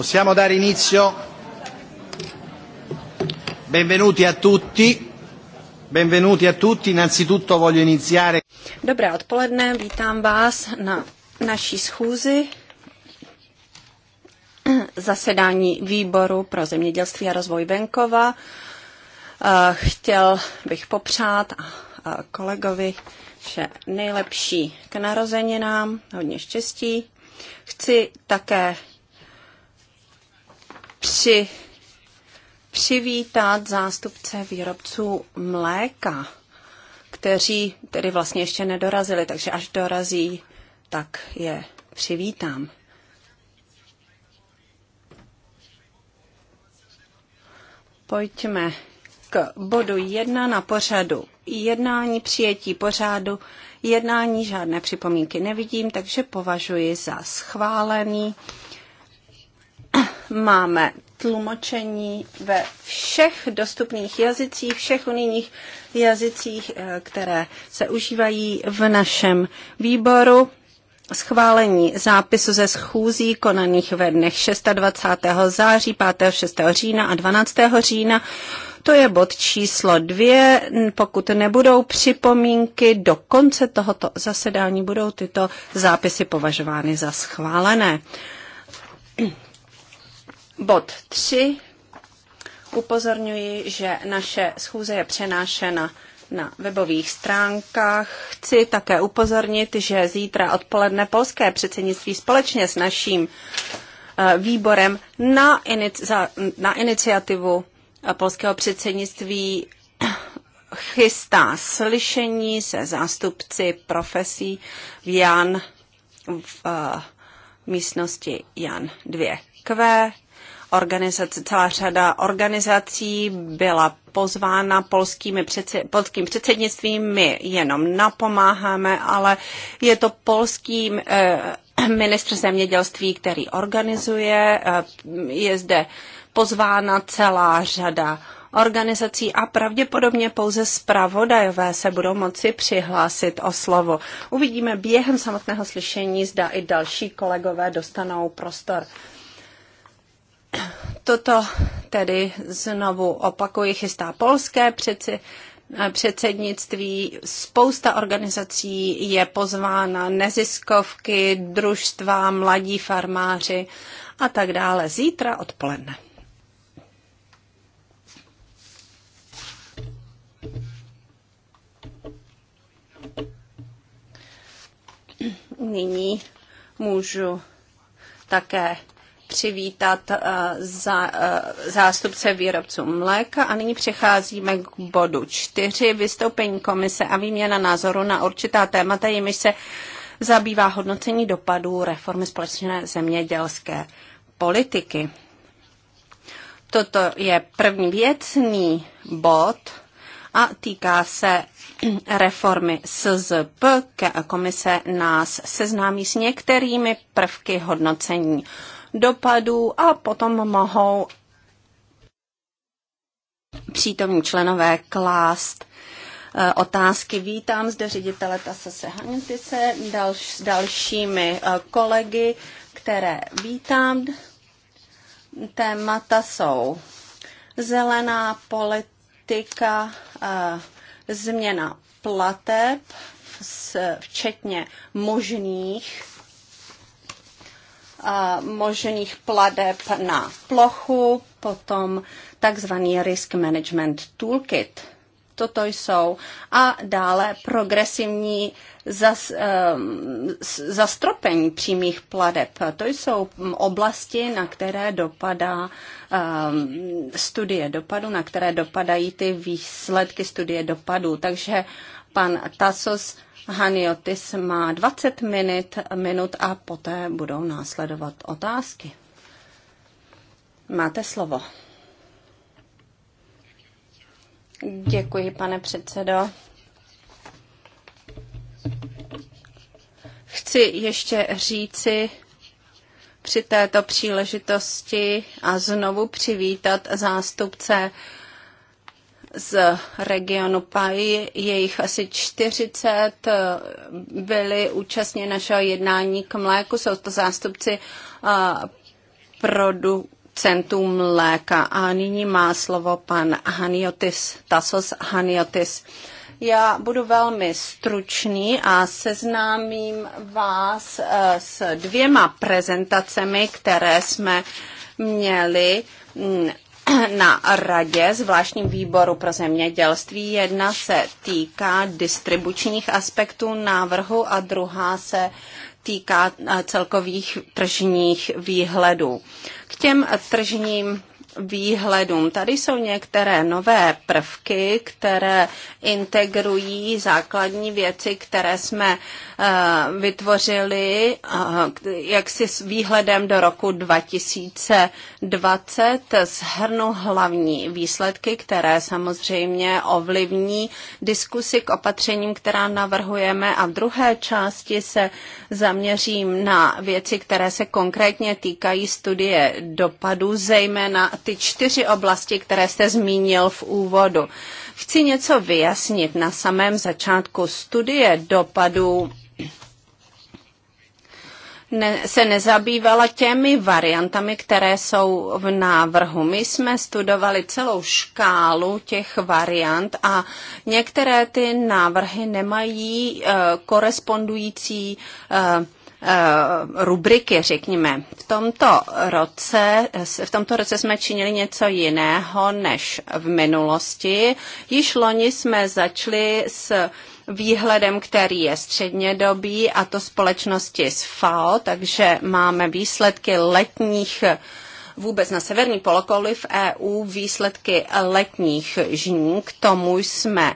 Possiamo dare inizio? Benvenuti a tutti. Benvenuti a tutti. Innanzitutto voglio iniziare. Dobré odpoledne, vítám vás na naší schůzi zasedání výboru pro zemědělství a rozvoj venkova. Eh, chtěl bych popřát kolegovi vše nejlepší k narozeninám, hodně štěstí. Chci také při, přivítat zástupce výrobců mléka, kteří tedy vlastně ještě nedorazili, takže až dorazí, tak je přivítám. Pojďme k bodu 1 na pořadu. Jednání přijetí pořádu, jednání žádné připomínky nevidím, takže považuji za schválený máme tlumočení ve všech dostupných jazycích, všech unijních jazycích, eh, které se užívají v našem výboru schválení zápisu ze schůzí konaných ve dnech 26. září, 5. 6. října a 12. října. To je bod číslo dvě. Pokud nebudou připomínky, do konce tohoto zasedání budou tyto zápisy považovány za schválené. Bod 3. Upozorňuji, že naše schůze je přenášena na webových stránkách. Chci také upozornit, že zítra odpoledne polské předsednictví společně s naším eh, výborem na, inici- za, na iniciativu polského předsednictví chystá slyšení se zástupci profesí v Jan v eh, místnosti Jan 2Q organizace, celá řada organizací byla pozvána polskými předse, polským předsednictvím. My jenom napomáháme, ale je to polským eh, ministr zemědělství, který organizuje. Eh, je zde pozvána celá řada organizací a pravděpodobně pouze zpravodajové se budou moci přihlásit o slovo. Uvidíme během samotného slyšení, zda i další kolegové dostanou prostor. Toto tedy znovu opakuji, chystá polské přeci, předsednictví. Spousta organizací je pozvána, neziskovky, družstva, mladí farmáři a tak dále. Zítra odpoledne. Nyní můžu také přivítat eh, za, eh, zástupce výrobců mléka a nyní přecházíme k bodu čtyři vystoupení komise a výměna názoru na určitá témata, jimiž se zabývá hodnocení dopadů reformy společné zemědělské politiky. Toto je první věcný bod a týká se reformy SZP. Komise nás seznámí s některými prvky hodnocení dopadů a potom mohou přítomní členové klást eh, otázky. Vítám zde ředitele Tasase Hanitise dal, s dalšími eh, kolegy, které vítám. Témata jsou zelená politika, eh, změna plateb, včetně možných možných pladeb na plochu, potom takzvaný Risk Management Toolkit. Toto jsou a dále progresivní zas, ehm, zastropení přímých pladeb. To jsou oblasti, na které dopadá ehm, studie dopadu, na které dopadají ty výsledky studie dopadu. Takže pan Tasos Haniotis má 20 minut, minut a poté budou následovat otázky. Máte slovo. Děkuji, pane předsedo. chci ještě říci při této příležitosti a znovu přivítat zástupce z regionu PAI, jejich asi 40 eh, byli účastní našeho jednání k mléku, jsou to zástupci eh, producentů mléka. A nyní má slovo pan Haniotis, Tasos Haniotis. Já budu velmi stručný a seznámím vás eh, s dvěma prezentacemi, které jsme měli mm, na radě, zvláštním výboru pro zemědělství. Jedna se týká distribučních aspektů návrhu a druhá se týká eh, celkových tržních výhledů. K těm tržním výhledům. Tady jsou některé nové prvky, které integrují základní věci, které jsme eh, vytvořili eh, jaksi s výhledem do roku 2020. Shrnu hlavní výsledky, které samozřejmě ovlivní diskusy k opatřením, která navrhujeme a v druhé části se zaměřím na věci, které se konkrétně týkají studie dopadů, zejména ty ty čtyři oblasti, které jste zmínil v úvodu. Chci něco vyjasnit na samém začátku studie dopadů ne, se nezabývala těmi variantami, které jsou v návrhu. My jsme studovali celou škálu těch variant a některé ty návrhy nemají uh, korespondující uh, Eh, rubriky, řekněme. V tomto, roce, v tomto roce jsme činili něco jiného než v minulosti. Již loni jsme začali s výhledem, který je středně střednědobý, a to společnosti s FAO, takže máme výsledky letních vůbec na severní polokouli v EU výsledky letních žní. K tomu jsme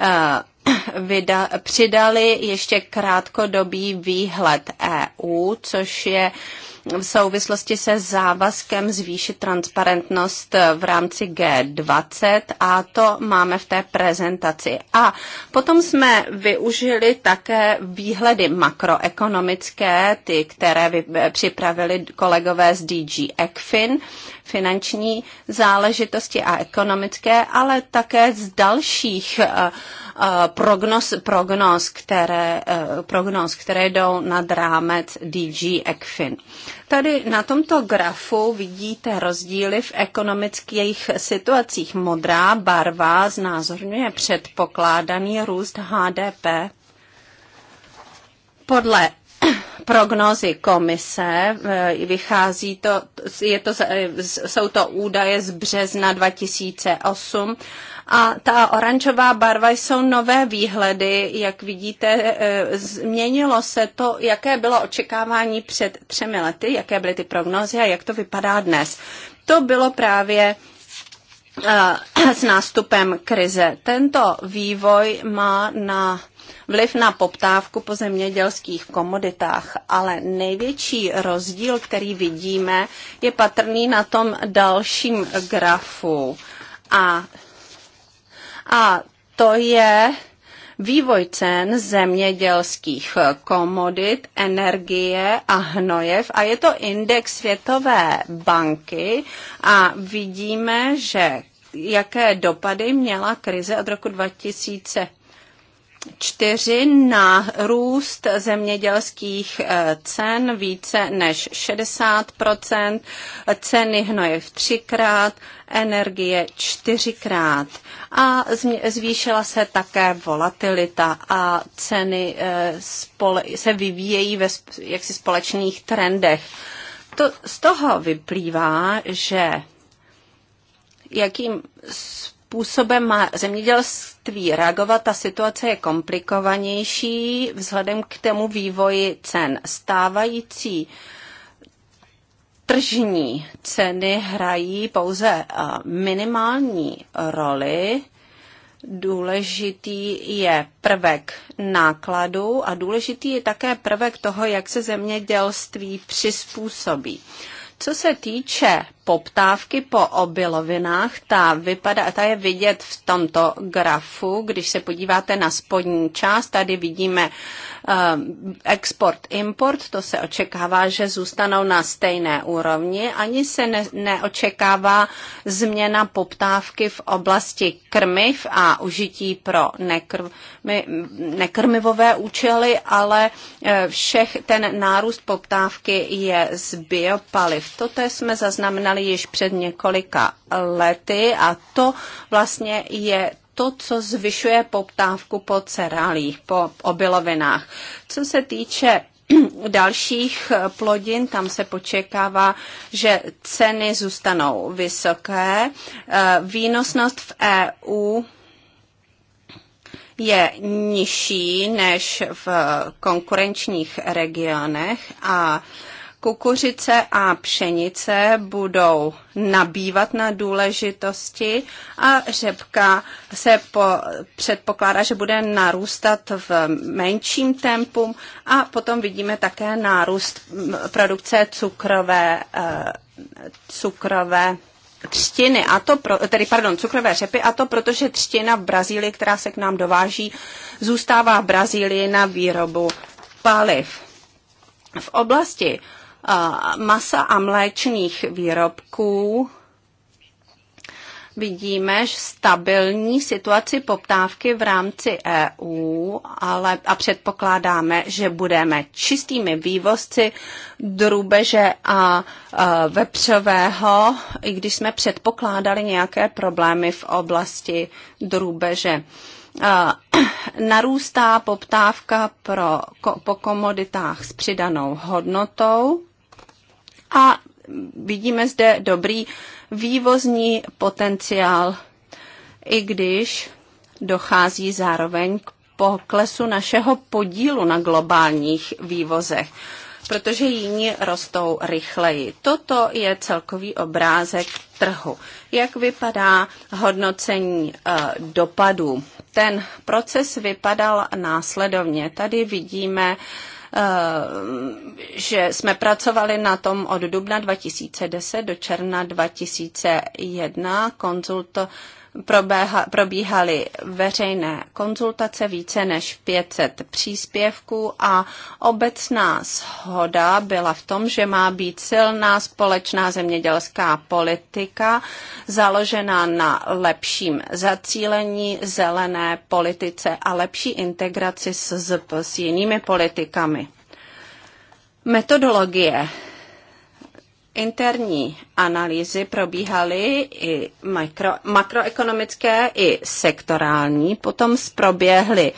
eh, vyda, přidali ještě krátkodobý výhled EU, což je v souvislosti se závazkem zvýšit transparentnost v rámci G20 a to máme v té prezentaci. A potom jsme využili také výhledy makroekonomické, ty, které eh, připravili kolegové z DG ECFIN finanční záležitosti a ekonomické, ale také z dalších prognoz, eh, eh, prognoz, které, eh, prognoz, které jdou nad rámec DG ECFIN. Tady na tomto grafu vidíte rozdíly v ekonomických situacích. Modrá barva znázorňuje předpokládaný růst HDP podle Prognozy komise, eh, vychází to, je to, jsou to údaje z března 2008 a ta oranžová barva jsou nové výhledy, jak vidíte, eh, změnilo se to, jaké bylo očekávání před třemi lety, jaké byly ty prognozy a jak to vypadá dnes. To bylo právě eh, s nástupem krize. Tento vývoj má na vliv na poptávku po zemědělských komoditách, ale největší rozdíl, který vidíme, je patrný na tom dalším grafu. A, a to je vývoj cen zemědělských komodit, energie a hnojev a je to index Světové banky a vidíme, že jaké dopady měla krize od roku 2000 4 na růst zemědělských eh, cen více než 60 ceny v třikrát, energie čtyřikrát a zvýšila se také volatilita a ceny eh, se vyvíjejí ve jaksi společných trendech. To z toho vyplývá, že jakým způsobem způsobem má zemědělství reagovat. Ta situace je komplikovanější vzhledem k tomu vývoji cen. Stávající tržní ceny hrají pouze eh, minimální roli. Důležitý je prvek nákladu a důležitý je také prvek toho, jak se zemědělství přizpůsobí. Co se týče poptávky po obilovinách, ta, vypadá, ta je vidět v tomto grafu. Když se podíváte na spodní část, tady vidíme ehm, export-import, to se očekává, že zůstanou na stejné úrovni. Ani se ne, neočekává změna poptávky v oblasti krmiv a užití pro nekrmi, nekrmivové účely, ale eh, všech ten nárůst poptávky je z biopaliv Toto jsme zaznamenali již před několika lety a to vlastně je to, co zvyšuje poptávku po cerálích, po obilovinách. Co se týče dalších plodin, tam se počekává, že ceny zůstanou vysoké. E, výnosnost v EU je nižší než v konkurenčních regionech a Kukuřice a pšenice budou nabývat na důležitosti a řepka se po, předpokládá, že bude narůstat v menším tempu a potom vidíme také nárůst produkce cukrové, eh, cukrové třtiny, a to pro, tedy pardon, cukrové řepy, a to protože třtina v Brazílii, která se k nám dováží, zůstává v Brazílii na výrobu paliv. V oblasti masa a mléčných výrobků vidíme stabilní situaci poptávky v rámci EU ale, a předpokládáme, že budeme čistými vývozci drubeže a a vepřového, i když jsme předpokládali nějaké problémy v oblasti drubeže. Narůstá poptávka pro, ko, po komoditách s přidanou hodnotou a vidíme zde dobrý vývozní potenciál, i když dochází zároveň k poklesu našeho podílu na globálních vývozech protože jiní rostou rychleji. Toto je celkový obrázek trhu. Jak vypadá hodnocení eh, dopadů? Ten proces vypadal následovně. Tady vidíme Eh, že jsme pracovali na tom od dubna 2010 do června 2001, konzultovali Probéha, probíhaly veřejné konzultace, více než 500 příspěvků a obecná shoda byla v tom, že má být silná společná zemědělská politika založená na lepším zacílení zelené politice a lepší integraci s, s jinými politikami. Metodologie Interní analýzy probíhaly i makro, makroekonomické, i sektorální. Potom proběhly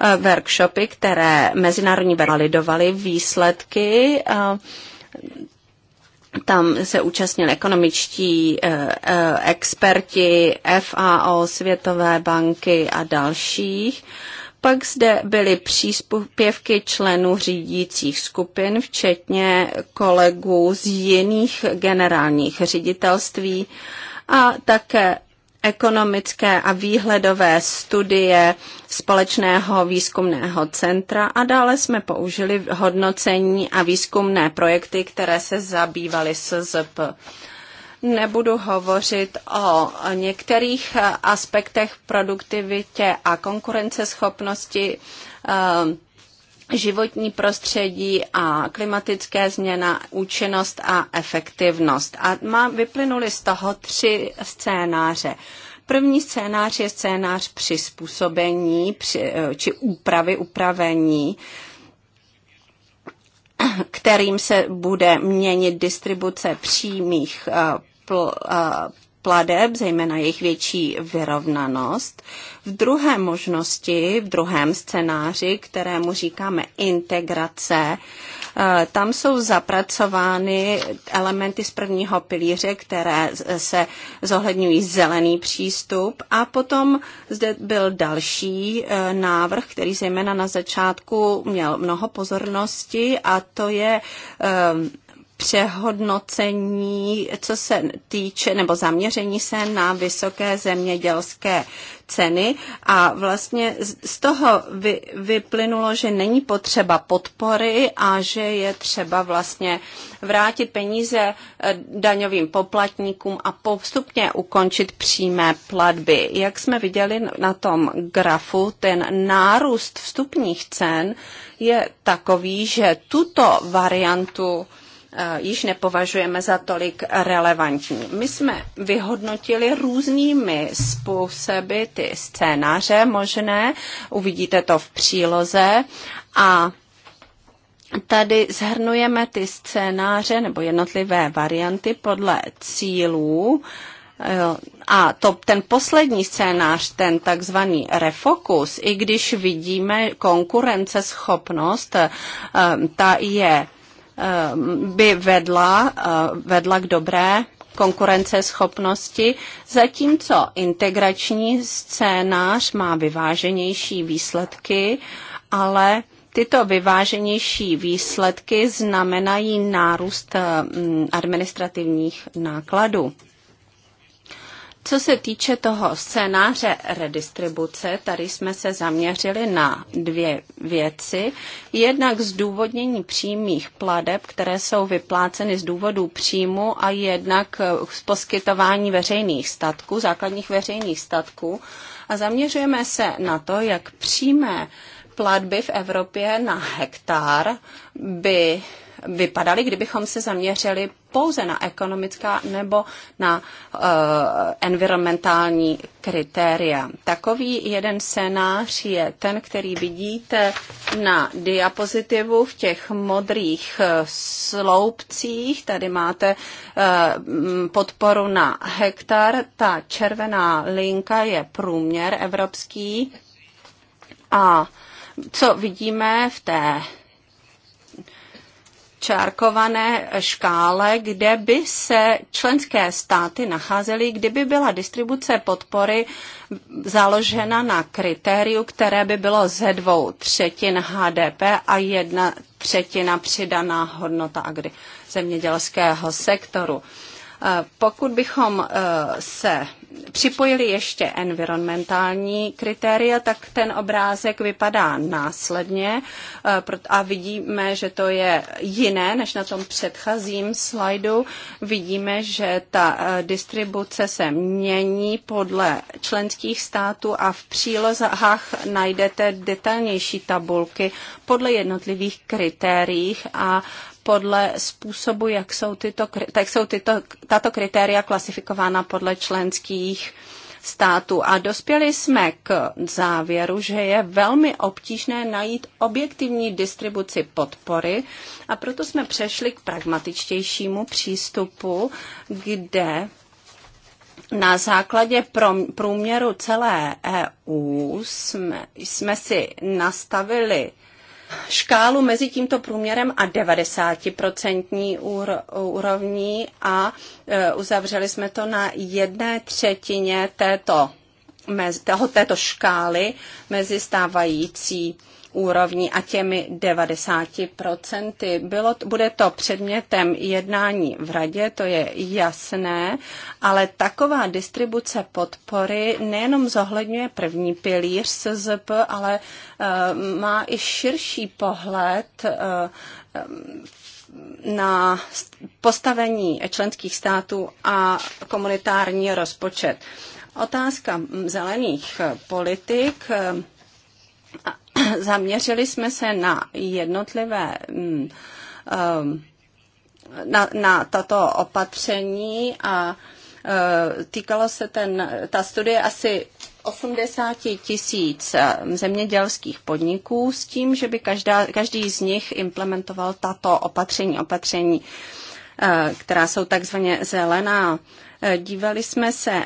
eh, workshopy, které mezinárodní validovaly výsledky. Eh, tam se účastnili ekonomičtí eh, experti FAO, Světové banky a dalších. Pak zde byly příspěvky členů řídících skupin, včetně kolegů z jiných generálních ředitelství a také ekonomické a výhledové studie společného výzkumného centra a dále jsme použili hodnocení a výzkumné projekty, které se zabývaly SZP nebudu hovořit o některých aspektech produktivitě a konkurenceschopnosti ehm, životní prostředí a klimatické změna, účinnost a efektivnost. A má, vyplynuly z toho tři scénáře. První scénář je scénář přizpůsobení při, eh, či úpravy upravení kterým se bude měnit distribuce přímých eh, pl, uh, pladeb, zejména jejich větší vyrovnanost. V druhé možnosti, v druhém scénáři, kterému říkáme integrace, e, tam jsou zapracovány elementy z prvního pilíře, které se zohledňují zelený přístup a potom zde byl další e, návrh, který zejména na začátku měl mnoho pozornosti a to je e, přehodnocení, co se týče, nebo zaměření se na vysoké zemědělské ceny a vlastně z toho vy, vyplynulo, že není potřeba podpory a že je třeba vlastně vrátit peníze eh, daňovým poplatníkům a postupně ukončit přímé platby. Jak jsme viděli na tom grafu, ten nárůst vstupních cen je takový, že tuto variantu Eh, již nepovažujeme za tolik relevantní. My jsme vyhodnotili různými způsoby ty scénáře možné, uvidíte to v příloze a Tady zhrnujeme ty scénáře nebo jednotlivé varianty podle cílů, eh, a to, ten poslední scénář, ten takzvaný refokus, i když vidíme konkurenceschopnost, eh, ta je Eh, by vedla, eh, vedla k dobré konkurenceschopnosti, zatímco integrační scénář má vyváženější výsledky, ale tyto vyváženější výsledky znamenají nárůst eh, administrativních nákladů. Co se týče toho scénáře redistribuce, tady jsme se zaměřili na dvě věci. Jednak zdůvodnění přímých pladeb, které jsou vypláceny z důvodu příjmu a jednak z eh, poskytování veřejných statků, základních veřejných statků. A zaměřujeme se na to, jak přímé platby v Evropě na hektar by vypadaly, kdybychom se zaměřili pouze na ekonomická nebo na uh, environmentální kritéria. Takový jeden scénář je ten, který vidíte na diapozitivu v těch modrých eh, sloupcích. Tady máte uh, podporu na hektar. Ta červená linka je průměr evropský. A co vidíme v té čárkované škále, kde by se členské státy nacházely, kdyby byla distribuce podpory založena na kritériu, které by bylo ze dvou třetin HDP a jedna třetina přidaná hodnota agri zemědělského sektoru. Eh, pokud bychom eh, se připojili ještě environmentální kritéria, tak ten obrázek vypadá následně eh, a vidíme, že to je jiné než na tom předchozím slajdu. Vidíme, že ta eh, distribuce se mění podle členských států a v přílozách najdete detailnější tabulky podle jednotlivých kritériích a podle způsobu, jak jsou, tyto, tak jsou tyto, tato kritéria klasifikována podle členských státu a dospěli jsme k závěru, že je velmi obtížné najít objektivní distribuci podpory a proto jsme přešli k pragmatičtějšímu přístupu, kde na základě průměru celé EU jsme, jsme si nastavili škálu mezi tímto průměrem a 90% úrovní a e, uzavřeli jsme to na jedné třetině této, této škály mezi stávající úrovní a těmi 90%. Bylo, bude to předmětem jednání v radě, to je jasné, ale taková distribuce podpory nejenom zohledňuje první pilíř SZP, ale uh, má i širší pohled uh, na postavení členských států a komunitární rozpočet. Otázka zelených eh, politik Zaměřili jsme se na jednotlivé mm, um, na, na tato opatření a uh, týkalo se ten, ta studie asi 80 tisíc um, zemědělských podniků s tím, že by každá, každý z nich implementoval tato opatření, opatření, uh, která jsou takzvaně zelená. Uh, dívali jsme se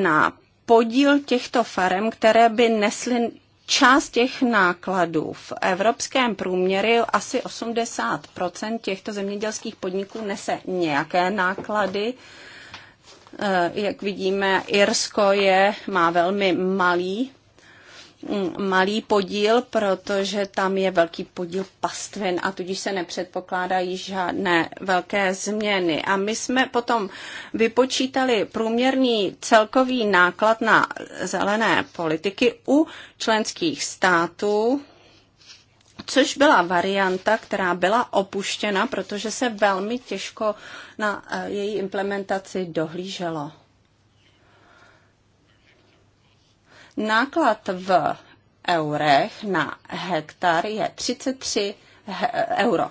na podíl těchto farem, které by nesly část těch nákladů v evropském průměru asi 80 těchto zemědělských podniků nese nějaké náklady. Eh, jak vidíme, Irsko je, má velmi malý Mm, malý podíl, protože tam je velký podíl pastvin a tudíž se nepředpokládají žádné velké změny. A my jsme potom vypočítali průměrný celkový náklad na zelené politiky u členských států, což byla varianta, která byla opuštěna, protože se velmi těžko na eh, její implementaci dohlíželo. Náklad v eurech na hektar je 33 euro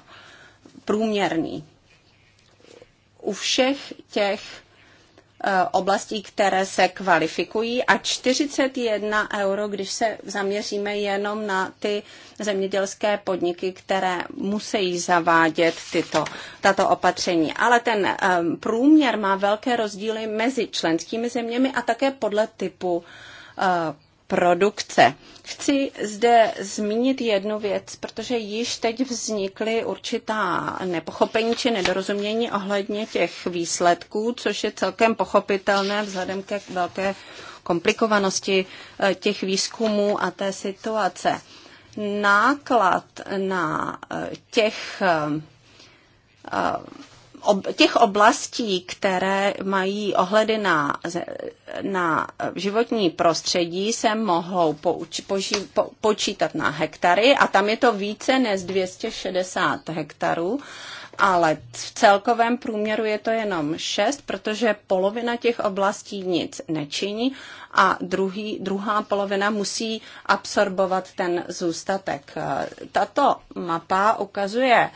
průměrný. U všech těch e, oblastí, které se kvalifikují a 41 euro, když se zaměříme jenom na ty zemědělské podniky, které musí zavádět tyto, tato opatření. Ale ten e, průměr má velké rozdíly mezi členskými zeměmi a také podle typu Eh, produkce. Chci zde zmínit jednu věc, protože již teď vznikly určitá nepochopení či nedorozumění ohledně těch výsledků, což je celkem pochopitelné vzhledem ke velké komplikovanosti eh, těch výzkumů a té situace. Náklad na eh, těch těch oblastí, které mají ohledy na, na životní prostředí, se mohou pouč, poži, po, počítat na hektary a tam je to více než 260 hektarů ale v celkovém průměru je to jenom 6, protože polovina těch oblastí nic nečiní a druhý, druhá polovina musí absorbovat ten zůstatek. Tato mapa ukazuje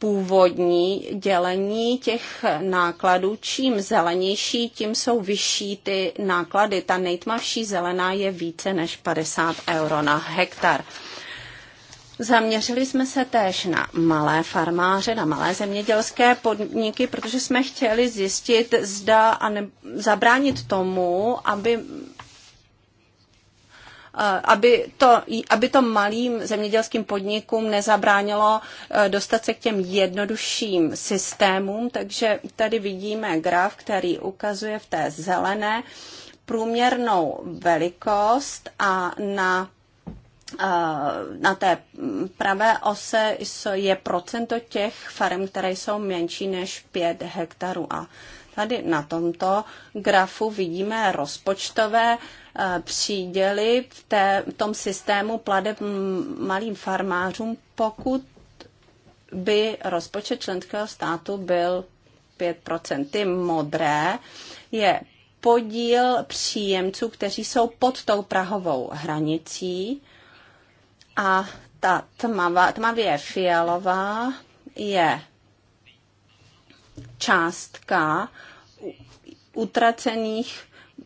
původní dělení těch nákladů. Čím zelenější, tím jsou vyšší ty náklady. Ta nejtmavší zelená je více než 50 euro na hektar. Zaměřili jsme se též na malé farmáře, na malé zemědělské podniky, protože jsme chtěli zjistit, zda a ne, zabránit tomu, aby Eh, aby to, aby to malým zemědělským podnikům nezabránilo eh, dostat se k těm jednodušším systémům. Takže tady vidíme graf, který ukazuje v té zelené průměrnou velikost a na eh, na té pravé ose je procento těch farem, které jsou menší než 5 hektarů. A tady na tomto grafu vidíme rozpočtové Eh, příděly v, té, v tom systému pladeb malým farmářům, pokud by rozpočet členského státu byl 5%. Ty modré je podíl příjemců, kteří jsou pod tou prahovou hranicí a ta tmavá, tmavě fialová je částka utracených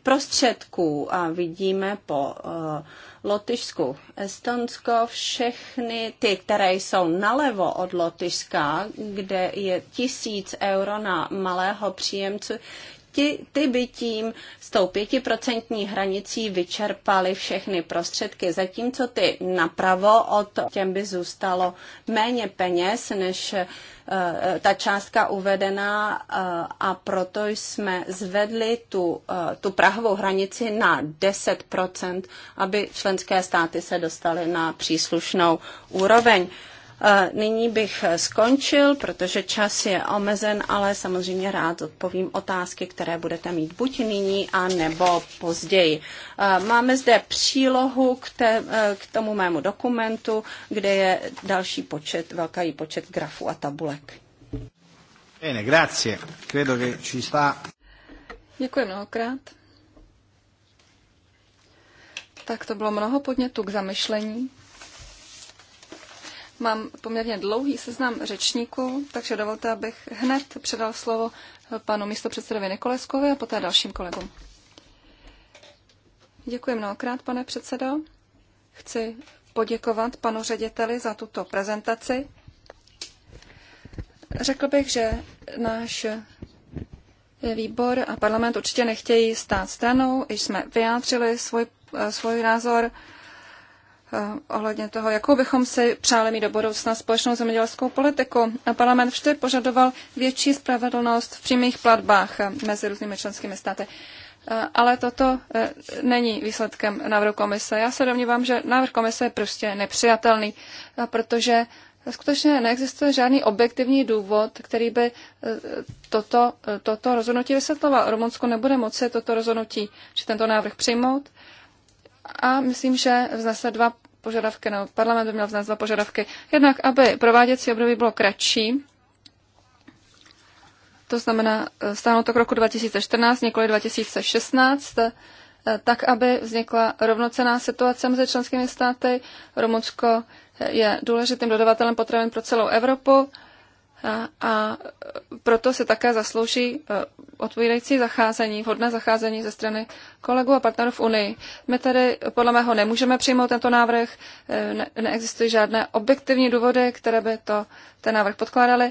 prostředků a vidíme po eh, Lotyšsku, Estonsko, všechny ty, které jsou nalevo od Lotyšska, kde je tisíc euro na malého příjemce, ti, ty by tím s tou pětiprocentní hranicí vyčerpali všechny prostředky, zatímco ty napravo od těm by zůstalo méně peněz, než eh, ta částka uvedená eh, a proto jsme zvedli tu, eh, tu prahovou hranici na 10%, aby členské státy se dostaly na příslušnou úroveň. Eh, nyní bych skončil, protože čas je omezen, ale samozřejmě rád odpovím otázky, které budete mít buď nyní, a nebo později. Eh, máme zde přílohu k, te, eh, k tomu mému dokumentu, kde je další počet, velký počet grafů a tabulek. Bene, grazie. Credo che ci sta... Děkuji mnohokrát. Tak to bylo mnoho podnětů k zamyšlení. Mám poměrně dlouhý seznam řečníků, takže dovolte, abych hned předal slovo panu místopředsedovi Nikoleskovi a poté dalším kolegům. Děkuji mnohokrát, pane předsedo. Chci poděkovat panu řediteli za tuto prezentaci. Řekl bych, že náš výbor a parlament určitě nechtějí stát stranou, i jsme vyjádřili svůj, svůj názor Eh, ohledně toho, jakou bychom si přáli mít do budoucna společnou zemědělskou politiku. A parlament vždy požadoval větší spravedlnost v přímých platbách eh, mezi různými členskými státy. Eh, ale toto není výsledkem návrhu komise. Já se domnívám, že návrh komise je prostě nepřijatelný, protože skutečně neexistuje žádný objektivní důvod, který by toto, toto rozhodnutí vysvětloval. Rumunsko nebude moci toto rozhodnutí, či tento návrh přijmout. A myslím, že vznese dva požadavky, nebo parlament by měl vznést dva požadavky. Jednak, aby prováděcí období bylo kratší, to znamená eh, stáhnout to k roku 2014, nikoli 2016, eh, tak, aby vznikla rovnocená situace mezi členskými státy. Rumunsko eh, je důležitým dodavatelem potravin pro celou Evropu a proto se také zaslouží e, odpovídající zacházení, vhodné zacházení ze strany kolegů a partnerů v Unii. My tady podle mého nemůžeme přijmout tento návrh, e, ne- neexistují žádné objektivní důvody, které by to, ten návrh podkládaly,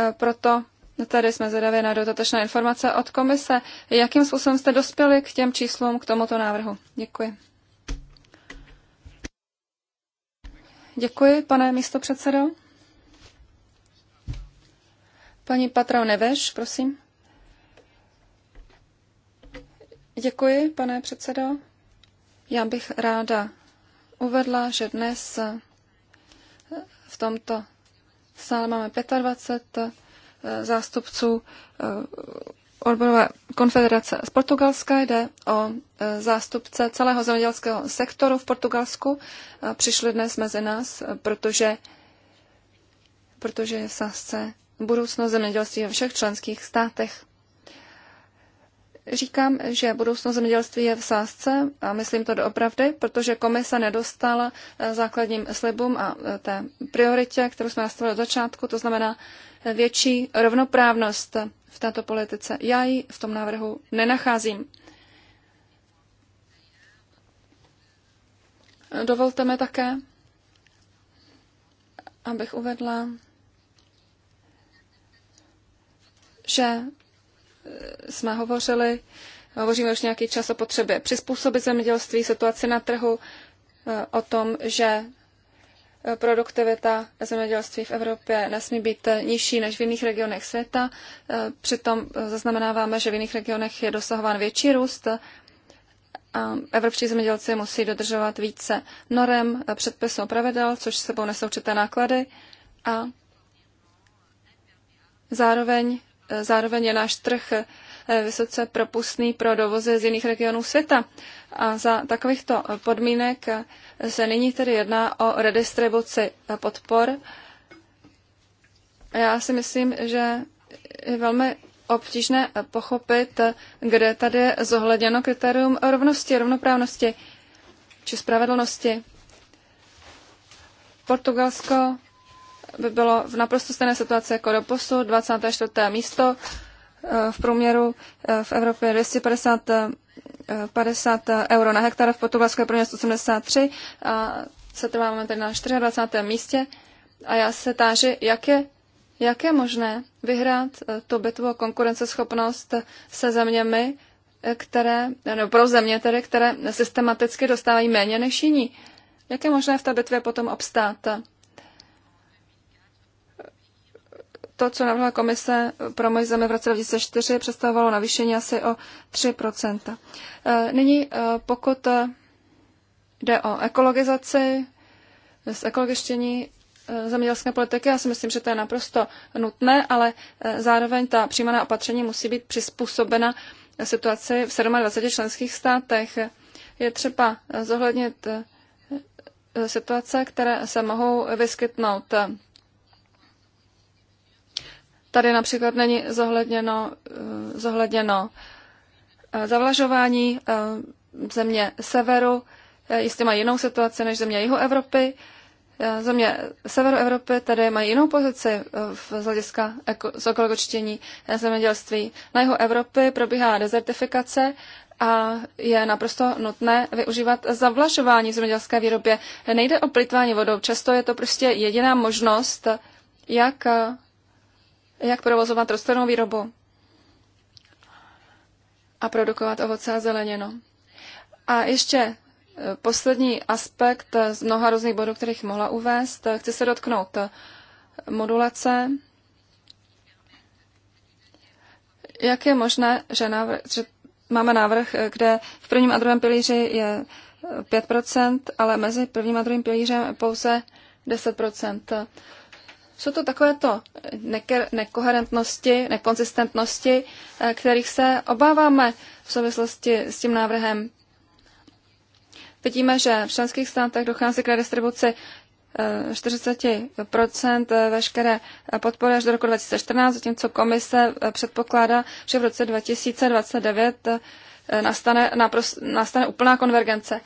e, proto Tady jsme zvedavě na dotatečné informace od komise. Jakým způsobem jste dospěli k těm číslům, k tomuto návrhu? Děkuji. Děkuji, pane místopředsedo. Paní Patrao Neveš, prosím. Děkuji, pane předsedo. Já bych ráda uvedla, že dnes v tomto sále máme 25 eh, zástupců eh, odborové konfederace z Portugalska. Jde o eh, zástupce celého zemědělského sektoru v Portugalsku. Přišli dnes mezi nás, protože, protože je v sásce budoucnost zemědělství ve všech členských státech. Říkám, že budoucnost zemědělství je v sázce a myslím to doopravdy, protože komise nedostala eh, základním slibům a eh, té prioritě, kterou jsme nastavili od začátku, to znamená eh, větší rovnoprávnost v této politice. Já ji v tom návrhu nenacházím. Dovolte mi také, abych uvedla že eh, jsme hovořili, hovoříme už nějaký čas o potřebě přizpůsobit zemědělství situaci na trhu, eh, o tom, že eh, produktivita zemědělství v Evropě nesmí být nižší než v jiných regionech světa. Přitom zaznamenáváme, že v jiných regionech je dosahován větší růst. Evropští zemědělci musí dodržovat více norem, předpisů pravidel, což sebou nesou určité náklady. A zároveň zároveň je náš trh eh, vysoce propustný pro dovozy z jiných regionů světa. A za takovýchto podmínek eh, se nyní tedy jedná o redistribuci podpor. Já si myslím, že je velmi obtížné pochopit, kde tady je zohledněno kritérium rovnosti, rovnoprávnosti či spravedlnosti. Portugalsko by bylo v naprosto stejné situaci jako do posu, 24. místo eh, v průměru eh, v Evropě 250 50 eh, euro na hektar, v Portugalsku je průměr 173 a se trváme tedy na 24. místě. A já se táži, jak je, jak je možné vyhrát tu bitvu o konkurenceschopnost se zeměmi, které, nebo pro země tedy, které systematicky dostávají méně než jiní. Jak je možné v té bitvě potom obstát? To, co navrhla komise pro moji zemi v roce 2004, představovalo navýšení asi o 3 e, Nyní, e, pokud e, jde o ekologizaci, z ekologištění zemědělské politiky, já si myslím, že to je naprosto nutné, ale zároveň ta přijímaná opatření musí být přizpůsobena situaci v 27 členských státech. Je třeba zohlednit situace, které se mohou vyskytnout Tady například není zohledněno, eh, zohledněno eh, zavlažování eh, země severu, jistě mají jinou situaci než země jihu Evropy. Země severu Evropy tady mají jinou pozici v hlediska z ekologočtění zemědělství. Na jihu Evropy probíhá dezertifikace a je naprosto nutné využívat zavlažování v zemědělské výrobě. Nejde o plitvání vodou, často je to prostě jediná možnost, jak jak provozovat rostlinnou výrobu a produkovat ovoce a zeleninu. A ještě e, poslední aspekt z mnoha různých bodů, kterých mohla uvést. Chci se dotknout e, modulace. Jak je možné, že, návrh, že máme návrh, e, kde v prvním a druhém pilíři je 5%, ale mezi prvním a druhým pilířem pouze 10%. Jsou to takovéto nekoherentnosti, nekonzistentnosti, eh, kterých se obáváme v souvislosti s tím návrhem. Vidíme, že v členských státech dochází k redistribuci 40 eh, eh, veškeré podpory až do roku 2014, zatímco komise předpokládá, že v roce 2029 nastane, nastane úplná konvergence.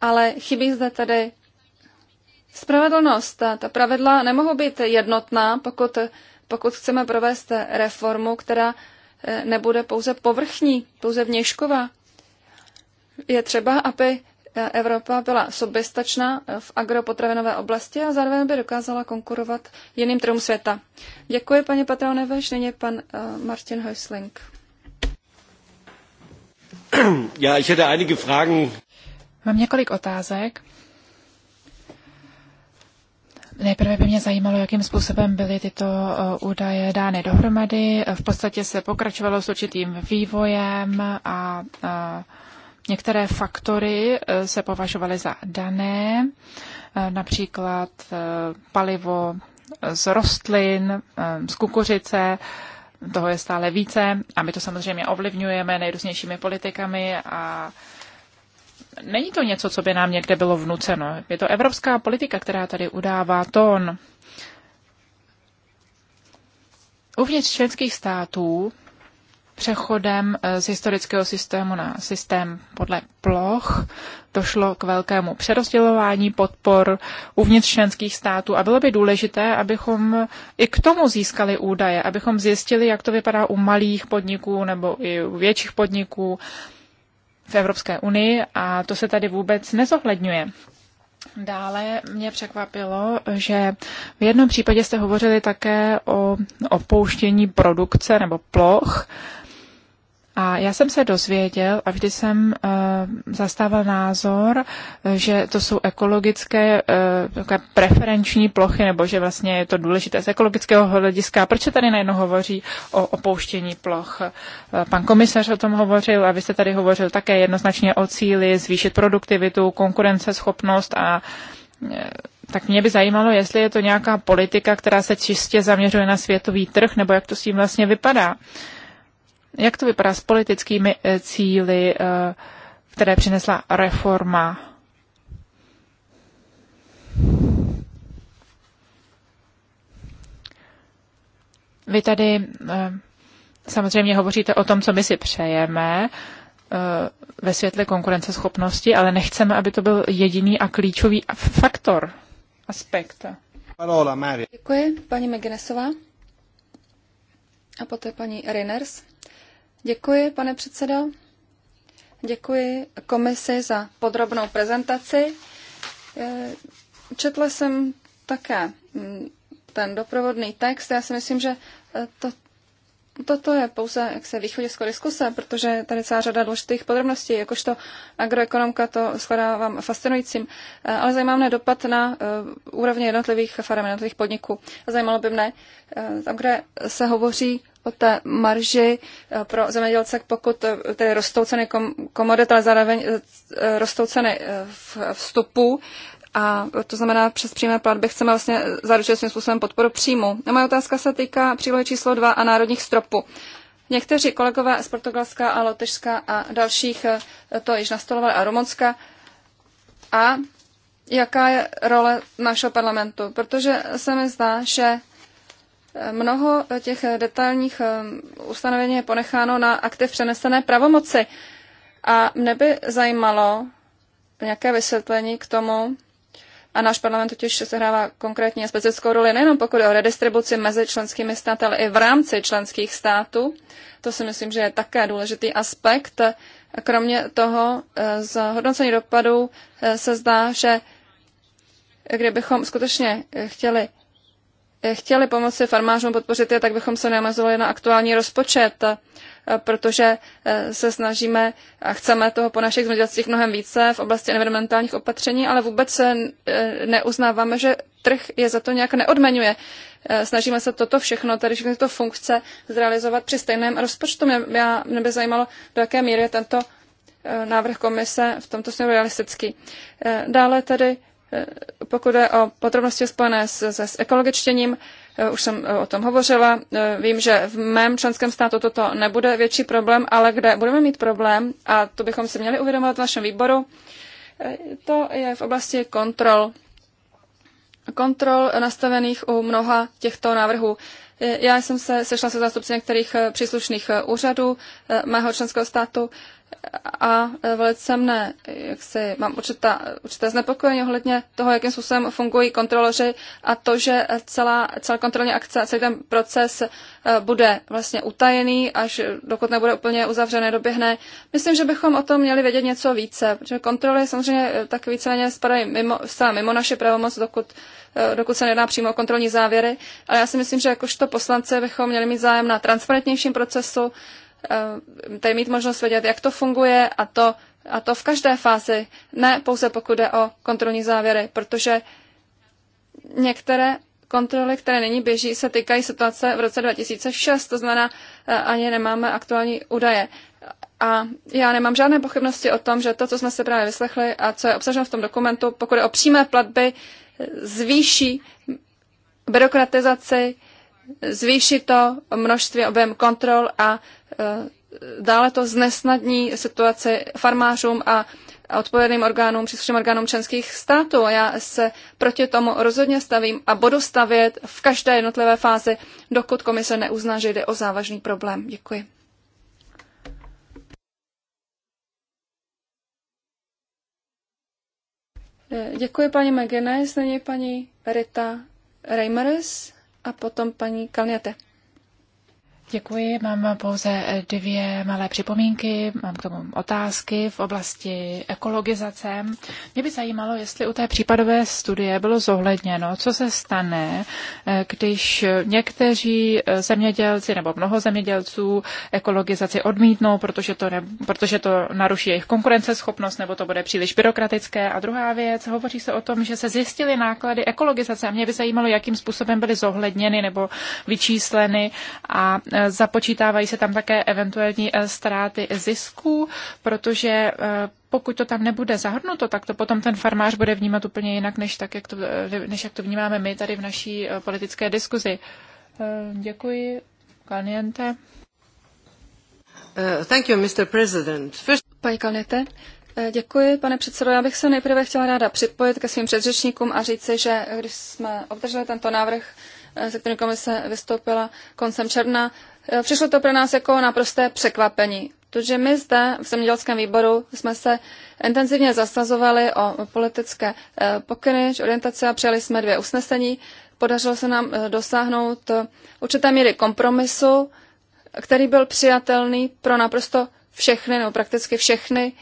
Ale chybí zde tedy Spravedlnost, ta pravidla nemohou být jednotná, pokud, pokud chceme provést reformu, která eh, nebude pouze povrchní, pouze vněšková. Je třeba, aby eh, Evropa byla soběstačná eh, v agropotravinové oblasti a zároveň by dokázala konkurovat jiným trhům světa. Děkuji, paní Patroneveš, nyní pan uh, Martin Heusling. Já, ich hätte einige Fragen. Mám několik otázek Nejprve by mě zajímalo, jakým způsobem byly tyto eh, údaje dány dohromady. V podstatě se pokračovalo s určitým vývojem a eh, některé faktory eh, se považovaly za dané, například palivo z rostlin, z kukuřice, toho je stále více a my to samozřejmě ovlivňujeme nejrůznějšími politikami a není to něco, co by nám někde bylo vnuceno. Je to evropská politika, která tady udává tón. Uvnitř členských států přechodem eh, z historického systému na systém podle ploch došlo k velkému přerozdělování podpor uvnitř členských států a bylo by důležité, abychom i k tomu získali údaje, abychom zjistili, jak to vypadá u malých podniků nebo i u větších podniků, v Evropské unii a to se tady vůbec nezohledňuje. Dále mě překvapilo, že v jednom případě jste hovořili také o opouštění produkce nebo ploch, a já jsem se dozvěděl a vždy jsem uh, zastával názor, že to jsou ekologické uh, preferenční plochy, nebo že vlastně je to důležité z ekologického hlediska. Proč se tady najednou hovoří o opouštění ploch? Uh, pan komisař o tom hovořil a vy jste tady hovořil také jednoznačně o cíli zvýšit produktivitu, konkurenceschopnost a uh, tak mě by zajímalo, jestli je to nějaká politika, která se čistě zaměřuje na světový trh, nebo jak to s tím vlastně vypadá. Uh, jak to vypadá s politickými eh, cíly, eh, které přinesla reforma? Vy tady eh, samozřejmě hovoříte o tom, co my si přejeme ve světle konkurenceschopnosti, ale nechceme, aby to byl jediný a klíčový faktor, aspekt. Děkuji, paní Megnesová A poté paní Reiners. Děkuji, pane předsedo. Děkuji komisi za podrobnou prezentaci. Eh, četla jsem také mm, ten doprovodný text. Já si myslím, že eh, to, toto je pouze jak se východisko diskuse, protože je tady celá řada důležitých podrobností. Jakožto agroekonomka to shledávám fascinujícím, eh, ale zajímá mne dopad na úrovně jednotlivých farem, jednotlivých podniků. Zajímalo by mne, tam, kde se hovoří o té marži eh, pro zemědělce, pokud eh, tedy rostou ceny kom, komodit, ale zároveň eh, rostou ceny vstupu, a to znamená, přes přímé platby chceme vlastně zaručit svým způsobem podporu příjmu. A moje otázka se týká přílohy číslo 2 a národních stropů. Někteří kolegové z Portugalska a Lotyšska a dalších to již nastolovali a Rumunska. A jaká je role našeho parlamentu? Protože se mi zdá, že Mnoho těch detailních eh, ustanovení je ponecháno na aktiv přenesené pravomoci. A mne by zajímalo nějaké vysvětlení k tomu, a náš parlament totiž sehrává konkrétně specifickou roli nejenom pokud o redistribuci mezi členskými státy, ale i v rámci členských států. To si myslím, že je také důležitý aspekt. Kromě toho eh, z hodnocení dopadů eh, se zdá, že kdybychom skutečně chtěli chtěli pomoci farmářům podpořit je, tak bychom se neomezovali na aktuální rozpočet, eh, protože eh, se snažíme a chceme toho po našich zemědělcích mnohem více v oblasti environmentálních opatření, ale vůbec se eh, neuznáváme, že trh je za to nějak neodmenuje. Snažíme se toto všechno, tedy, všechny tyto funkce zrealizovat při stejném rozpočtu. Mě, já, mě by zajímalo, do jaké míry je tento návrh komise v tomto směru realistický. Dále tady Eh, pokud je o podrobnosti spojené s, s ekologičtěním, eh, už jsem eh, o tom hovořila. Vím, že v mém členském státu toto nebude větší problém, ale kde budeme mít problém, a to bychom si měli uvědomovat v našem výboru, to je v oblasti kontrol. Kontrol nastavených u mnoha těchto návrhů. Já jsem se sešla se zástupci některých příslušných úřadů mého členského státu a e, velice mne, jak si, mám určitá, určité znepokojení ohledně toho, jakým způsobem fungují kontroloři a to, že celá, celá kontrolní akce, celý ten proces e, bude vlastně utajený, až dokud nebude úplně uzavřené, doběhne. Myslím, že bychom o tom měli vědět něco více, protože kontroly samozřejmě e, tak víceméně spadají mimo, zcela mimo naše pravomoc, dokud, dokud se nedá přímo kontrolní závěry, ale já si myslím, že jakožto poslanci bychom měli mít zájem na transparentnějším procesu, Ehm, tady mít možnost vědět, jak to funguje a to, a to v každé fázi, ne pouze pokud jde o kontrolní závěry, protože některé kontroly, které nyní běží, se týkají situace v roce 2006, to znamená, eh, ani nemáme aktuální údaje. A já nemám žádné pochybnosti o tom, že to, co jsme se právě vyslechli a co je obsaženo v tom dokumentu, pokud je o přímé platby, zvýší byrokratizaci, zvýší to množství objem kontrol a Eh, dále to znesnadní situaci farmářům a odpovědným orgánům, příslušným orgánům členských států. A já se proti tomu rozhodně stavím a budu stavět v každé jednotlivé fázi, dokud komise neuzná, že jde o závažný problém. Děkuji. Eh, děkuji paní McGuinness, nyní paní Rita Reimers a potom paní Kalniate. Děkuji. Mám pouze dvě malé připomínky, mám k tomu otázky v oblasti ekologizace. Mě by zajímalo, jestli u té případové studie bylo zohledněno, co se stane, eh, když někteří eh, zemědělci nebo mnoho zemědělců ekologizaci odmítnou, protože to, ne, protože to naruší jejich konkurenceschopnost nebo to bude příliš byrokratické. A druhá věc, hovoří se o tom, že se zjistily náklady ekologizace a mě by zajímalo, jakým způsobem byly zohledněny nebo vyčísleny a eh, Započítávají se tam také eventuální eh, ztráty zisků, protože eh, pokud to tam nebude zahrnuto, tak to potom ten farmář bude vnímat úplně jinak, než, tak, jak, to, eh, než jak to vnímáme my tady v naší politické diskuzi. Děkuji, Kaniente. Uh, thank you, Mr. President. First... Pani Kalnete, Děkuji, pane předsedo. Já bych se nejprve chtěla ráda připojit ke svým předřečníkům a říci, že když jsme obdrželi tento návrh, se kterým komise vystoupila koncem června, Eh, přišlo to pro nás jako naprosté překvapení, protože my zde v zemědělském výboru jsme se intenzivně zasazovali o politické eh, pokyny či orientace a přijali jsme dvě usnesení. Podařilo se nám eh, dosáhnout určité míry kompromisu, který byl přijatelný pro naprosto všechny nebo prakticky všechny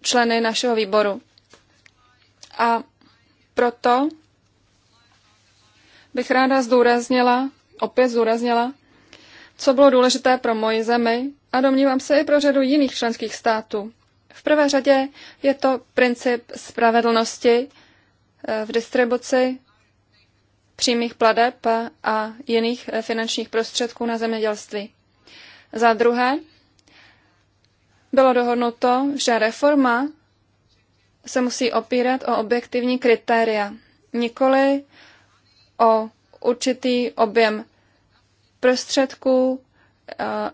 členy našeho výboru. A proto bych ráda zdůraznila, opět zúraznila, co bylo důležité pro moji zemi a domnívám se i pro řadu jiných členských států. V prvé řadě je to princip spravedlnosti eh, v distribuci přímých pladeb a jiných eh, finančních prostředků na zemědělství. Za druhé, bylo dohodnuto, že reforma se musí opírat o objektivní kritéria, nikoli o určitý objem prostředků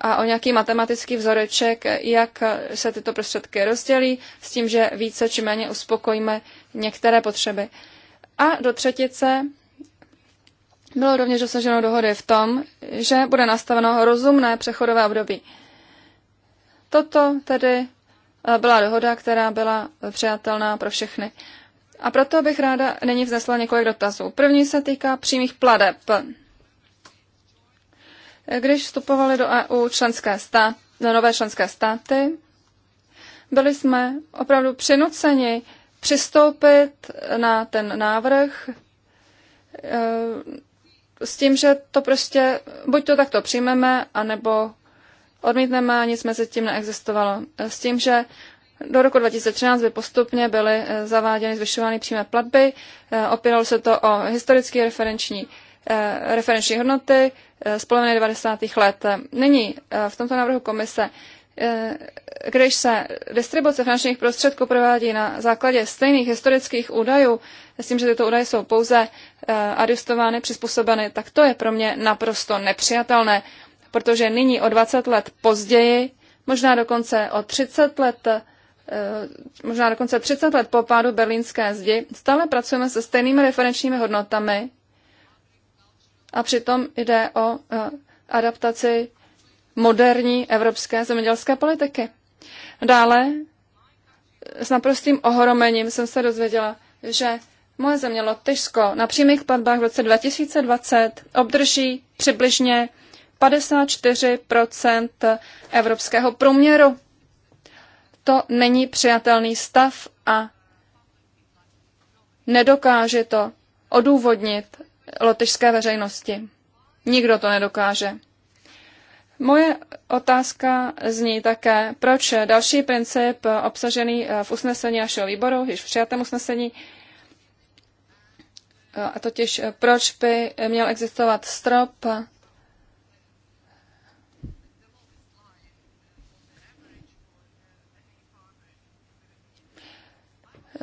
a o nějaký matematický vzoreček, jak se tyto prostředky rozdělí, s tím, že více či méně uspokojíme některé potřeby. A do třetice bylo rovněž dosaženo dohody v tom, že bude nastaveno rozumné přechodové období. Toto tedy e, byla dohoda, která byla přijatelná pro všechny. A proto bych ráda nyní vznesla několik dotazů. První se týká přímých pladeb. Když vstupovali do EU členské stát, nové členské státy, byli jsme opravdu přinuceni přistoupit na ten návrh eh, s tím, že to prostě buď to takto přijmeme, anebo odmítneme a nic mezi tím neexistovalo. S tím, že do roku 2013 by postupně byly eh, zaváděny zvyšovány přímé platby, eh, opíralo se to o historický referenční Eh, referenční hodnoty z poloviny 90. let. Nyní eh, v tomto návrhu komise eh, když se distribuce finančních prostředků provádí na základě stejných historických údajů, s tím, že tyto údaje jsou pouze adjustovány, přizpůsobeny, tak to je pro mě naprosto nepřijatelné, protože nyní o 20 let později, možná dokonce o 30 let, možná dokonce 30 let po pádu berlínské zdi, stále pracujeme se stejnými referenčními hodnotami, a přitom jde o eh, adaptaci moderní evropské zemědělské politiky. Dále eh, s naprostým ohromením jsem se dozvěděla, že moje země Lotyšsko na přímých platbách v roce 2020 obdrží přibližně 54 evropského průměru. To není přijatelný stav a nedokáže to odůvodnit lotyšské veřejnosti. Nikdo to nedokáže. Moje otázka zní také, proč další princip obsažený eh, v usnesení našeho výboru, již v přijatém usnesení, eh, a totiž eh, proč by měl existovat strop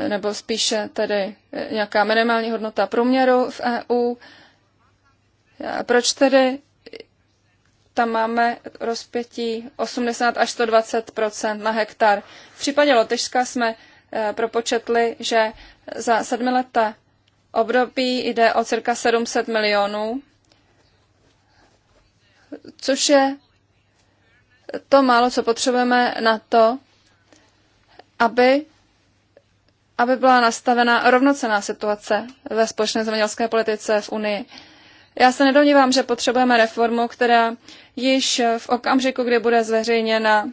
nebo spíše tedy eh, nějaká minimální hodnota průměru v EU. Proč tedy tam máme rozpětí 80 až 120 na hektar. V případě Lotyšska jsme eh, propočetli, že za sedmileté období jde o cirka 700 milionů, což je to málo, co potřebujeme na to, aby aby byla nastavena rovnocená situace ve společné zemědělské politice v Unii. Já se nedomnívám, že potřebujeme reformu, která již v okamžiku, kdy bude zveřejněna,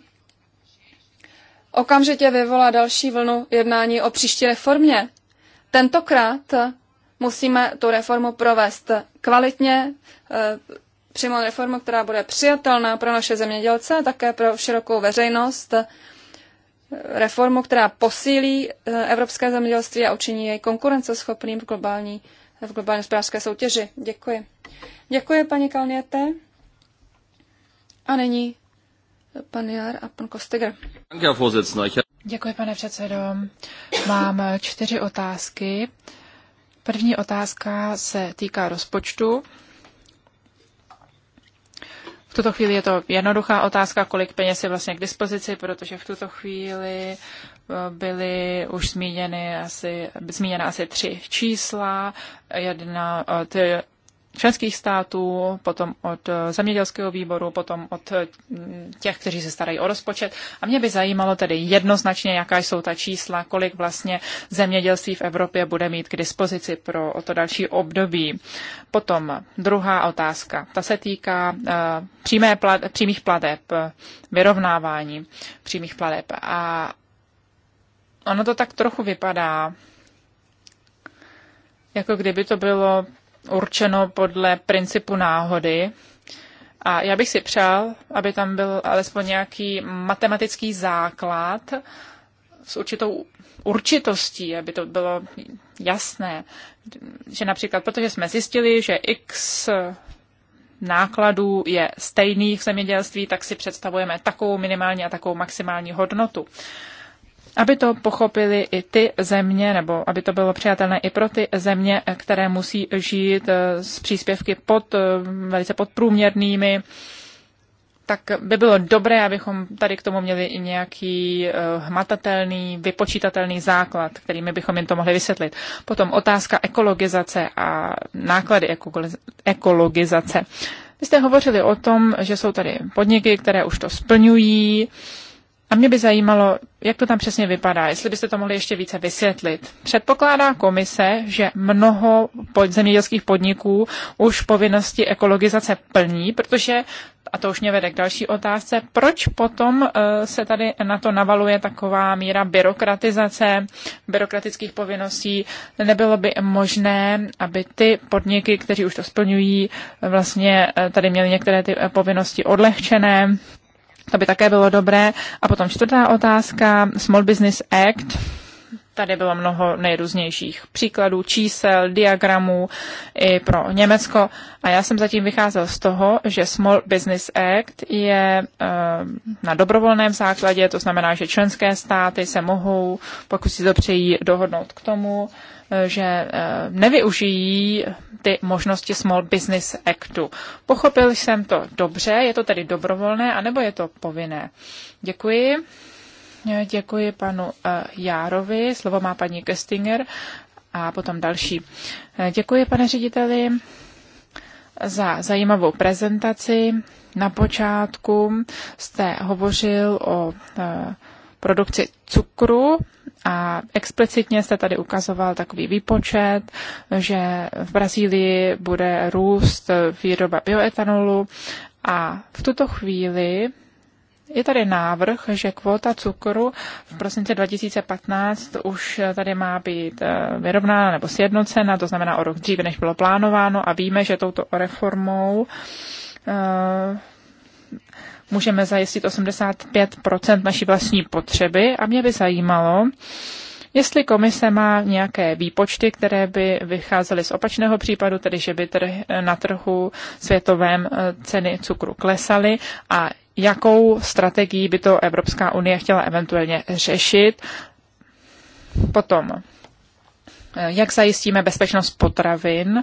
okamžitě vyvolá další vlnu jednání o příští reformě. Tentokrát musíme tu reformu provést kvalitně, eh, přijmout reformu, která bude přijatelná pro naše zemědělce také pro širokou veřejnost, reformu, která posílí eh, evropské zemědělství a učiní jej konkurenceschopným v globální, v globální hospodářské soutěži. Děkuji. Děkuji, paní Kalniete. A nyní pan Jar a pan Kostegr. Děkuji, pane předsedo. Mám eh, čtyři otázky. První otázka se týká rozpočtu. V tuto chvíli je to jednoduchá otázka, kolik peněz je vlastně k dispozici, protože v tuto chvíli eh, byly už zmíněny asi, zmíněna asi tři čísla. Jedna, eh, ty členských států, potom od eh, zemědělského výboru, potom od eh, těch, kteří se starají o rozpočet. A mě by zajímalo tedy jednoznačně, jaká jsou ta čísla, kolik vlastně zemědělství v Evropě bude mít k dispozici pro to další období. Potom druhá otázka. Ta se týká eh, přímé plat, přímých plateb, vyrovnávání přímých plateb. A ono to tak trochu vypadá, jako kdyby to bylo určeno podle principu náhody. A já bych si přál, aby tam byl alespoň nějaký matematický základ s určitou určitostí, aby to bylo jasné. Že například, protože jsme zjistili, že x nákladů je stejných v zemědělství, tak si představujeme takovou minimální a takovou maximální hodnotu aby to pochopili i ty země, nebo aby to bylo přijatelné i pro ty země, které musí žít eh, s příspěvky pod, eh, velice podprůměrnými, tak by bylo dobré, abychom tady k tomu měli i nějaký eh, hmatatelný, vypočítatelný základ, kterými bychom jim to mohli vysvětlit. Potom otázka ekologizace a náklady ekologizace. Vy jste hovořili o tom, že jsou tady podniky, které už to splňují, a mě by zajímalo, jak to tam přesně vypadá, jestli byste to mohli ještě více vysvětlit. Předpokládá komise, že mnoho zemědělských podniků už povinnosti ekologizace plní, protože, a to už mě vede k další otázce, proč potom eh, se tady na to navaluje taková míra byrokratizace, byrokratických povinností? Nebylo by možné, aby ty podniky, kteří už to splňují, vlastně eh, tady měly některé ty eh, povinnosti odlehčené? To by také bylo dobré. A potom čtvrtá otázka, Small Business Act. Tady bylo mnoho nejrůznějších příkladů, čísel, diagramů i pro Německo. A já jsem zatím vycházel z toho, že Small Business Act je eh, na dobrovolném základě, to znamená, že členské státy se mohou, pokud si to přejí, dohodnout k tomu, že eh, nevyužijí ty možnosti Small Business Actu. Pochopil jsem to dobře, je to tedy dobrovolné, anebo je to povinné? Děkuji. Děkuji panu eh, Járovi, slovo má paní Kestinger a potom další. Eh, děkuji, pane řediteli, za zajímavou prezentaci. Na počátku jste hovořil o produkci cukru a explicitně jste tady ukazoval takový výpočet, že v Brazílii bude růst výroba bioetanolu a v tuto chvíli je tady návrh, že kvota cukru v prosinci 2015 už tady má být eh, vyrovnána nebo sjednocena, to znamená o rok dříve, než bylo plánováno a víme, že touto reformou uh, můžeme zajistit 85 naší vlastní potřeby a mě by zajímalo, Jestli komise má nějaké výpočty, které by vycházely z opačného případu, tedy že by trh, na trhu světovém eh, ceny cukru klesaly a jakou strategii by to Evropská unie chtěla eventuálně řešit. Potom, eh, jak zajistíme bezpečnost potravin,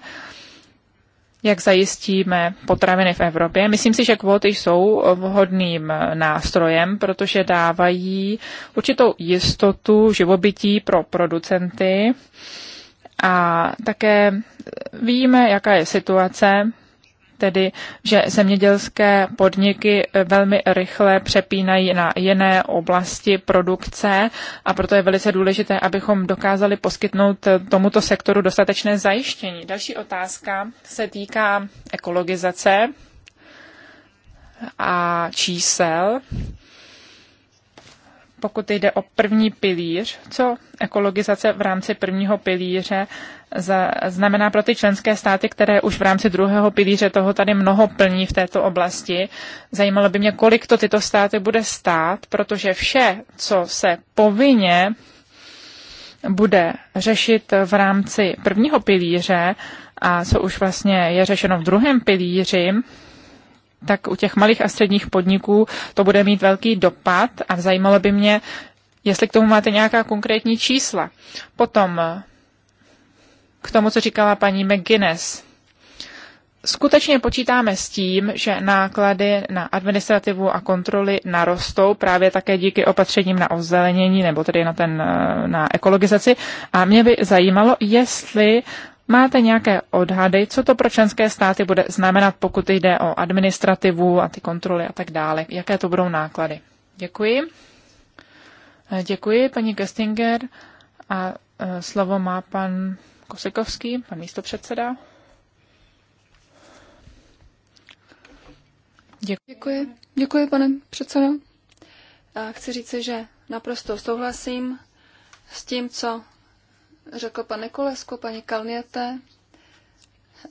jak zajistíme potraviny v Evropě. Myslím si, že kvóty jsou vhodným nástrojem, protože dávají určitou jistotu živobytí pro producenty a také víme, jaká je situace tedy, že zemědělské podniky eh, velmi rychle přepínají na jiné oblasti produkce a proto je velice důležité, abychom dokázali poskytnout eh, tomuto sektoru dostatečné zajištění. Další otázka se týká ekologizace a čísel pokud jde o první pilíř, co ekologizace v rámci prvního pilíře znamená pro ty členské státy, které už v rámci druhého pilíře toho tady mnoho plní v této oblasti. Zajímalo by mě, kolik to tyto státy bude stát, protože vše, co se povinně bude řešit v rámci prvního pilíře a co už vlastně je řešeno v druhém pilíři, tak u těch malých a středních podniků to bude mít velký dopad a zajímalo by mě, jestli k tomu máte nějaká konkrétní čísla. Potom k tomu, co říkala paní McGuinness. Skutečně počítáme s tím, že náklady na administrativu a kontroly narostou právě také díky opatřením na ozelenění nebo tedy na, ten, na ekologizaci. A mě by zajímalo, jestli máte nějaké odhady, co to pro členské státy bude znamenat, pokud jde o administrativu a ty kontroly a tak dále. Jaké to budou náklady? Děkuji. Děkuji, paní Gestinger. A e, slovo má pan Kosikovský, pan místopředseda. Děkuji. Děkuji, Děkuji pane předsedo. chci říci, že naprosto souhlasím s tím, co řekl pan Nikolesko, paní Kalniete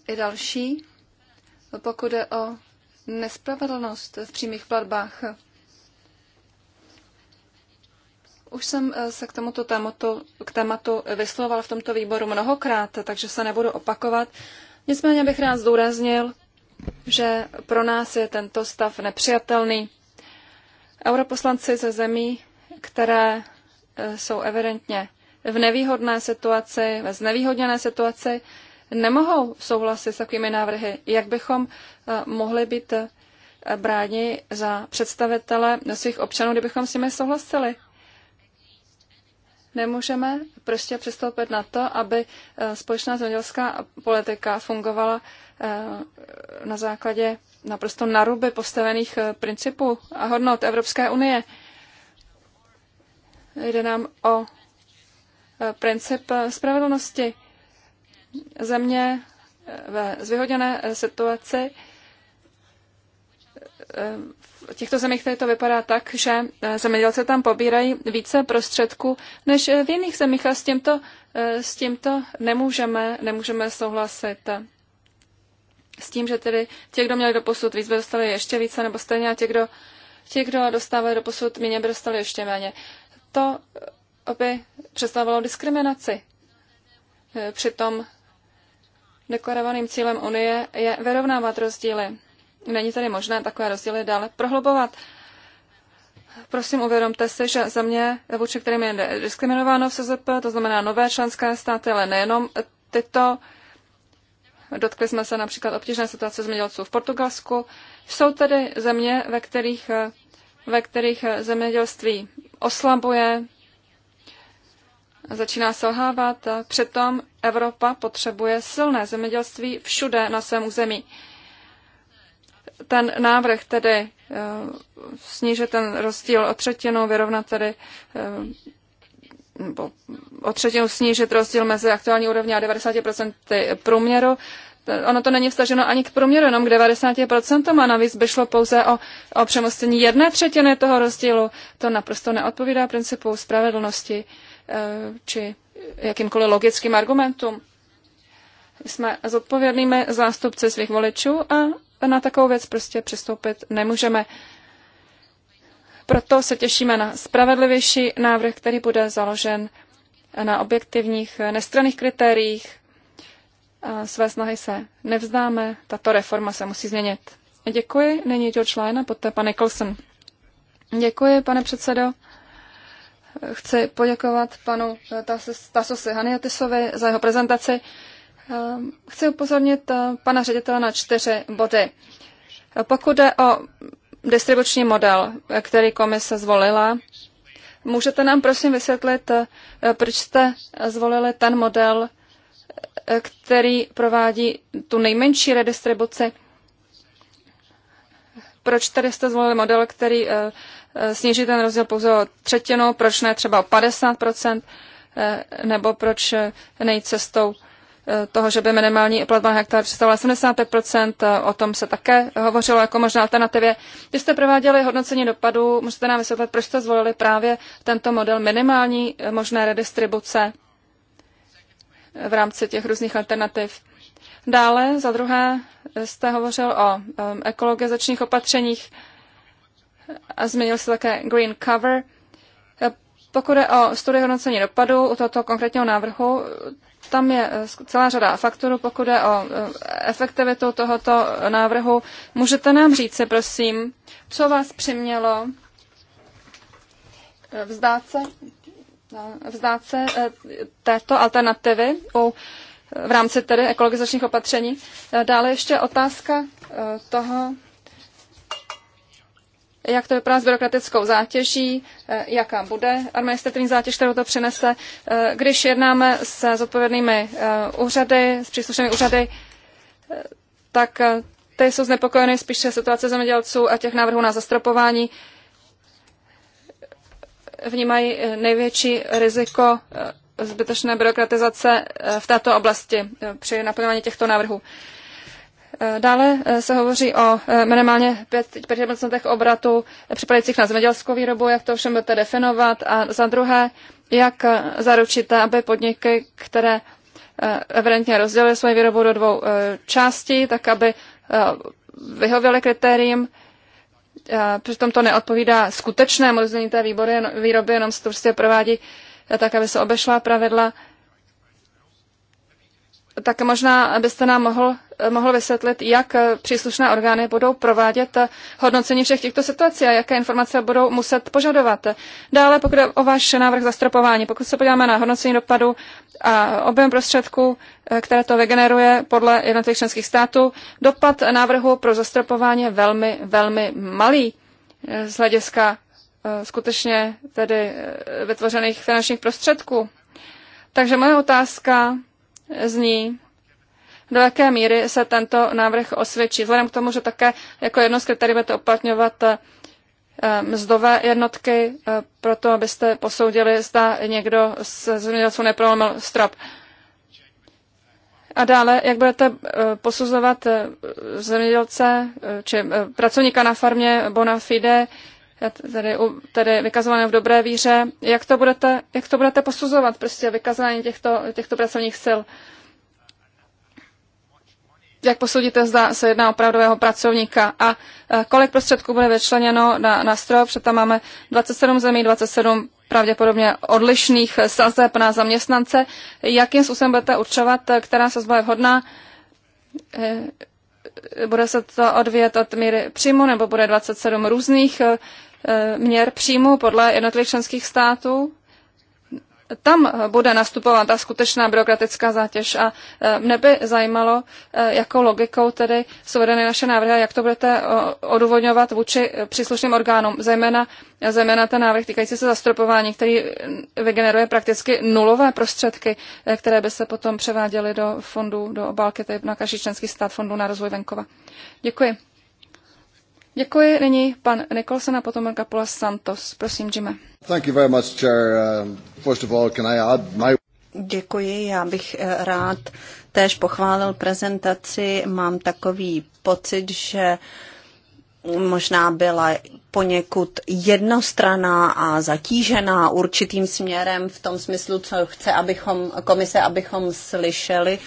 i další, pokud je o nespravedlnost v přímých platbách. Už jsem eh, se k tomuto tématu, k tématu vyslovala v tomto výboru mnohokrát, takže se nebudu opakovat. Nicméně bych rád zdůraznil, že pro nás je tento stav nepřijatelný. Europoslanci ze zemí, které eh, jsou evidentně v nevýhodné situaci, ve znevýhodněné situaci, nemohou souhlasit s takovými návrhy, jak bychom eh, mohli být bráni za představitele svých občanů, kdybychom s nimi souhlasili. Nemůžeme prostě přistoupit na to, aby eh, společná zemědělská politika fungovala eh, na základě naprosto naruby postavených eh, principů a hodnot Evropské unie. Jde nám o princip spravedlnosti. Země ve zvyhodněné situaci těchto zemích to vypadá tak, že eh, zemědělci tam pobírají více prostředků než eh, v jiných zemích a s tímto, eh, s tímto nemůžeme, nemůžeme souhlasit. S tím, že tedy ti, kdo měli doposud víc, by dostali ještě více, nebo stejně a ti, kdo, ti, kdo dostávali doposud méně, by dostali ještě méně. To by představovalo diskriminaci. Přitom deklarovaným cílem Unie je vyrovnávat rozdíly. Není tedy možné takové rozdíly dále prohlubovat. Prosím, uvědomte si, že země, vůči kterým je diskriminováno v SZP, to znamená nové členské státy, ale nejenom tyto, dotkli jsme se například obtížné situace zemědělců v Portugalsku, jsou tedy země, ve kterých, ve kterých zemědělství oslabuje, začíná selhávat. Přitom Evropa potřebuje silné zemědělství všude na svém území ten návrh tedy eh, snížit ten rozdíl o třetinu, vyrovnat tedy eh, nebo o třetinu snížit rozdíl mezi aktuální úrovní a 90% průměru. Ono to není vstaženo ani k průměru, jenom k 90% a navíc by šlo pouze o, o přemostění jedné třetiny toho rozdílu. To naprosto neodpovídá principu spravedlnosti eh, či jakýmkoliv logickým argumentům. Jsme zodpovědnými zástupci svých voličů a na takovou věc prostě přistoupit nemůžeme. Proto se těšíme na spravedlivější návrh, který bude založen na objektivních nestranných kritériích. A své snahy se nevzdáme, tato reforma se musí změnit. Děkuji, není George Lyon a poté pan Nicholson. Děkuji, pane předsedo. Chci poděkovat panu Tasosi Haniatisovi za jeho prezentaci. Ehm, chci upozornit eh, pana ředitele na čtyři body. Pokud jde o distribuční model, který komise zvolila, můžete nám prosím vysvětlit, eh, proč jste zvolili ten model, eh, který provádí tu nejmenší redistribuci? Proč tady jste zvolili model, který sníží ten rozdíl pouze o třetinu, proč ne třeba o 50%, nebo proč nejít cestou Eh, toho, že by minimální platba na hektar představovala 75 eh, o tom se také hovořilo jako možná alternativě. Když jste prováděli hodnocení dopadů, můžete nám vysvětlit, proč jste zvolili právě tento model minimální eh, možné redistribuce v rámci těch různých alternativ. Dále, za druhé, jste hovořil o ekologizačních opatřeních a zmínil se také green cover. Pokud je o studii hodnocení dopadu u tohoto konkrétního návrhu, tam je eh, celá řada faktorů, pokud je o eh, efektivitu tohoto návrhu. Můžete nám říct, prosím, co vás přimělo eh, vzdát se, vzdát se této alternativy u, v rámci tedy ekologizačních opatření. Dále ještě otázka toho, jak to vypadá s byrokratickou zátěží, eh, jaká bude administrativní zátěž, kterou to přinese. Eh, když jednáme se zodpovědnými eh, úřady, s příslušnými úřady, tak ty jsou znepokojeny spíše situace zemědělců a těch návrhů na zastropování vnímají největší riziko zbytečné byrokratizace v této oblasti při naplňování těchto návrhů. Eh, dále eh, se hovoří o eh, minimálně 5% obratu připadajících na zemědělskou výrobu, jak to všem budete definovat a za druhé, jak zaručíte, aby podniky, které evidentně rozdělily svoji výrobu do dvou částí, tak aby vyhověly kritériím, přitom to neodpovídá skutečnému rozdělení té výbory, výroby, jenom se to prostě provádí tak, aby se obešla pravidla tak možná byste nám mohl, eh, mohl vysvětlit, jak eh, příslušné orgány budou provádět eh, hodnocení všech těchto situací a jaké informace budou muset požadovat. Dále, pokud je o váš návrh zastropování, pokud se podíváme na hodnocení dopadu a objem prostředků, které to vygeneruje podle jednotlivých členských států, dopad návrhu pro zastropování je velmi, velmi malý z hlediska skutečně tedy vytvořených finančních prostředků. Takže moje otázka zní, do jaké míry se tento návrh osvědčí. Vzhledem k tomu, že také jako jedno z kritérií budete uplatňovat eh, mzdové jednotky, eh, proto abyste posoudili, zda někdo z zemědělců neprolomil strop. A dále, jak budete eh, posuzovat zemědělce či pracovníka na farmě Bonafide, fide, tady, tady vykazované v dobré víře. Jak to budete, jak to budete posuzovat, prostě vykazování těchto, těchto pracovních sil? Jak posoudíte, zda se jedná o pravdového pracovníka a e, kolik prostředků bude vyčleněno na, na strop? Protože tam máme 27 zemí, 27 pravděpodobně odlišných sazeb na zaměstnance. Jakým způsobem budete určovat, e, která sazba je vhodná? E, bude se to odvíjet od míry příjmu, nebo bude 27 různých Eh, měr příjmu podle jednotlivých členských států. Tam bude nastupovat ta skutečná byrokratická zátěž a eh, mne by zajímalo, eh, jakou logikou tedy jsou vedeny naše návrhy a jak to budete odůvodňovat vůči příslušným orgánům, zejména, zejména ten návrh týkající se zastropování, který mm, vygeneruje prakticky nulové prostředky, které by se potom převáděly do fondů, do obálky, tedy na každý členský stát fondů na rozvoj venkova. Děkuji. Děkuji. Nyní pan Nicholson a potom Kapula Santos. Prosím, Jimmy. Thank you very much, Chair. Um, first of all, can I add my... Děkuji, já bych eh, rád též pochválil prezentaci. Mám takový pocit, že možná byla poněkud jednostraná a zatížená určitým směrem v tom smyslu, co chce abychom, komise, abychom slyšeli.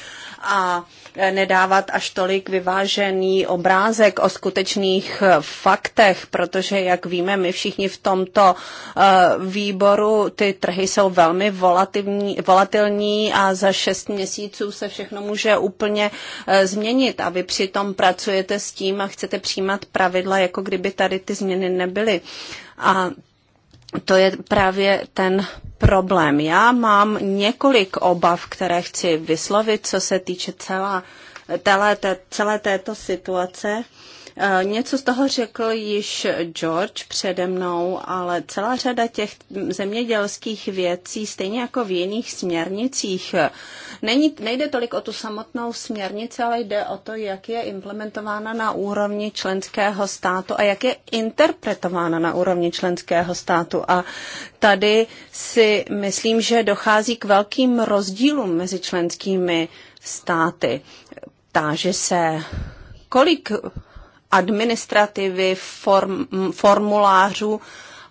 A nedávat až tolik vyvážený obrázek o skutečných eh, faktech, protože, jak víme, my všichni v tomto eh, výboru ty trhy jsou velmi volatilní, volatilní a za šest měsíců se všechno může úplně eh, změnit a vy přitom pracujete s tím a chcete přijímat pravidla, jako kdyby tady ty změny nebyly. A to je právě ten problém. Já mám několik obav, které chci vyslovit, co se týče celá, celé, té, celé této situace. Eh, něco z toho řekl již George přede mnou, ale celá řada těch zemědělských věcí, stejně jako v jiných směrnicích, eh, není, nejde tolik o tu samotnou směrnici, ale jde o to, jak je implementována na úrovni členského státu a jak je interpretována na úrovni členského státu. A tady si myslím, že dochází k velkým rozdílům mezi členskými státy. Táže se, kolik administrativy, form, formulářů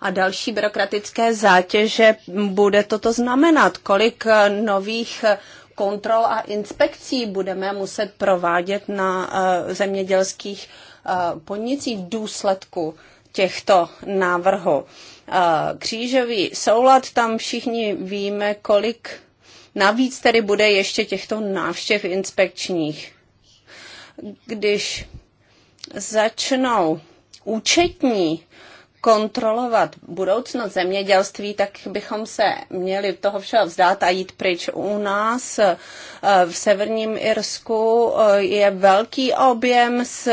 a další byrokratické zátěže bude toto znamenat? Kolik eh, nových eh, kontrol a inspekcí budeme muset provádět na eh, zemědělských podnicích v důsledku těchto návrhů? Křížový soulad, tam všichni víme, kolik navíc tedy bude ještě těchto návštěv inspekčních. Když začnou účetní kontrolovat budoucnost zemědělství, tak bychom se měli toho všeho vzdát a jít pryč. U nás eh, v severním Irsku eh, je velký objem z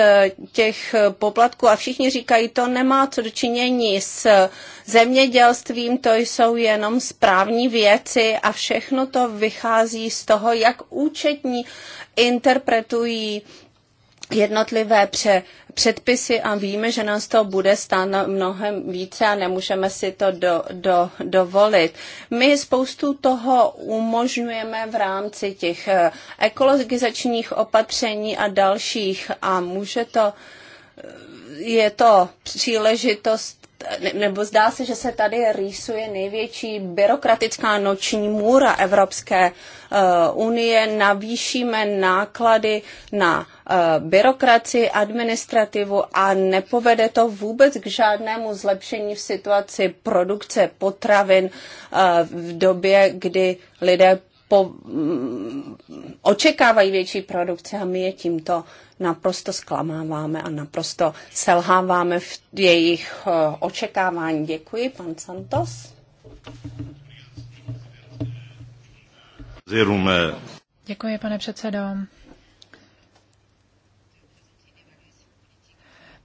těch poplatků a všichni říkají, to nemá co dočinění s zemědělstvím, to jsou jenom správní věci a všechno to vychází z toho, jak účetní interpretují jednotlivé pře, předpisy a víme, že nás to bude stát mnohem více a nemůžeme si to do, do, dovolit. My spoustu toho umožňujeme v rámci těch eh, ekologizačních opatření a dalších a může to eh, je to příležitost nebo zdá se, že se tady rýsuje největší byrokratická noční můra Evropské eh, unie. Navýšíme náklady na eh, byrokracii, administrativu a nepovede to vůbec k žádnému zlepšení v situaci produkce potravin eh, v době, kdy lidé po, mm, očekávají větší produkci a my je tímto naprosto zklamáváme a naprosto selháváme v jejich eh, očekávání. Děkuji, pan Santos. Děkuji, pane předsedo.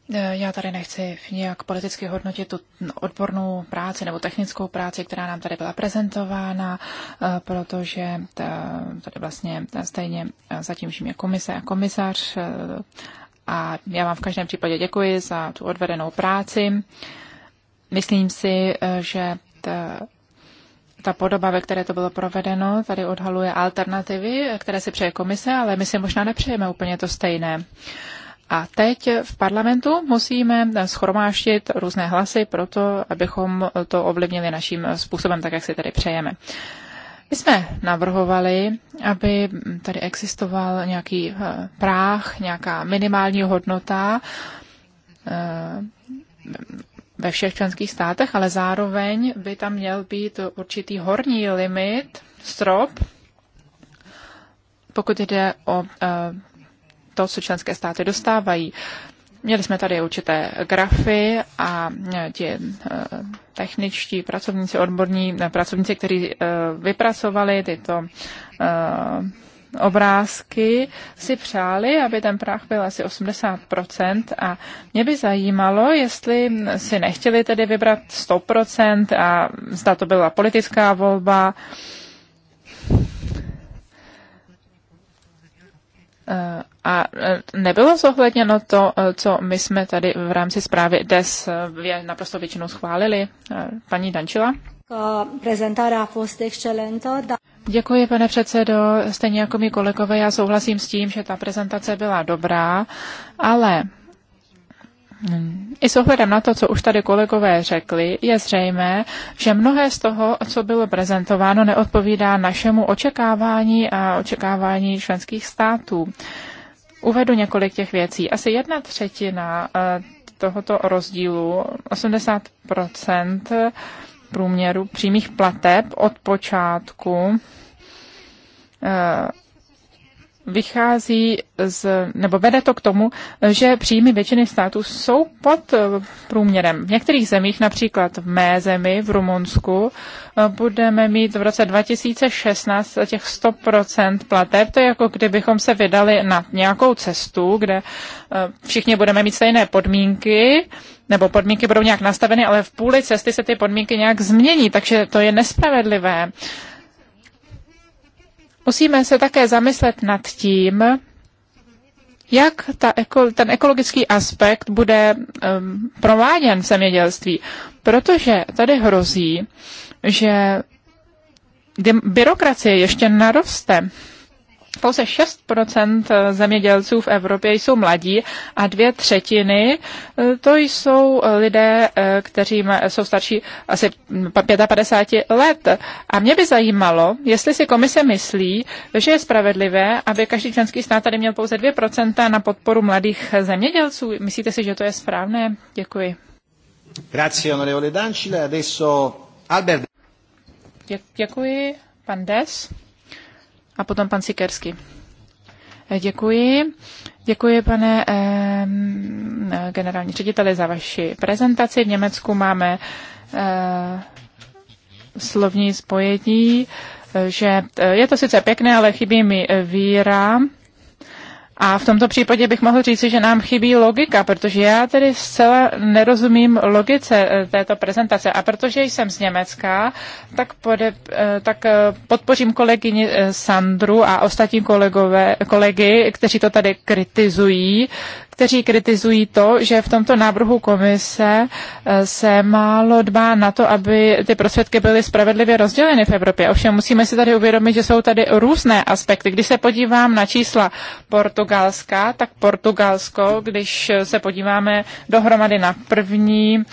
E, já tady nechci nějak politicky hodnotit tu odbornou práci nebo technickou práci, která nám tady byla prezentována, e, protože tady vlastně stejně e, zatím vším je komise a komisař. A já vám v každém případě děkuji za tu odvedenou práci. Myslím si, že ta, ta podoba, ve které to bylo provedeno, tady odhaluje alternativy, které si přeje komise, ale my si možná nepřejeme úplně to stejné. A teď v parlamentu musíme schromáštit různé hlasy pro to, abychom to ovlivnili naším způsobem, tak jak si tady přejeme. My jsme navrhovali, aby tady existoval nějaký eh, práh, nějaká minimální hodnota eh, ve všech členských státech, ale zároveň by tam měl být určitý horní limit, strop, pokud jde o eh, to, co členské státy dostávají. Měli jsme tady určité grafy a ti eh, techničtí pracovníci, odborní eh, pracovníci, kteří eh, vypracovali tyto obrázky, si přáli, aby ten práh byl asi 80% a mě by zajímalo, jestli si nechtěli tedy vybrat 100% a zda to byla politická volba, Eh, a eh, nebylo zohledněno to, eh, co my jsme tady v rámci zprávy DES naprosto většinou schválili. Paní Dančila? Děkuji, pane předsedo. Stejně jako mi kolegové, já souhlasím s tím, že ta prezentace byla dobrá, ale i s ohledem na to, co už tady kolegové řekli, je zřejmé, že mnohé z toho, co bylo prezentováno, neodpovídá našemu očekávání a očekávání členských států. Uvedu několik těch věcí. Asi jedna třetina eh, tohoto rozdílu, 80 průměru přímých plateb od počátku eh, vychází z, nebo vede to k tomu, že příjmy většiny států jsou pod eh, průměrem. V některých zemích, například v mé zemi, v Rumunsku, eh, budeme mít v roce 2016 těch 100% plateb. To je jako kdybychom se vydali na nějakou cestu, kde eh, všichni budeme mít stejné podmínky, nebo podmínky budou nějak nastaveny, ale v půli cesty se ty podmínky nějak změní, takže to je nespravedlivé musíme se také zamyslet nad tím, jak ta, ten ekologický aspekt bude um, prováděn v zemědělství. Protože tady hrozí, že byrokracie ještě naroste pouze 6 eh, zemědělců v Evropě jsou mladí a dvě třetiny eh, to jsou eh, lidé, kteří jsou starší asi 55 let. A mě by zajímalo, jestli si komise myslí, že je spravedlivé, aby každý členský stát tady měl pouze 2 na podporu mladých zemědělců. Myslíte si, že to je správné? Děkuji. Grazie, onorevole Dancile. Adesso Albert. Děkuji, pan Des a potom pan Sikersky. Eh, děkuji. Děkuji, pane eh, generální řediteli, za vaši prezentaci. V Německu máme eh, slovní spojení, eh, že eh, je to sice pěkné, ale chybí mi víra. A v tomto případě bych mohl říci, že nám chybí logika, protože já tedy zcela nerozumím logice eh, této prezentace. A protože jsem z Německa, tak, pode, eh, tak eh, podpořím kolegyni Sandru a ostatní kolegové, kolegy, kteří to tady kritizují, kteří kritizují to, že v tomto návrhu komise eh, se málo dbá na to, aby ty prostředky byly spravedlivě rozděleny v Evropě. Ovšem musíme si tady uvědomit, že jsou tady různé aspekty. Když se podívám na čísla Portugalska, tak Portugalsko, když se podíváme dohromady na první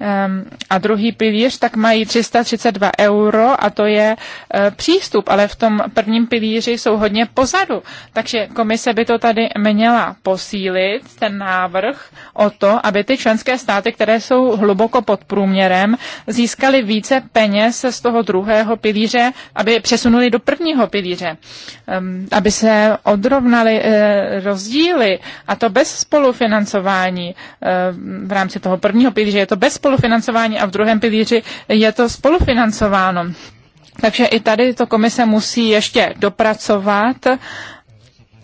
ehm, a druhý pilíř, tak mají 332 euro a to je eh, přístup, ale v tom prvním pilíři jsou hodně pozadu. Takže komise by to tady měla posílit podpořit ten návrh o to, aby ty členské státy, které jsou hluboko pod průměrem, získaly více peněz z toho druhého pilíře, aby přesunuli do prvního pilíře, ehm, aby se odrovnaly eh, rozdíly a to bez spolufinancování ehm, v rámci toho prvního pilíře je to bez spolufinancování a v druhém pilíři je to spolufinancováno. Takže i tady to komise musí ještě dopracovat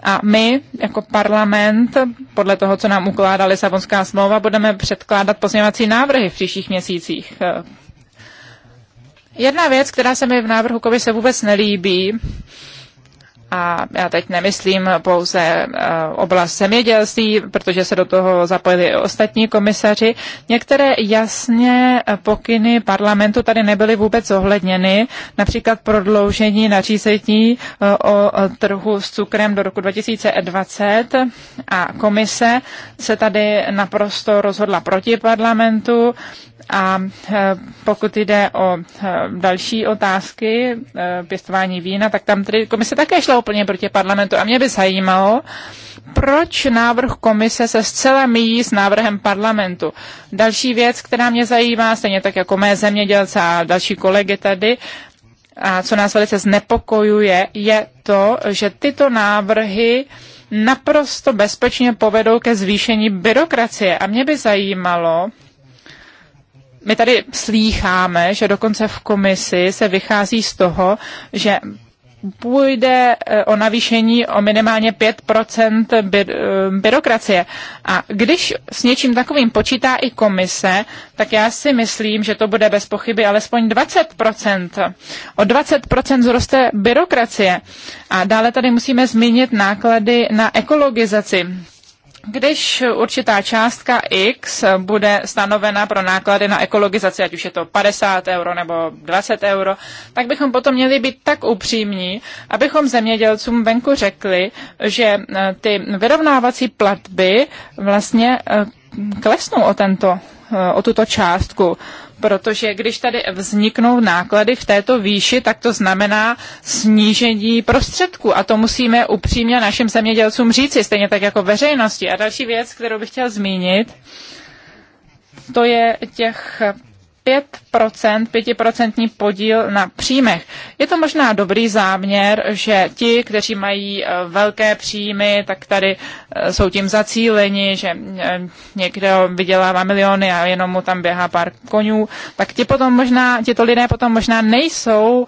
a my jako parlament, podle toho, co nám ukládá Lisabonská smlouva, budeme předkládat pozměňovací návrhy v příštích měsících. Jedna věc, která se mi v návrhu komise vůbec nelíbí, a já teď nemyslím pouze eh, oblast zemědělství, protože se do toho zapojili i ostatní komisaři. Některé jasně eh, pokyny parlamentu tady nebyly vůbec zohledněny, například prodloužení nařízení eh, o trhu s cukrem do roku 2020 a komise se tady naprosto rozhodla proti parlamentu a eh, pokud jde o eh, další otázky eh, pěstování vína, tak tam tedy komise také šla úplně proti parlamentu. A mě by zajímalo, proč návrh komise se zcela míjí s návrhem parlamentu. Další věc, která mě zajímá, stejně tak jako mé zemědělce a další kolegy tady, a co nás velice znepokojuje, je to, že tyto návrhy naprosto bezpečně povedou ke zvýšení byrokracie. A mě by zajímalo, my tady slýcháme, že dokonce v komisi se vychází z toho, že půjde eh, o navýšení o minimálně 5% by, eh, byrokracie. A když s něčím takovým počítá i komise, tak já si myslím, že to bude bez pochyby alespoň 20%. O 20% zroste byrokracie. A dále tady musíme zmínit náklady na ekologizaci. Když určitá částka X bude stanovena pro náklady na ekologizaci, ať už je to 50 euro nebo 20 euro, tak bychom potom měli být tak upřímní, abychom zemědělcům venku řekli, že eh, ty vyrovnávací platby vlastně eh, klesnou o, tento, eh, o tuto částku protože když tady vzniknou náklady v této výši, tak to znamená snížení prostředků a to musíme upřímně našim zemědělcům říci, stejně tak jako veřejnosti. A další věc, kterou bych chtěl zmínit, to je těch 5%, 5% podíl na příjmech. Je to možná dobrý záměr, že ti, kteří mají eh, velké příjmy, tak tady eh, jsou tím zacíleni, že eh, někdo vydělává miliony a jenom mu tam běhá pár konňů, tak ti potom možná, tito lidé potom možná nejsou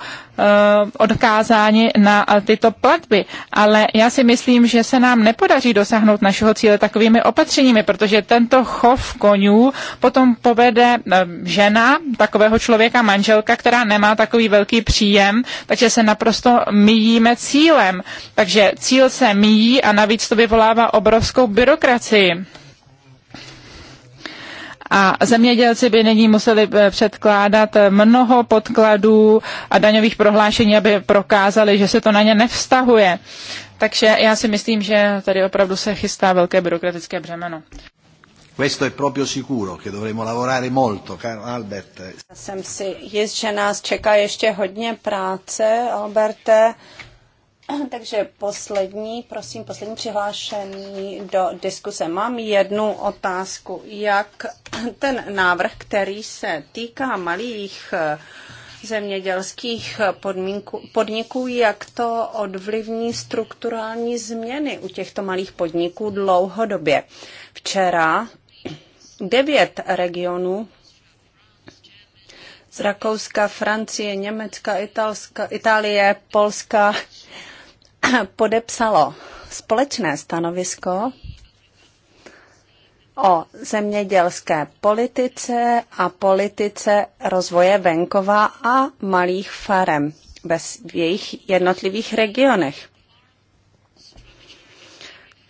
odkázáni na tyto platby. Ale já si myslím, že se nám nepodaří dosáhnout našeho cíle takovými opatřeními, protože tento chov konňů potom povede žena takového člověka manželka, která nemá takový velký příjem, takže se naprosto míjíme cílem. Takže cíl se míjí a navíc to vyvolává obrovskou byrokracii. A zemědělci by nyní museli eh, předkládat eh, mnoho podkladů a daňových prohlášení, aby prokázali, že se to na ně nevztahuje. Takže já si myslím, že tady opravdu se chystá velké byrokratické břemeno. Questo è proprio sicuro, che dovremo lavorare molto, caro Albert. Jsem si jist, že nás čeká ještě hodně práce, Alberte. Takže poslední, prosím, poslední přihlášený do diskuse. Mám jednu otázku. Jak ten návrh, který se týká malých eh, zemědělských podmínku, podniků, jak to odvlivní strukturální změny u těchto malých podniků dlouhodobě. Včera devět regionů z Rakouska, Francie, Německa, Italska, Itálie, Polska podepsalo společné stanovisko o zemědělské politice a politice rozvoje venkova a malých farem bez v jejich jednotlivých regionech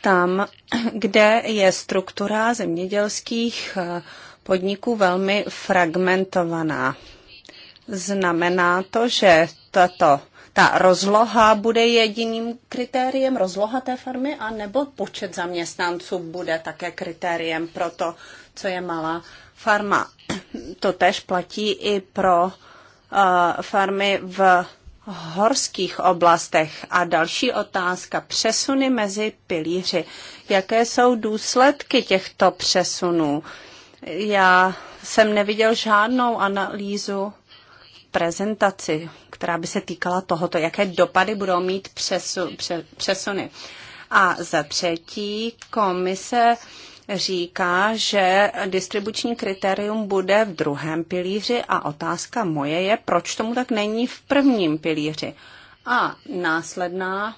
tam, kde je struktura zemědělských eh, podniků velmi fragmentovaná. Znamená to, že tato, ta rozloha bude jediným kritériem rozloha té farmy, anebo počet zaměstnanců bude také kritériem pro to, co je malá farma. To tež platí i pro uh, farmy v horských oblastech. A další otázka, přesuny mezi pilíři. Jaké jsou důsledky těchto přesunů? Já jsem neviděl žádnou analýzu prezentaci, která by se týkala tohoto, jaké dopady budou mít přesu, pře, přesuny. A za třetí, komise říká, že distribuční kritérium bude v druhém pilíři a otázka moje je, proč tomu tak není v prvním pilíři. A následná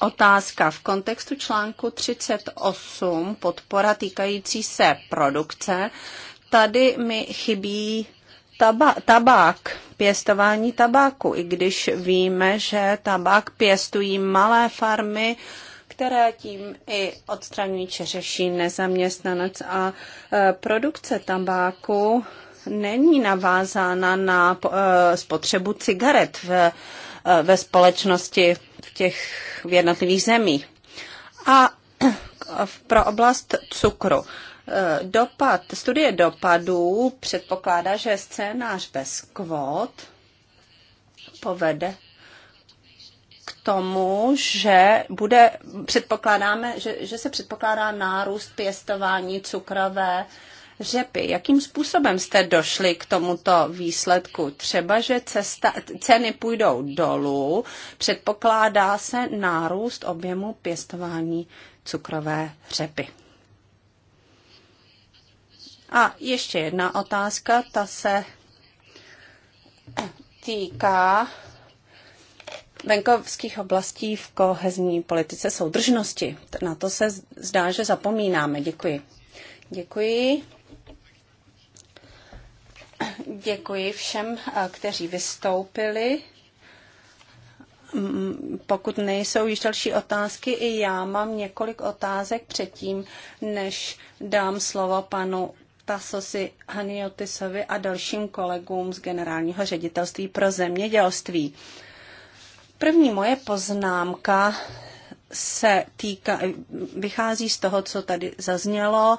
Otázka v kontextu článku 38, podpora týkající se produkce. Tady mi chybí taba- tabák, pěstování tabáku, i když víme, že tabák pěstují malé farmy, které tím i odstraňují či řeší nezaměstnanec a e, produkce tabáku není navázána na e, spotřebu cigaret ve ve společnosti v těch v jednotlivých zemích. A pro oblast cukru. E, dopad, studie dopadů předpokládá, že scénář bez kvót povede k tomu, že bude, předpokládáme, že, že se předpokládá nárůst pěstování cukrové řepy. Jakým způsobem jste došli k tomuto výsledku? Třeba, že cesta, ceny půjdou dolů, předpokládá se nárůst objemu pěstování cukrové řepy. A ještě jedna otázka, ta se týká venkovských oblastí v kohezní politice soudržnosti. Na to se zdá, že zapomínáme. Děkuji. Děkuji. Děkuji všem, eh, kteří vystoupili. Mm, pokud nejsou již další otázky, i já mám několik otázek předtím, než dám slovo panu Tasosi Haniotisovi a dalším kolegům z Generálního ředitelství pro zemědělství. Uh, První moje poznámka se týká, vychází z toho, co tady zaznělo.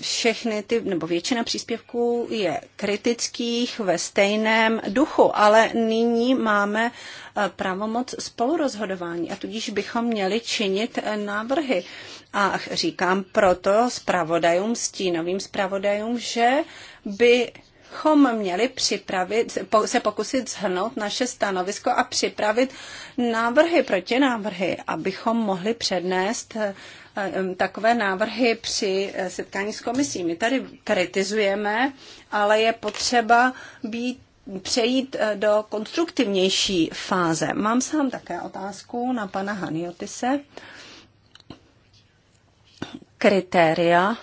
Všechny ty, nebo většina příspěvků je kritických ve stejném duchu, ale nyní máme e, pravomoc spolurozhodování a tudíž bychom měli činit e, návrhy. A říkám proto zpravodajům, stínovým zpravodajům, že by bychom měli připravit, se pokusit zhrnout naše stanovisko a připravit návrhy, protinávrhy, abychom mohli přednést eh, eh, takové návrhy při eh, setkání s komisí. My tady kritizujeme, ale je potřeba být přejít do konstruktivnější fáze. Mám sám také otázku na pana Haniotise. Kritéria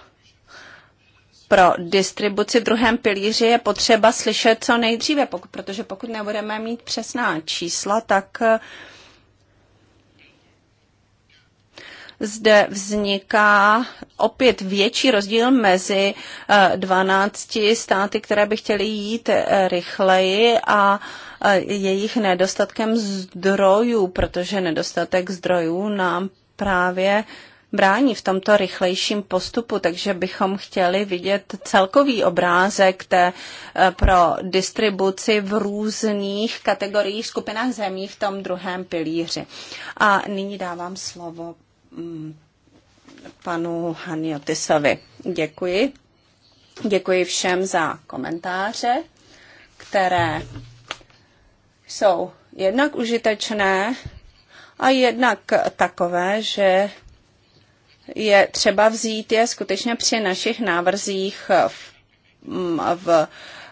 pro distribuci v druhém pilíři je potřeba slyšet co nejdříve, pokud, protože pokud nebudeme mít přesná čísla, tak eh, zde vzniká opět větší rozdíl mezi 12 eh, státy, které by chtěly jít eh, rychleji a jejich nedostatkem zdrojů, protože nedostatek zdrojů nám právě uh, brání v tomto rychlejším postupu, takže bychom chtěli vidět celkový obrázek té, eh, pro distribuci v různých kategoriích, skupinách zemí v tom druhém pilíři. A nyní dávám slovo mm, panu Haniotisovi. Děkuji. Děkuji všem za komentáře, které jsou jednak užitečné a jednak takové, že je třeba vzít je skutečně při našich návrzích v, v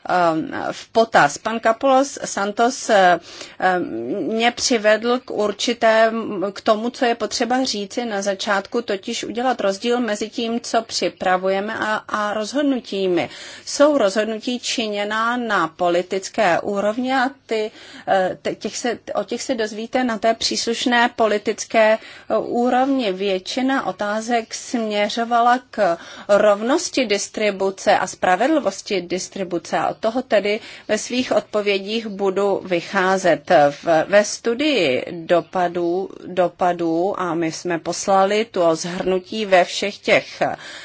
Um, v potaz. Pan Kapulos Santos eh, eh, mě přivedl k určité, k tomu, co je potřeba říci na začátku, totiž udělat rozdíl mezi tím, co připravujeme a, a rozhodnutími. Jsou rozhodnutí činěná na politické úrovni a ty, eh, těch se, o těch se dozvíte na té příslušné politické úrovni. Většina otázek směřovala k rovnosti distribuce a spravedlivosti distribuce. A od toho tedy ve svých odpovědích budu vycházet. V, ve studii dopadů, dopadů, a my jsme poslali to zhrnutí ve všech těch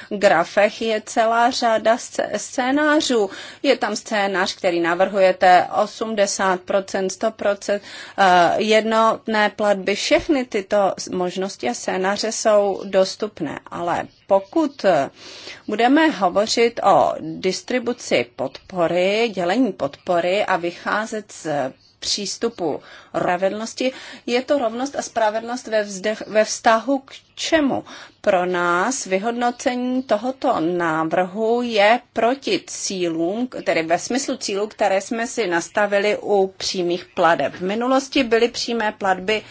grafech, je celá řada scénářů. Je tam scénář, který navrhujete 80%, 100%, eh, jednotné platby, všechny tyto možnosti a scénáře jsou dostupné, ale pokud eh, budeme hovořit o distribuci podpory, dělení podpory a vycházet z přístupu spravedlnosti. Je to rovnost a spravedlnost ve, vzdech, ve vztahu k čemu? Pro nás vyhodnocení tohoto návrhu je proti cílům, tedy ve smyslu cílů, které jsme si nastavili u přímých pladeb. V minulosti byly přímé platby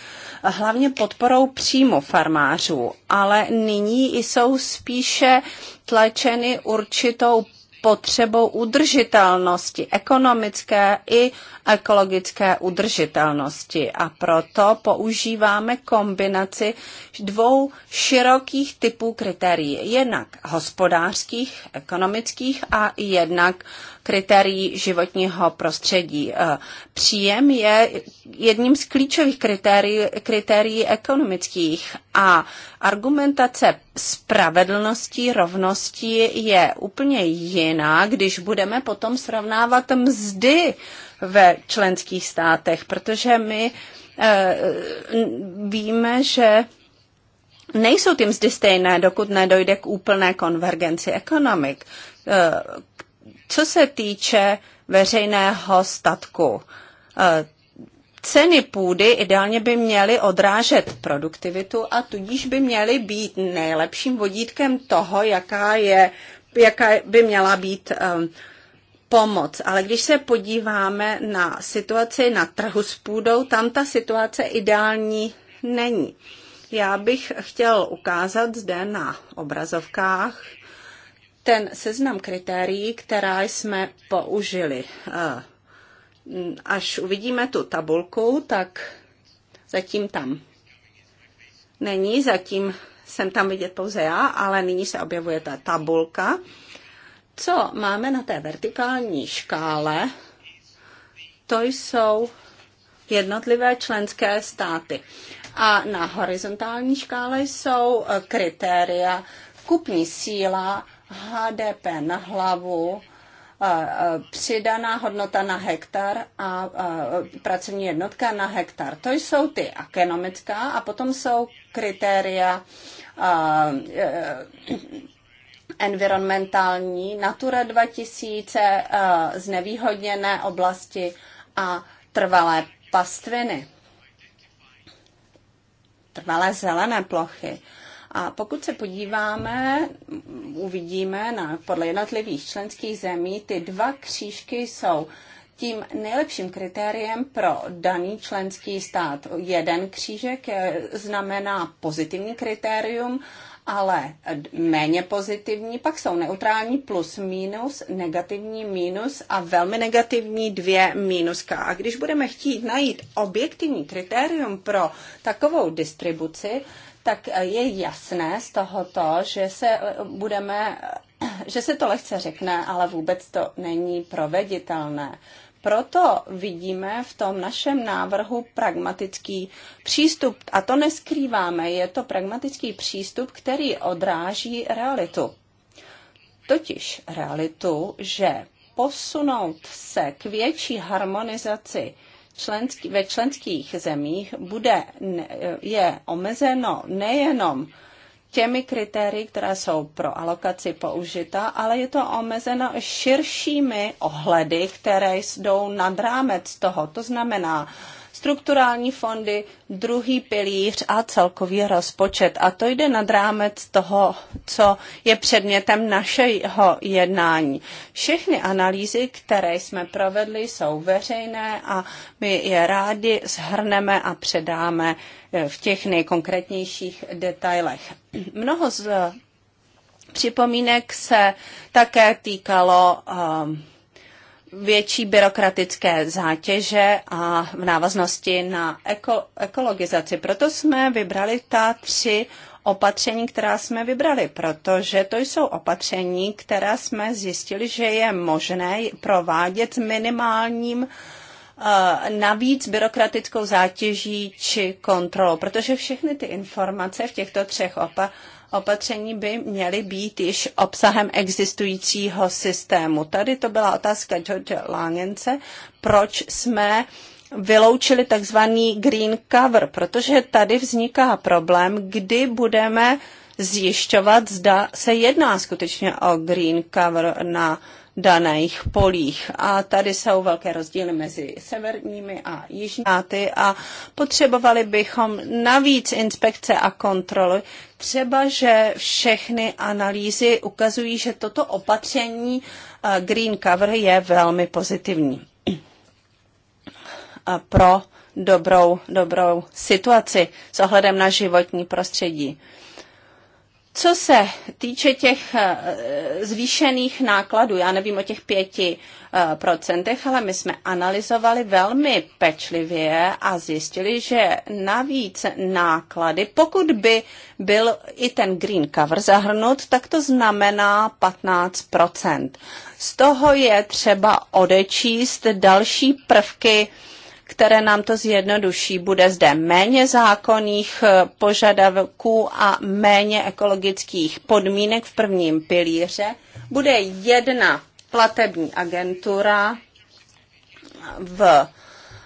hlavně podporou přímo farmářů, ale nyní jsou spíše tlačeny určitou potřebou udržitelnosti, ekonomické i ekologické udržitelnosti. A proto používáme kombinaci dvou širokých typů kritérií. Jednak hospodářských, ekonomických a jednak kritérií životního prostředí. Eh, příjem je jedním z klíčových kritérií, kritérií ekonomických a argumentace spravedlnosti, rovnosti je úplně jiná, když budeme potom srovnávat mzdy ve členských státech, protože my eh, víme, že nejsou ty mzdy stejné, dokud nedojde k úplné konvergenci ekonomik. Eh, co se týče veřejného statku, eh, ceny půdy ideálně by měly odrážet produktivitu a tudíž by měly být nejlepším vodítkem toho, jaká, je, jaká by měla být um, pomoc. Ale když se podíváme na situaci na trhu s půdou, tam ta situace ideální není. Já bych chtěl ukázat zde na obrazovkách ten seznam kritérií, která jsme použili. Až uvidíme tu tabulku, tak zatím tam není, zatím jsem tam vidět pouze já, ale nyní se objevuje ta tabulka. Co máme na té vertikální škále, to jsou jednotlivé členské státy. A na horizontální škále jsou e, kritéria kupní síla HDP na hlavu, přidaná hodnota na hektar a pracovní jednotka na hektar. To jsou ty ekonomická a potom jsou kritéria e, environmentální, Natura 2000, znevýhodněné oblasti a trvalé pastviny, trvalé zelené plochy. A pokud se podíváme, uvidíme na, podle jednotlivých členských zemí, ty dva křížky jsou tím nejlepším kritériem pro daný členský stát. Jeden křížek eh, znamená pozitivní kritérium, ale méně pozitivní, pak jsou neutrální plus minus, negativní minus a velmi negativní dvě mínuska. A když budeme chtít najít objektivní kritérium pro takovou distribuci, tak eh, je jasné z tohoto, že se eh, budeme, eh, že se to lehce řekne, ale vůbec to není proveditelné. Proto vidíme v tom našem návrhu pragmatický přístup, a to neskrýváme, je to pragmatický přístup, který odráží realitu. Totiž realitu, že posunout se k větší harmonizaci členský, ve členských zemích bude, je omezeno nejenom těmi kritérii, která jsou pro alokaci použita, ale je to omezeno širšími ohledy, které jdou nad rámec toho. To znamená, strukturální fondy, druhý pilíř a celkový rozpočet. A to jde nad rámec toho, co je předmětem našeho jednání. Všechny analýzy, které jsme provedli, jsou veřejné a my je rádi zhrneme a předáme eh, v těch nejkonkrétnějších detailech. Mnoho z eh, připomínek se také týkalo um, větší byrokratické zátěže a v návaznosti na eko, ekologizaci. Proto jsme vybrali ta tři opatření, která jsme vybrali, protože to jsou opatření, která jsme zjistili, že je možné provádět s minimálním eh, navíc byrokratickou zátěží či kontrolou, protože všechny ty informace v těchto třech opa- opatření by měly být již obsahem existujícího systému. Tady to byla otázka George Langence, proč jsme vyloučili takzvaný green cover, protože tady vzniká problém, kdy budeme zjišťovat, zda se jedná skutečně o green cover na uh, daných polích. A tady jsou velké rozdíly mezi severními a jižními státy a potřebovali bychom navíc inspekce a kontroly, třeba že všechny analýzy ukazují, že toto opatření eh, Green Cover je velmi pozitivní pro dobrou, dobrou situaci s ohledem na životní prostředí. Co se týče těch eh, zvýšených nákladů, já nevím o těch pěti eh, procentech, ale my jsme analyzovali velmi pečlivě a zjistili, že navíc náklady, pokud by byl i ten green cover zahrnut, tak to znamená 15 Z toho je třeba odečíst další prvky, které nám to zjednoduší. Bude zde méně zákonných eh, požadavků a méně ekologických podmínek v prvním pilíře. Bude jedna platební agentura v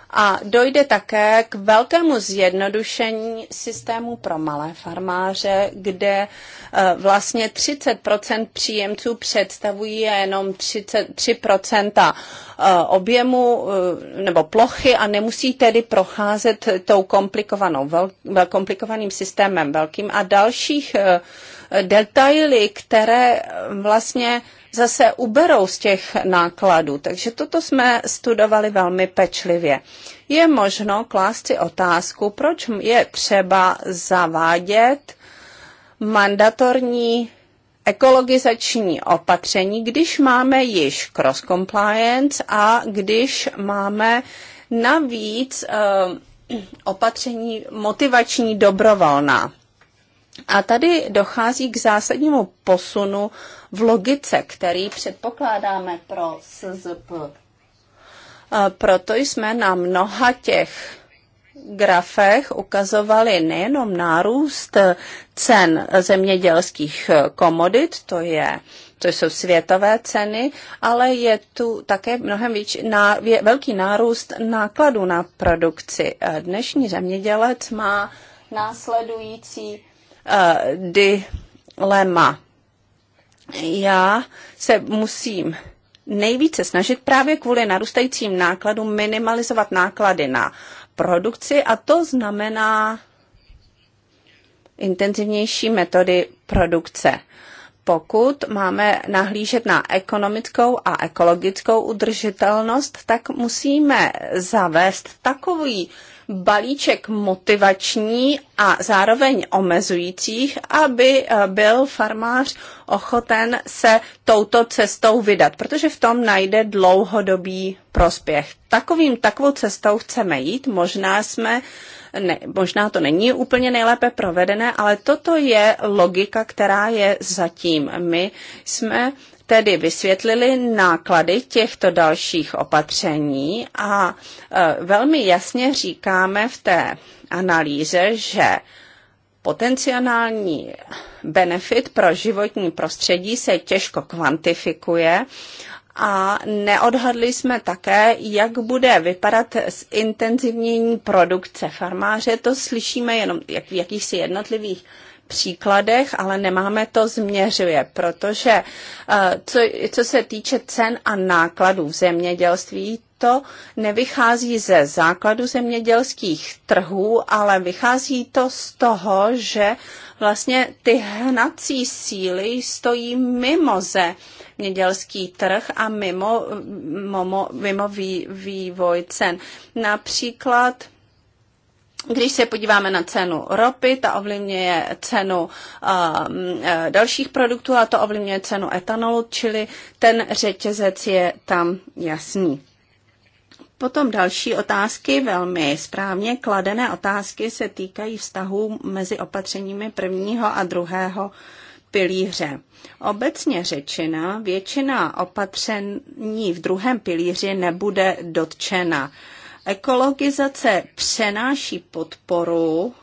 a dojde také k velkému zjednodušení systému pro malé farmáře, kde eh, vlastně 30 příjemců představují jenom 33 eh, objemu eh, nebo plochy a nemusí tedy procházet tou komplikovanou, vel, komplikovaným systémem velkým a dalších detaily, které vlastně zase uberou z těch nákladů. Takže toto jsme studovali velmi pečlivě. Je možno klást si otázku, proč je třeba zavádět mandatorní ekologizační opatření, když máme již cross compliance a když máme navíc eh, opatření motivační dobrovolná. A tady dochází k zásadnímu posunu v logice, který předpokládáme pro SZP. Proto jsme na mnoha těch grafech ukazovali nejenom nárůst cen zemědělských komodit, to je to jsou světové ceny, ale je tu také mnohem víč, na, je velký nárůst nákladů na produkci. Dnešní zemědělec má následující uh, dilema já se musím nejvíce snažit právě kvůli narůstajícím nákladům minimalizovat náklady na produkci a to znamená intenzivnější metody produkce. Pokud máme nahlížet na ekonomickou a ekologickou udržitelnost, tak musíme zavést takový balíček motivační a zároveň omezujících, aby eh, byl farmář ochoten se touto cestou vydat, protože v tom najde dlouhodobý prospěch. Takovým, takovou cestou chceme jít, možná jsme ne, možná to není úplně nejlépe provedené, ale toto je logika, která je zatím. My jsme tedy vysvětlili náklady těchto dalších opatření a e, velmi jasně říkáme v té analýze, že potenciální benefit pro životní prostředí se těžko kvantifikuje a neodhadli jsme také, jak bude vypadat intenzivnění produkce farmáře. To slyšíme jenom v jakýchsi jednotlivých příkladech, ale nemáme to změřuje, protože eh, co, co se týče cen a nákladů v zemědělství, to nevychází ze základu zemědělských trhů, ale vychází to z toho, že vlastně ty hnací síly stojí mimo zemědělský trh a mimo, mm, mimo, mimo vývoj cen. Například když se podíváme na cenu ropy, ta ovlivňuje cenu um, eh, dalších produktů a to ovlivňuje cenu etanolu, čili ten řetězec je tam jasný. Potom další otázky, velmi správně kladené otázky, se týkají vztahů mezi opatřeními prvního a druhého pilíře. Obecně řečena, většina opatření v druhém pilíři nebude dotčena. Ekologizace přenáší podporu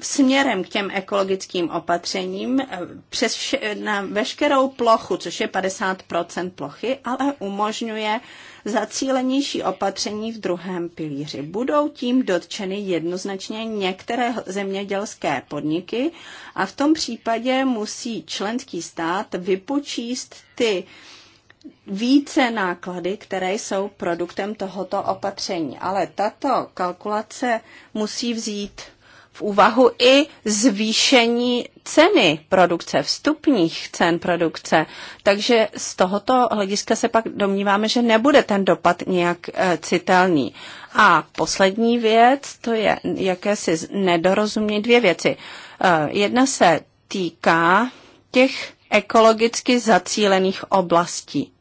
směrem k těm ekologickým opatřením eh, přes vše, na veškerou plochu, což je 50 plochy, ale umožňuje zacílenější opatření v druhém pilíři. Budou tím dotčeny jednoznačně některé zemědělské podniky a v tom případě musí členský stát vypočíst ty více náklady, které jsou produktem tohoto opatření. Ale tato kalkulace musí vzít v úvahu i zvýšení ceny produkce, vstupních cen produkce. Takže z tohoto hlediska se pak domníváme, že nebude ten dopad nějak eh, citelný. A poslední věc, to je jakési nedorozumění dvě věci. Eh, jedna se týká těch ekologicky zacílených oblastí.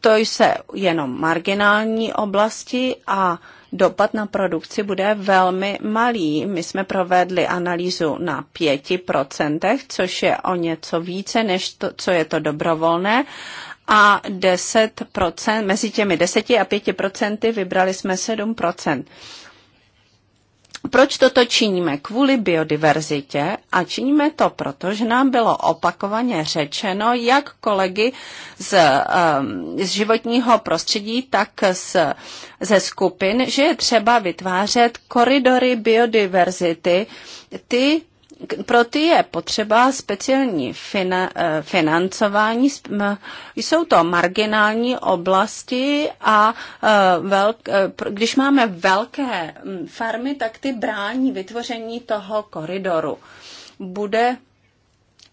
To jsou jenom marginální oblasti a dopad na produkci bude velmi malý. My jsme provedli analýzu na 5%, což je o něco více, než to, co je to dobrovolné a 10%, mezi těmi 10 a 5% vybrali jsme 7%. Proč toto činíme? Kvůli biodiverzitě a činíme to proto, že nám bylo opakovaně řečeno, jak kolegy z, ehm, z životního prostředí, tak z, ze skupin, že je třeba vytvářet koridory biodiverzity, ty pro ty je potřeba speciální fina, eh, financování. Jsou to marginální oblasti a eh, velk, eh, když máme velké mm, farmy, tak ty brání vytvoření toho koridoru. Bude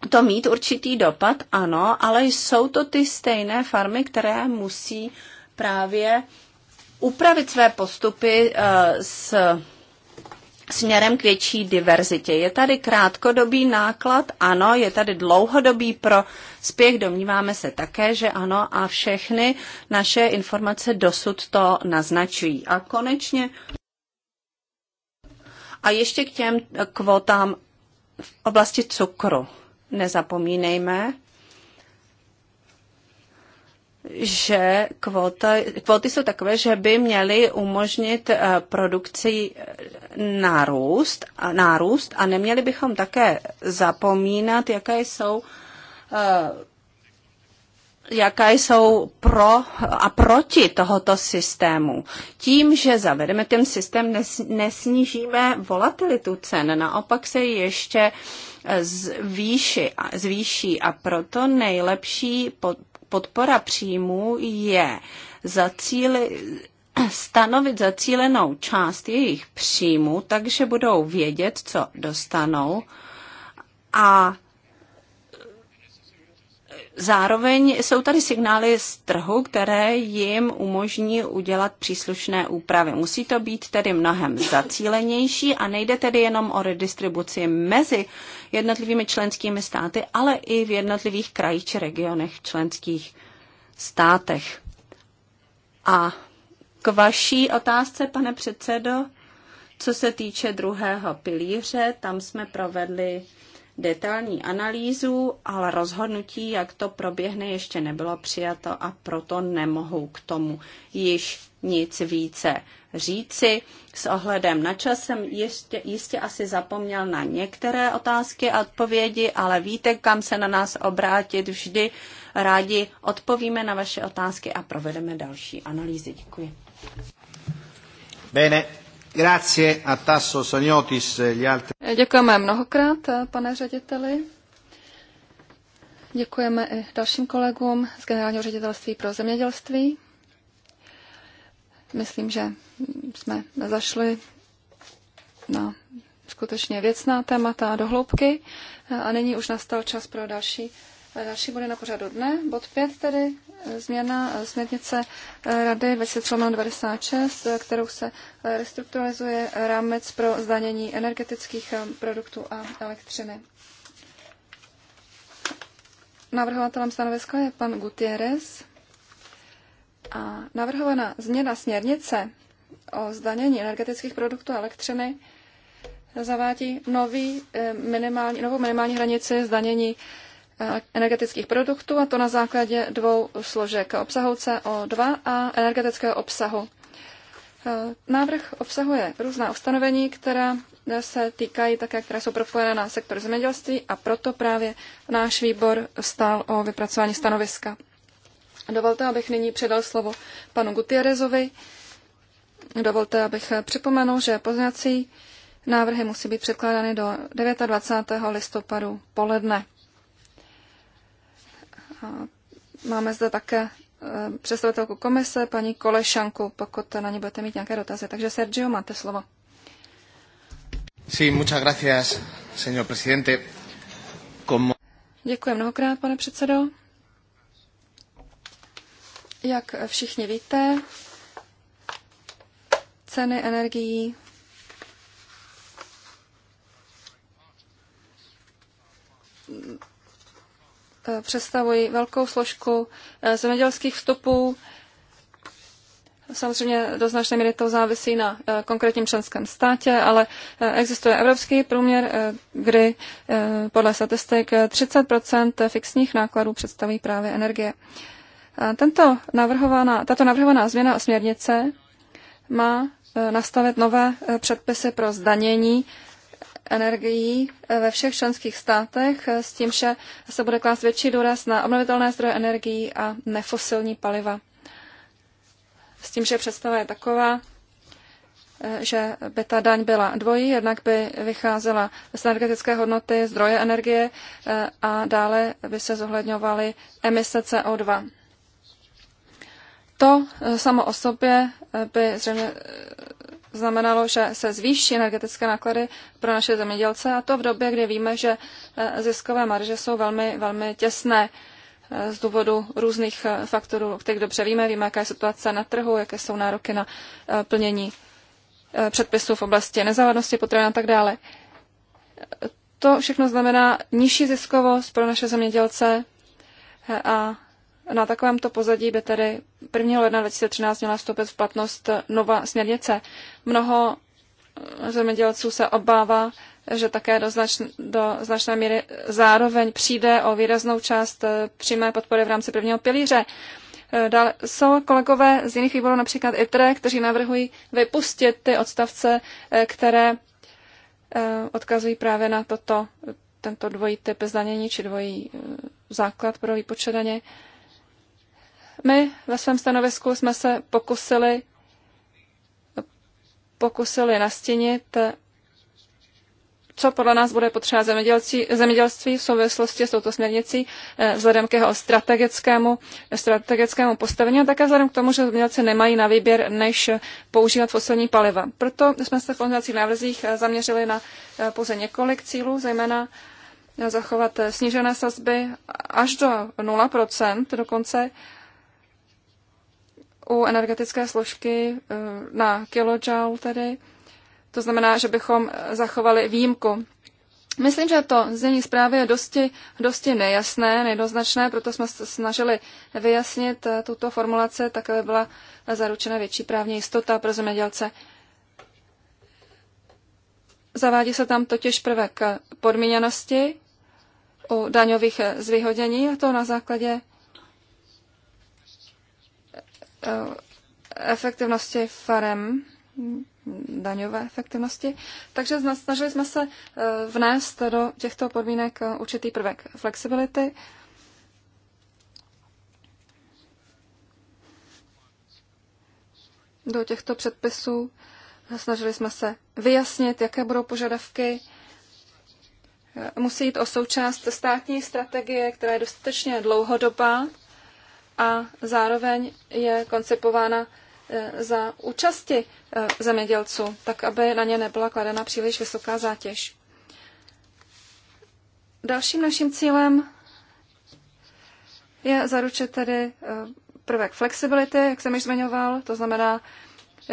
to mít určitý dopad, ano, ale jsou to ty stejné farmy, které musí právě upravit své postupy s směrem k větší diverzitě. Je tady krátkodobý náklad, ano, je tady dlouhodobý pro spěch, domníváme se také, že ano, a všechny naše informace dosud to naznačují. A konečně a ještě k těm kvotám v oblasti cukru. Nezapomínejme, že kvota, kvóty jsou takové, že by měly umožnit eh, produkci eh, nárůst, nárůst a neměli bychom také zapomínat, jaké jsou eh, jaká jsou pro a proti tohoto systému. Tím, že zavedeme ten systém, nesnížíme volatilitu cen, naopak se ještě zvýši, zvýší a proto nejlepší podpora příjmů je cíli stanovit zacílenou část jejich příjmu, takže budou vědět, co dostanou a Zároveň jsou tady signály z trhu, které jim umožní udělat příslušné úpravy. Musí to být tedy mnohem zacílenější a nejde tedy jenom o redistribuci mezi jednotlivými členskými státy, ale i v jednotlivých krajích či regionech členských státech. A k vaší otázce, pane předsedo, co se týče druhého pilíře, tam jsme provedli detailní analýzu, ale rozhodnutí, jak to proběhne, ještě nebylo přijato a proto nemohu k tomu již nic více říci. S ohledem na čas jsem jistě, jistě asi zapomněl na některé otázky a odpovědi, ale víte, kam se na nás obrátit vždy. Rádi odpovíme na vaše otázky a provedeme další analýzy. Děkuji. Bene. E eh, děkujeme mnohokrát, eh, pane řediteli. Děkujeme i dalším kolegům z Generálního ředitelství pro zemědělství. Myslím, že jsme zašli na skutečně věcná témata do hloubky eh, a nyní už nastal čas pro další Další bude na pořadu dne. Bod 5 tedy e, změna e, směrnice e, Rady 2396, kterou se restrukturalizuje rámec pro zdanění energetických produktů a elektřiny. Navrhovatelem stanoviska je pan Gutierrez. A navrhovaná změna směrnice o zdanění energetických produktů a elektřiny zavádí nový minimální, novou minimální hranici zdanění Eh, energetických produktů, a to na základě dvou složek obsahu CO2 a energetického obsahu. Eh, návrh obsahuje různá ustanovení, která se týkají také, které jsou propojené na sektor zemědělství a proto právě náš výbor stál o vypracování stanoviska. Dovolte, abych nyní předal slovo panu Gutierrezovi. Dovolte, abych připomenul, že poznací návrhy musí být předkládány do 29. listopadu poledne. Máme zde také eh, představitelku komise, paní Kolešanku, pokud na ní budete mít nějaké dotazy. Takže Sergio, máte slovo. Sí, muchas gracias, señor presidente. Como... Děkuji mnohokrát, pane předsedo. Jak všichni víte, ceny energií Eh, představují velkou složku eh, zemědělských vstupů. Samozřejmě do značné míry to závisí na eh, konkrétním členském státě, ale existuje evropský průměr, kdy podle statistik 30 fixních nákladů představují právě energie. Tento navrhovaná, tato navrhovaná změna směrnice má nastavit nové předpisy pro zdanění energií ve všech členských státech s tím, že se bude klást větší důraz na obnovitelné zdroje energií a nefosilní paliva. S tím, že představa je taková, že by ta daň byla dvojí, jednak by vycházela z energetické hodnoty zdroje energie a dále by se zohledňovaly emise CO2. To samo o sobě by zřejmě znamenalo, že se zvýší energetické náklady pro naše zemědělce a to v době, kdy víme, že eh, ziskové marže jsou velmi, velmi těsné eh, z důvodu různých eh, faktorů, o kterých dobře víme. Víme, jaká je situace na trhu, jaké jsou nároky na plnění předpisů v oblasti nezávadnosti potravin a tak dále. To všechno znamená nižší ziskovost pro naše zemědělce a na takovémto pozadí by tedy 1. ledna 2013 měla vstoupit v platnost nová směrnice. Mnoho eh, zemědělců se obává, že také do, značn, do značné míry zároveň přijde o výraznou část eh, přímé podpory v rámci prvního pilíře. Eh, dále jsou kolegové z jiných výborů, například ITRE, kteří navrhují vypustit ty odstavce, které odkazují právě na toto, tento dvojí typ zdanění či dvojí základ pro výpočet daně. My ve svém stanovisku jsme se pokusili, pokusili nastínit, co podle nás bude potřeba zemědělství, zemědělství v souvislosti s touto směrnicí, eh, vzhledem k jeho strategickému, strategickému postavení a také vzhledem k tomu, že zemědělci nemají na výběr, než používat fosilní paliva. Proto jsme se v pozměňovacích návrzích eh, zaměřili na eh, pouze několik cílů, zejména zachovat snížené sazby až do 0%, dokonce u energetické složky eh, na kilojoule tedy. To znamená, že bychom zachovali výjimku. Myslím, že to znění zprávy je dosti, dosti nejasné, nejednoznačné, proto jsme se snažili vyjasnit eh, tuto formulaci, tak aby byla zaručena větší právní jistota pro zemědělce. Zavádí se tam totiž prvek podmíněnosti u daňových eh, zvýhodnění, a to na základě Eh, efektivnosti farem, daňové efektivnosti. Takže snažili jsme se eh, vnést do těchto podmínek eh, určitý prvek flexibility. Do těchto předpisů snažili jsme se vyjasnit, jaké budou požadavky. Musí jít o součást státní strategie, která je dostatečně dlouhodobá, a zároveň je koncipována e, za účasti e, zemědělců, tak aby na ně nebyla kladena příliš vysoká zátěž. Dalším naším cílem je zaručit tedy e, prvek flexibility, jak jsem již zmiňoval, to znamená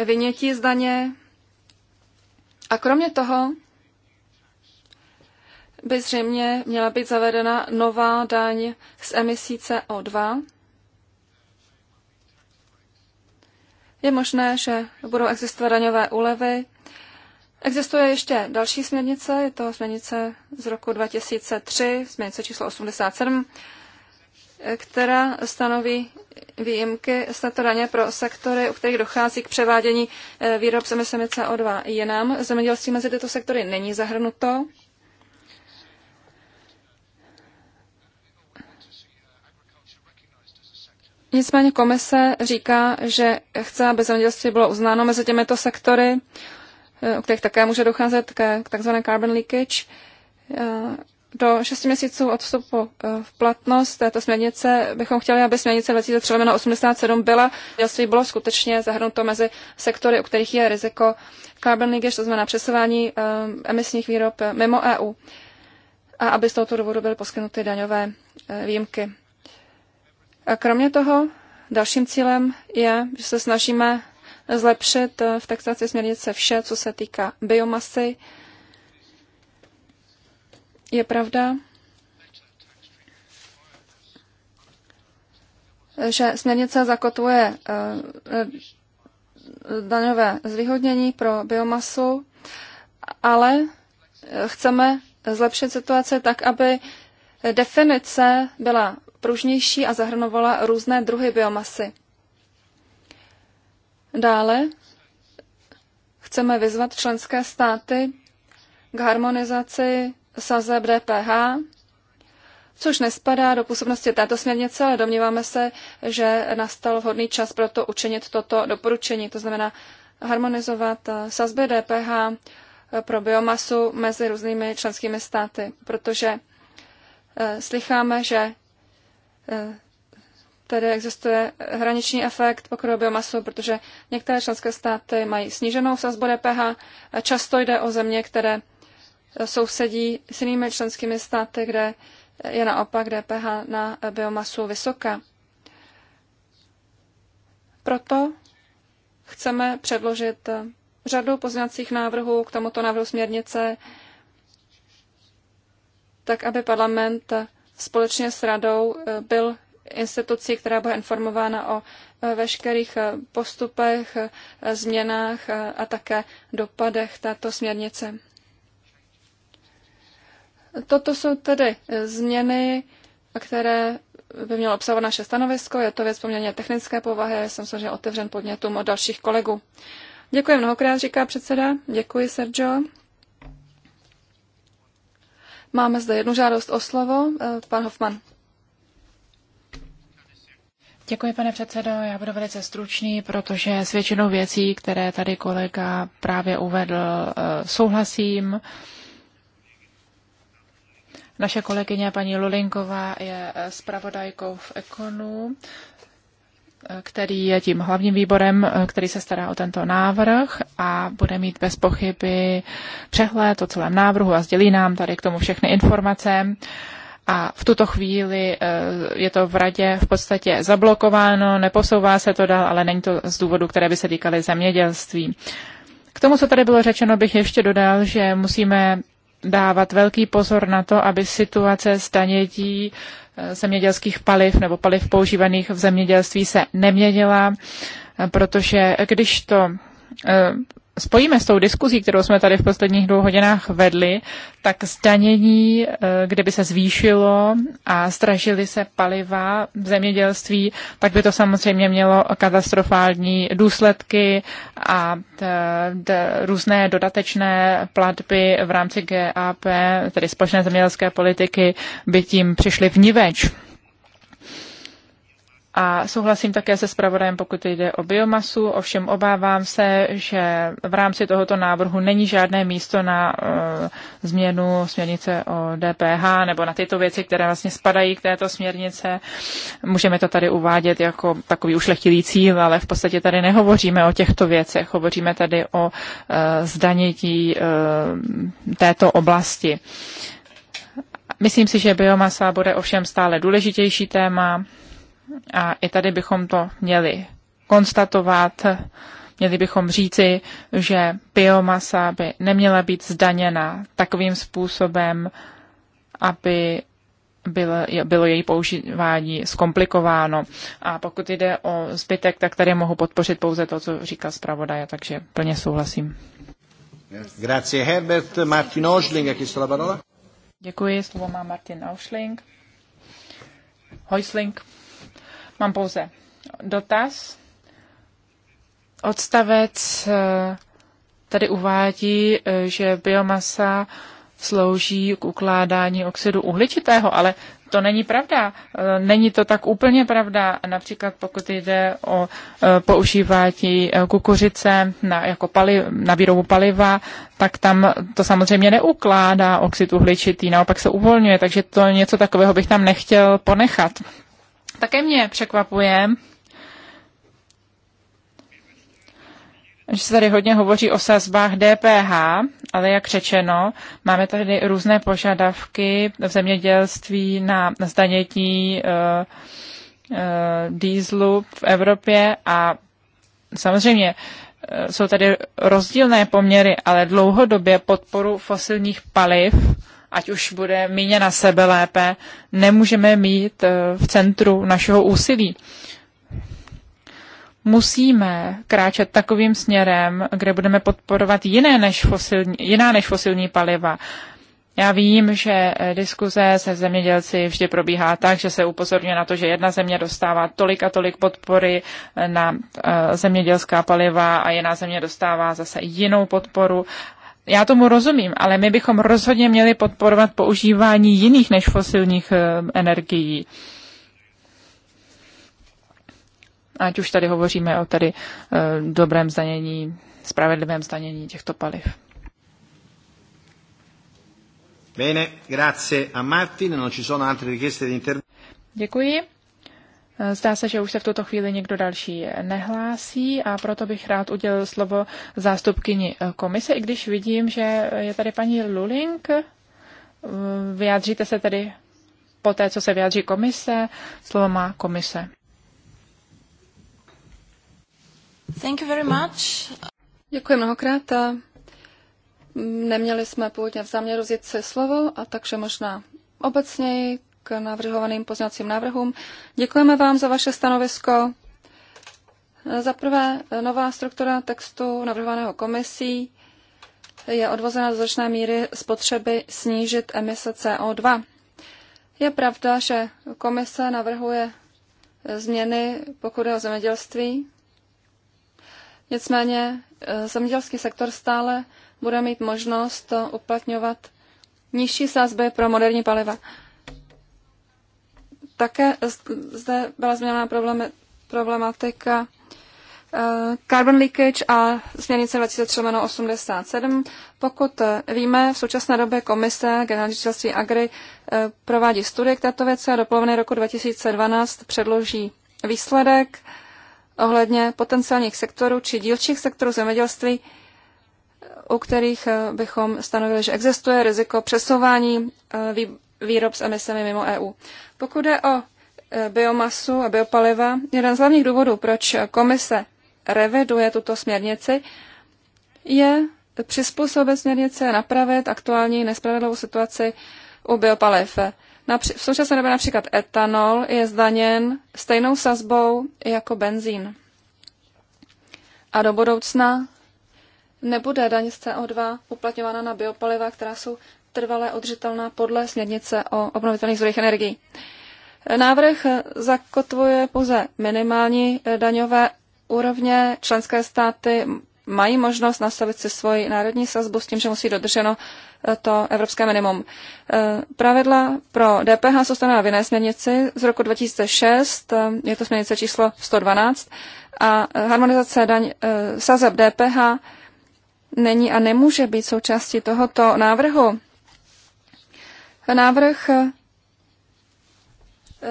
vynětí zdaně. A kromě toho by zřejmě měla být zavedena nová daň z emisí CO2, Je možné, že budou existovat daňové úlevy. Existuje ještě další směrnice, je to směrnice z roku 2003, směrnice číslo 87, která stanoví výjimky z této daně pro sektory, u kterých dochází k převádění eh, výrob s emisemi CO2 jinam. Zemědělství mezi tyto sektory není zahrnuto. Nicméně komise říká, že chce, aby zemědělství bylo uznáno mezi těmito sektory, u eh, kterých také může docházet k takzvané carbon leakage. Eh, do 6 měsíců od vstupu eh, v platnost této směrnice bychom chtěli, aby směrnice 2387 87 byla, zemědělství bylo skutečně zahrnuto mezi sektory, u kterých je riziko carbon leakage, to znamená přesování emisních výrob mimo EU, a aby z tohoto důvodu byly poskytnuty daňové výjimky. A kromě toho dalším cílem je, že se snažíme zlepšit eh, v textaci směrnice vše, co se týká biomasy. Je pravda, že směrnice zakotuje eh, eh, daňové zvýhodnění pro biomasu, ale chceme zlepšit situaci tak, aby definice byla pružnější a zahrnovala různé druhy biomasy. Dále chceme vyzvat členské státy k harmonizaci sazeb DPH, což nespadá do působnosti této směrnice, ale domníváme se, že nastal vhodný čas pro to učinit toto doporučení, to znamená harmonizovat eh, sazby DPH eh, pro biomasu mezi různými členskými státy, protože eh, slycháme, že Eh, tady existuje hraniční efekt, pokud biomasu, protože některé členské státy mají sníženou sazbu DPH. Často jde o země, které eh, sousedí s jinými členskými státy, kde je naopak DPH na eh, biomasu vysoká. Proto chceme předložit řadu pozměňovacích návrhů k tomuto návrhu směrnice, tak aby parlament společně s radou eh, byl institucí, která byla informována o eh, veškerých eh, postupech, změnách a také dopadech této směrnice. Toto jsou tedy změny, které by mělo obsahovat naše stanovisko. Je to věc poměrně technické povahy, jsem samozřejmě otevřen podnětům od dalších kolegů. Děkuji mnohokrát, říká předseda. Děkuji, Sergio. Máme zde jednu žádost o slovo. Eh, pan Hofman. Děkuji, pane předsedo. Já budu velice stručný, protože s většinou věcí, které tady kolega právě uvedl, eh, souhlasím. Naše kolegyně paní Lulinková je eh, zpravodajkou v Ekonu který je tím hlavním výborem, eh, který se stará o tento návrh a bude mít bez pochyby přehled o celém návrhu a sdělí nám tady k tomu všechny informace. A v tuto chvíli eh, je to v radě v podstatě zablokováno, neposouvá se to dál, ale není to z důvodu, které by se týkaly zemědělství. K tomu, co tady bylo řečeno, bych ještě dodal, že musíme dávat velký pozor na to, aby situace stanětí eh, zemědělských paliv nebo paliv používaných v zemědělství se neměnila, eh, protože když to eh, spojíme s tou diskuzí, kterou jsme tady v posledních dvou hodinách vedli, tak zdanění, eh, kde by se zvýšilo a stražily se paliva v zemědělství, tak by to samozřejmě mělo katastrofální důsledky a eh, různé dodatečné platby v rámci GAP, tedy společné zemědělské politiky, by tím přišly vniveč. A souhlasím také se zpravodajem, pokud jde o biomasu, ovšem obávám se, že v rámci tohoto návrhu není žádné místo na uh, změnu směrnice o DPH nebo na tyto věci, které vlastně spadají k této směrnice. Můžeme to tady uvádět jako takový ušlechtilý cíl, ale v podstatě tady nehovoříme o těchto věcech, hovoříme tady o uh, eh, zdanění uh, eh, této oblasti. Myslím si, že biomasa bude ovšem stále důležitější téma a i tady bychom to měli konstatovat, měli bychom říci, že biomasa by neměla být zdaněna takovým způsobem, aby bylo, bylo její používání zkomplikováno. A pokud jde o zbytek, tak tady mohu podpořit pouze to, co říkal zpravodaj, takže plně souhlasím. Grazie Herbert. Martin Oschling, jak la parola? Děkuji, slovo má Martin Oschling. Hojsling. Mám pouze dotaz. Odstavec eh, tady uvádí, eh, že biomasa slouží k ukládání oxidu uhličitého, ale to není pravda. Eh, není to tak úplně pravda. Například pokud jde o používání kukuřice na, jako pali, na výrobu paliva, tak tam to samozřejmě neukládá oxid uhličitý, naopak se uvolňuje, takže to něco takového bych tam nechtěl ponechat. Také mě překvapuje, že se tady hodně hovoří o sazbách DPH, ale jak řečeno, máme tady různé požadavky v zemědělství na zdanění e, dýzlu v Evropě a samozřejmě eh, jsou tady rozdílné poměry, ale dlouhodobě podporu fosilních paliv ať už bude na sebe lépe, nemůžeme mít eh, v centru našeho úsilí. Musíme kráčet takovým směrem, kde budeme podporovat jiné než fosilní, jiná než fosilní paliva. Já vím, že eh, diskuze se zemědělci vždy probíhá tak, že se upozorňuje na to, že jedna země dostává tolik a tolik podpory eh, na zemědělská paliva a jiná země dostává zase jinou podporu já tomu rozumím, ale my bychom rozhodně měli podporovat používání jiných než fosilních eh, energií. Ať už tady hovoříme o tady eh, dobrém zdanění, spravedlivém zdanění těchto paliv. Bene, grazie a Martin, non ci sono altre richieste di intervento. Děkuji. Zdá se, že už se v tuto chvíli někdo další nehlásí a proto bych rád udělal slovo zástupkyni komise, i když vidím, že je tady paní Luling. Vyjádříte se tedy po té, co se vyjádří komise. Slovo má komise. Thank you very much. Děkuji mnohokrát. Neměli jsme původně v záměru vzít se slovo, a takže možná obecněji k navrhovaným poznacím návrhům. Děkujeme vám za vaše stanovisko. Za prvé, nová struktura textu navrhovaného komisí je odvozena do značné míry z potřeby snížit emise CO2. Je pravda, že komise navrhuje změny, pokud je o zemědělství. Nicméně eh, zemědělský sektor stále bude mít možnost uplatňovat nižší sazby pro moderní paliva. Také zde byla změněna problematika eh, carbon leakage a směrnice 87. Pokud eh, víme, v současné době komise generální ředitelství Agri eh, provádí studie k této věci a do poloviny roku 2012 předloží výsledek ohledně potenciálních sektorů či dílčích sektorů zemědělství, u kterých bychom stanovili, že existuje riziko přesouvání výrob s emisemi mimo EU. Pokud jde o e, biomasu a biopaliva, jeden z hlavních důvodů, proč komise reviduje tuto směrnici, je přizpůsobit směrnice, napravit aktuální nespravedlivou situaci u biopaliv. V současné době například etanol je zdaněn stejnou sazbou jako benzín. A do budoucna nebude daň z CO2 uplatňována na biopaliva, která jsou trvalé odřitelná podle směrnice o obnovitelných zdrojích energií. Návrh zakotvuje pouze minimální eh, daňové úrovně. Členské státy mají možnost nastavit si svoji národní sazbu s tím, že musí dodrženo eh, to evropské minimum. Eh, pravidla pro DPH jsou stanovena v jiné směrnici z roku 2006, je to směrnice číslo 112, a harmonizace daň, sazeb DPH není a nemůže být součástí tohoto návrhu. Návrh eh,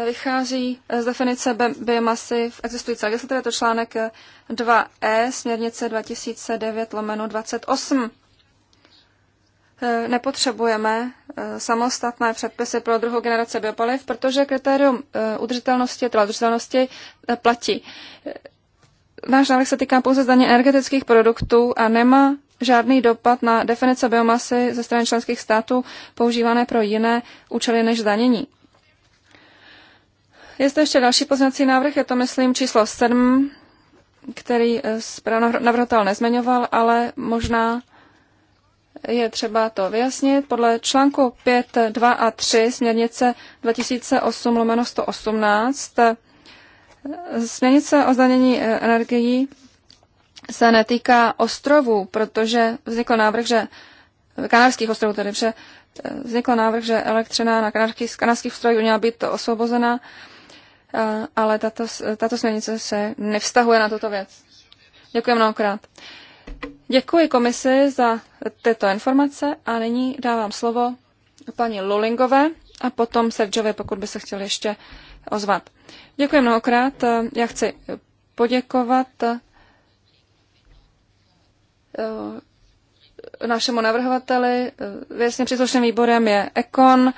vychází z definice biomasy v existující legislativě, to článek 2e eh, směrnice 2009 lomeno 28. Eh, nepotřebujeme samostatné předpisy pro druhou generaci biopaliv, protože kritérium udržitelnosti, teda udržitelnosti platí. Náš návrh se týká pouze zdaně energetických produktů a nemá žádný dopad na definice biomasy ze strany členských států používané pro jiné účely než zdanění. Je zde ještě další poznací návrh, je to myslím číslo 7, který eh, navrhotel nezmiňoval, ale možná je třeba to vyjasnit. Podle článku 5, 2 a 3 směrnice 2008 118 eh, směrnice o zdanění eh, energií se netýká ostrovů, protože vznikl návrh, že kanárských ostrovů tedy, že eh, vznikl návrh, že elektřina na kanárských, kanárských ostrovech měla být osvobozena, eh, ale tato, tato směrnice se nevztahuje na tuto věc. Děkuji mnohokrát. Děkuji komisi za tyto informace a nyní dávám slovo paní Lulingové a potom Sergiovi, pokud by se chtěli ještě ozvat. Děkuji mnohokrát. Já chci poděkovat Eh, našemu navrhovateli. Eh, věcně příslušným výborem je Ekon.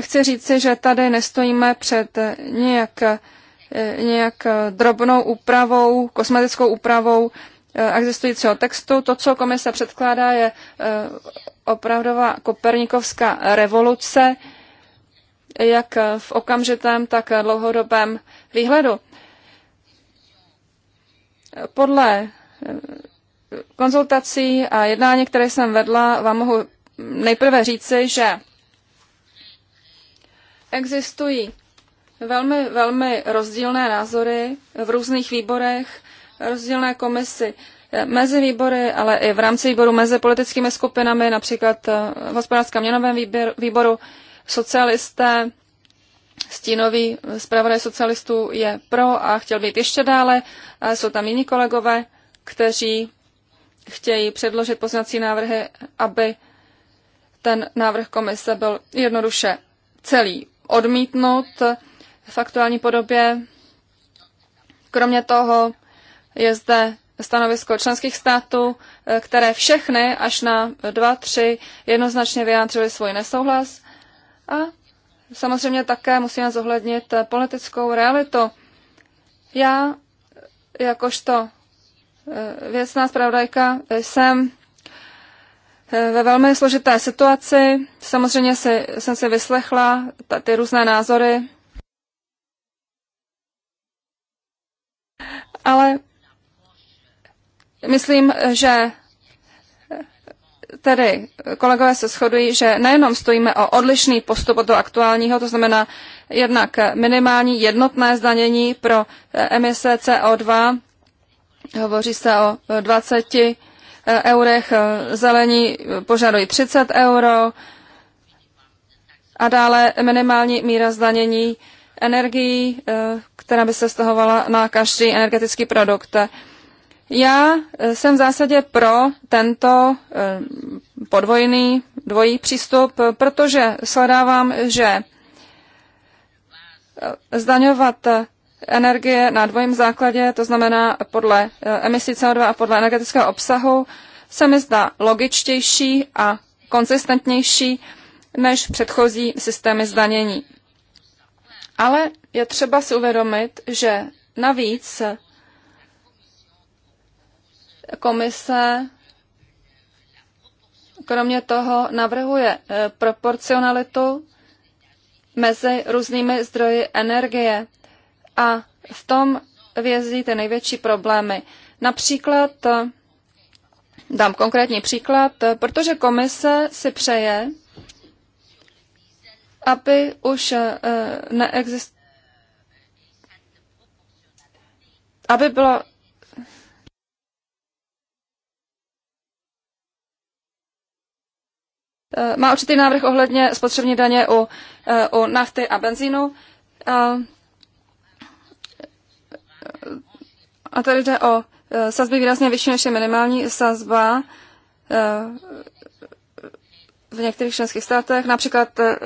Chci říci, že tady nestojíme před nějak, eh, nějak drobnou úpravou, kosmetickou úpravou existujícího textu. To, co komise předkládá, je opravdová kopernikovská revoluce, jak v okamžitém, tak dlouhodobém výhledu. Podle konzultací a jednání, které jsem vedla, vám mohu nejprve říci, že existují velmi, velmi rozdílné názory v různých výborech, rozdílné komisy eh, mezi výbory, ale i v rámci výboru mezi politickými skupinami, například eh, v hospodářském měnovém výboru socialisté, stínový zpravodaj socialistů je pro a chtěl být ještě dále, jsou tam jiní kolegové, kteří chtějí předložit poznací návrhy, aby ten návrh komise byl jednoduše celý odmítnut v aktuální podobě. Kromě toho je zde stanovisko členských států, které všechny až na dva, tři jednoznačně vyjádřily svůj nesouhlas. A samozřejmě také musíme zohlednit politickou realitu. Já jakožto Eh, věcná zpravodajka, eh, jsem eh, ve velmi složité situaci. Samozřejmě si, jsem si vyslechla ty různé názory, ale myslím, že tedy kolegové se shodují, že nejenom stojíme o odlišný postup od toho aktuálního, to znamená jednak minimální jednotné zdanění pro emise CO2 Hovoří se o 20 e, eurech, e, zelení požadují 30 euro a dále minimální míra zdanění energií, e, která by se stahovala na každý energetický produkt. Já jsem v zásadě pro tento podvojný, dvojí přístup, protože sledávám, že zdaňovat energie na dvojím základě, to znamená podle e, emisí CO2 a podle energetického obsahu, se mi zdá logičtější a konzistentnější než předchozí systémy zdanění. Ale je třeba si uvědomit, že navíc komise kromě toho navrhuje e, proporcionalitu mezi různými zdroji energie a v tom vězí ty největší problémy. Například, eh, dám konkrétní příklad, eh, protože komise si přeje, aby už eh, neexist, aby bylo má určitý návrh ohledně spotřební daně u, u nafty a benzínu. A tady jde o e, sazby výrazně vyšší než je minimální sazba e, v některých členských státech. Například, e,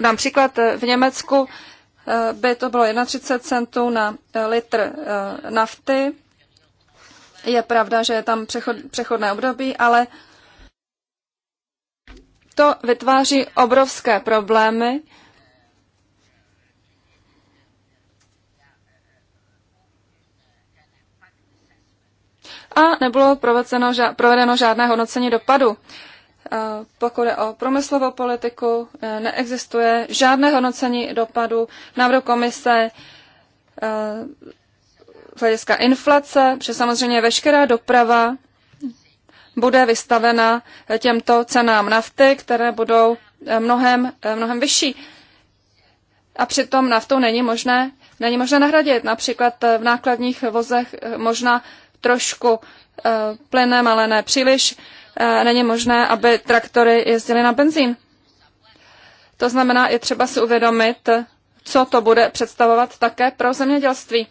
například v Německu by to bylo 31 centů na litr nafty. Je pravda, že je tam přechod, přechodné období, ale to vytváří obrovské problémy a nebylo provedeno, žádné hodnocení dopadu. Eh, pokud je o promyslovou politiku, eh, neexistuje žádné hodnocení dopadu návrhu komise eh, z hlediska inflace, protože samozřejmě veškerá doprava bude vystavena těmto cenám nafty, které budou mnohem, mnohem vyšší. A přitom naftou není možné, není možné nahradit. Například v nákladních vozech možná trošku eh, plynem, ale ne příliš, eh, není možné, aby traktory jezdily na benzín. To znamená, je třeba si uvědomit, co to bude představovat také pro zemědělství.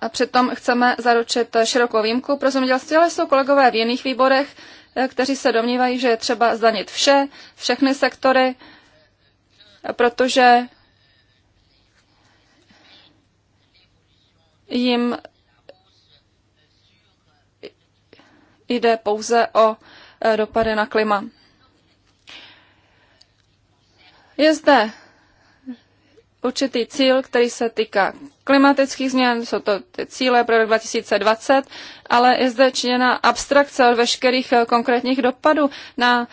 A přitom chceme zaručit širokou výjimku pro zemědělství, ale jsou kolegové v jiných výborech, eh, kteří se domnívají, že je třeba zdanit vše, všechny sektory, protože jim jde pouze o eh, dopady na klima. Je zde určitý cíl, který se týká klimatických změn, jsou to ty cíle pro rok 2020, ale je zde činěna abstrakce od veškerých eh, konkrétních dopadů na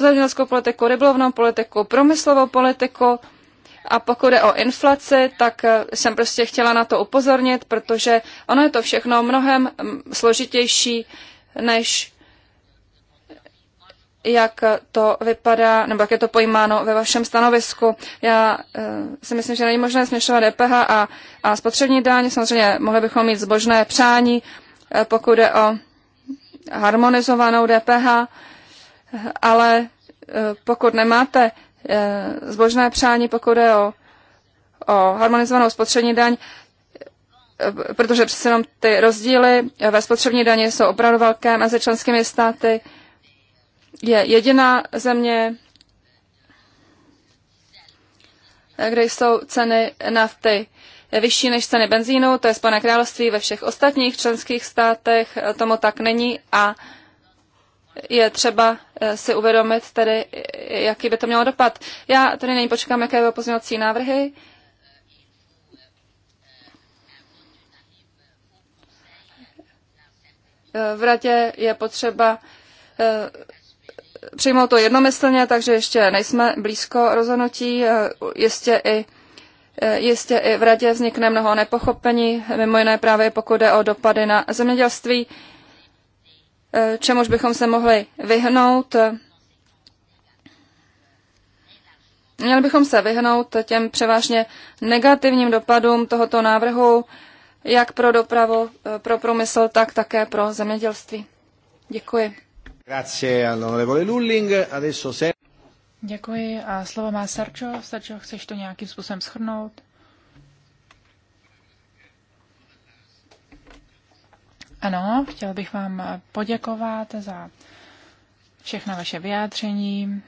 zemědělskou politiku, rybolovnou politiku, průmyslovou politiku, a pokud je o inflaci, tak eh, jsem prostě chtěla na to upozornit, protože ono je to všechno mnohem mm, složitější, než jak to vypadá, nebo jak je to pojímáno ve vašem stanovisku. Já e, si myslím, že není možné směšovat DPH a, a spotřební daň. Samozřejmě mohli bychom mít zbožné přání, eh, pokud jde o harmonizovanou DPH, ale e, pokud nemáte Eh, zbožné přání, pokud jde o, o harmonizovanou spotřební daň, eh, protože přece jenom ty rozdíly ve spotřební daně jsou opravdu velké mezi členskými státy. Je jediná země, kde jsou ceny nafty vyšší než ceny benzínu, to je Spojené království, ve všech ostatních členských státech eh, tomu tak není a je třeba eh, si uvědomit tedy, eh, jaký by to mělo dopad. Já tady nyní počkám, jaké budou pozměňovací návrhy. Eh, v radě je potřeba přijmout to jednomyslně, takže ještě nejsme blízko rozhodnutí. Jistě i, jistě i v radě vznikne mnoho nepochopení, mimo jiné právě pokud jde o dopady na zemědělství. Eh, čemuž bychom se mohli vyhnout. Měli bychom se vyhnout těm převážně negativním dopadům tohoto návrhu, jak pro dopravu, eh, pro průmysl, tak také pro zemědělství. Děkuji. Děkuji a slovo má Sarčo. Sarčo, chceš to nějakým způsobem schrnout? Ano, chtěl bych vám poděkovat za všechna vaše vyjádření.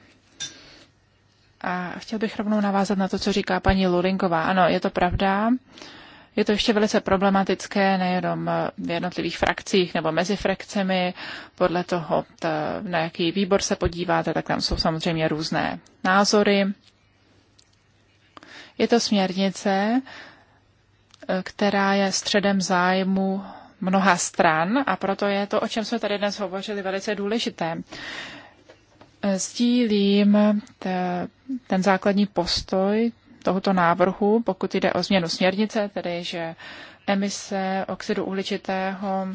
A chtěl bych rovnou navázat na to, co říká paní Lulinková. Ano, je to pravda. Je to ještě velice problematické nejenom v jednotlivých frakcích nebo mezi frakcemi. Podle toho, na jaký výbor se podíváte, tak tam jsou samozřejmě různé názory. Je to směrnice, která je středem zájmu mnoha stran a proto je to, o čem jsme tady dnes hovořili, velice důležité. Sdílím ten základní postoj tohoto návrhu, pokud jde o změnu směrnice, tedy že emise oxidu uhličitého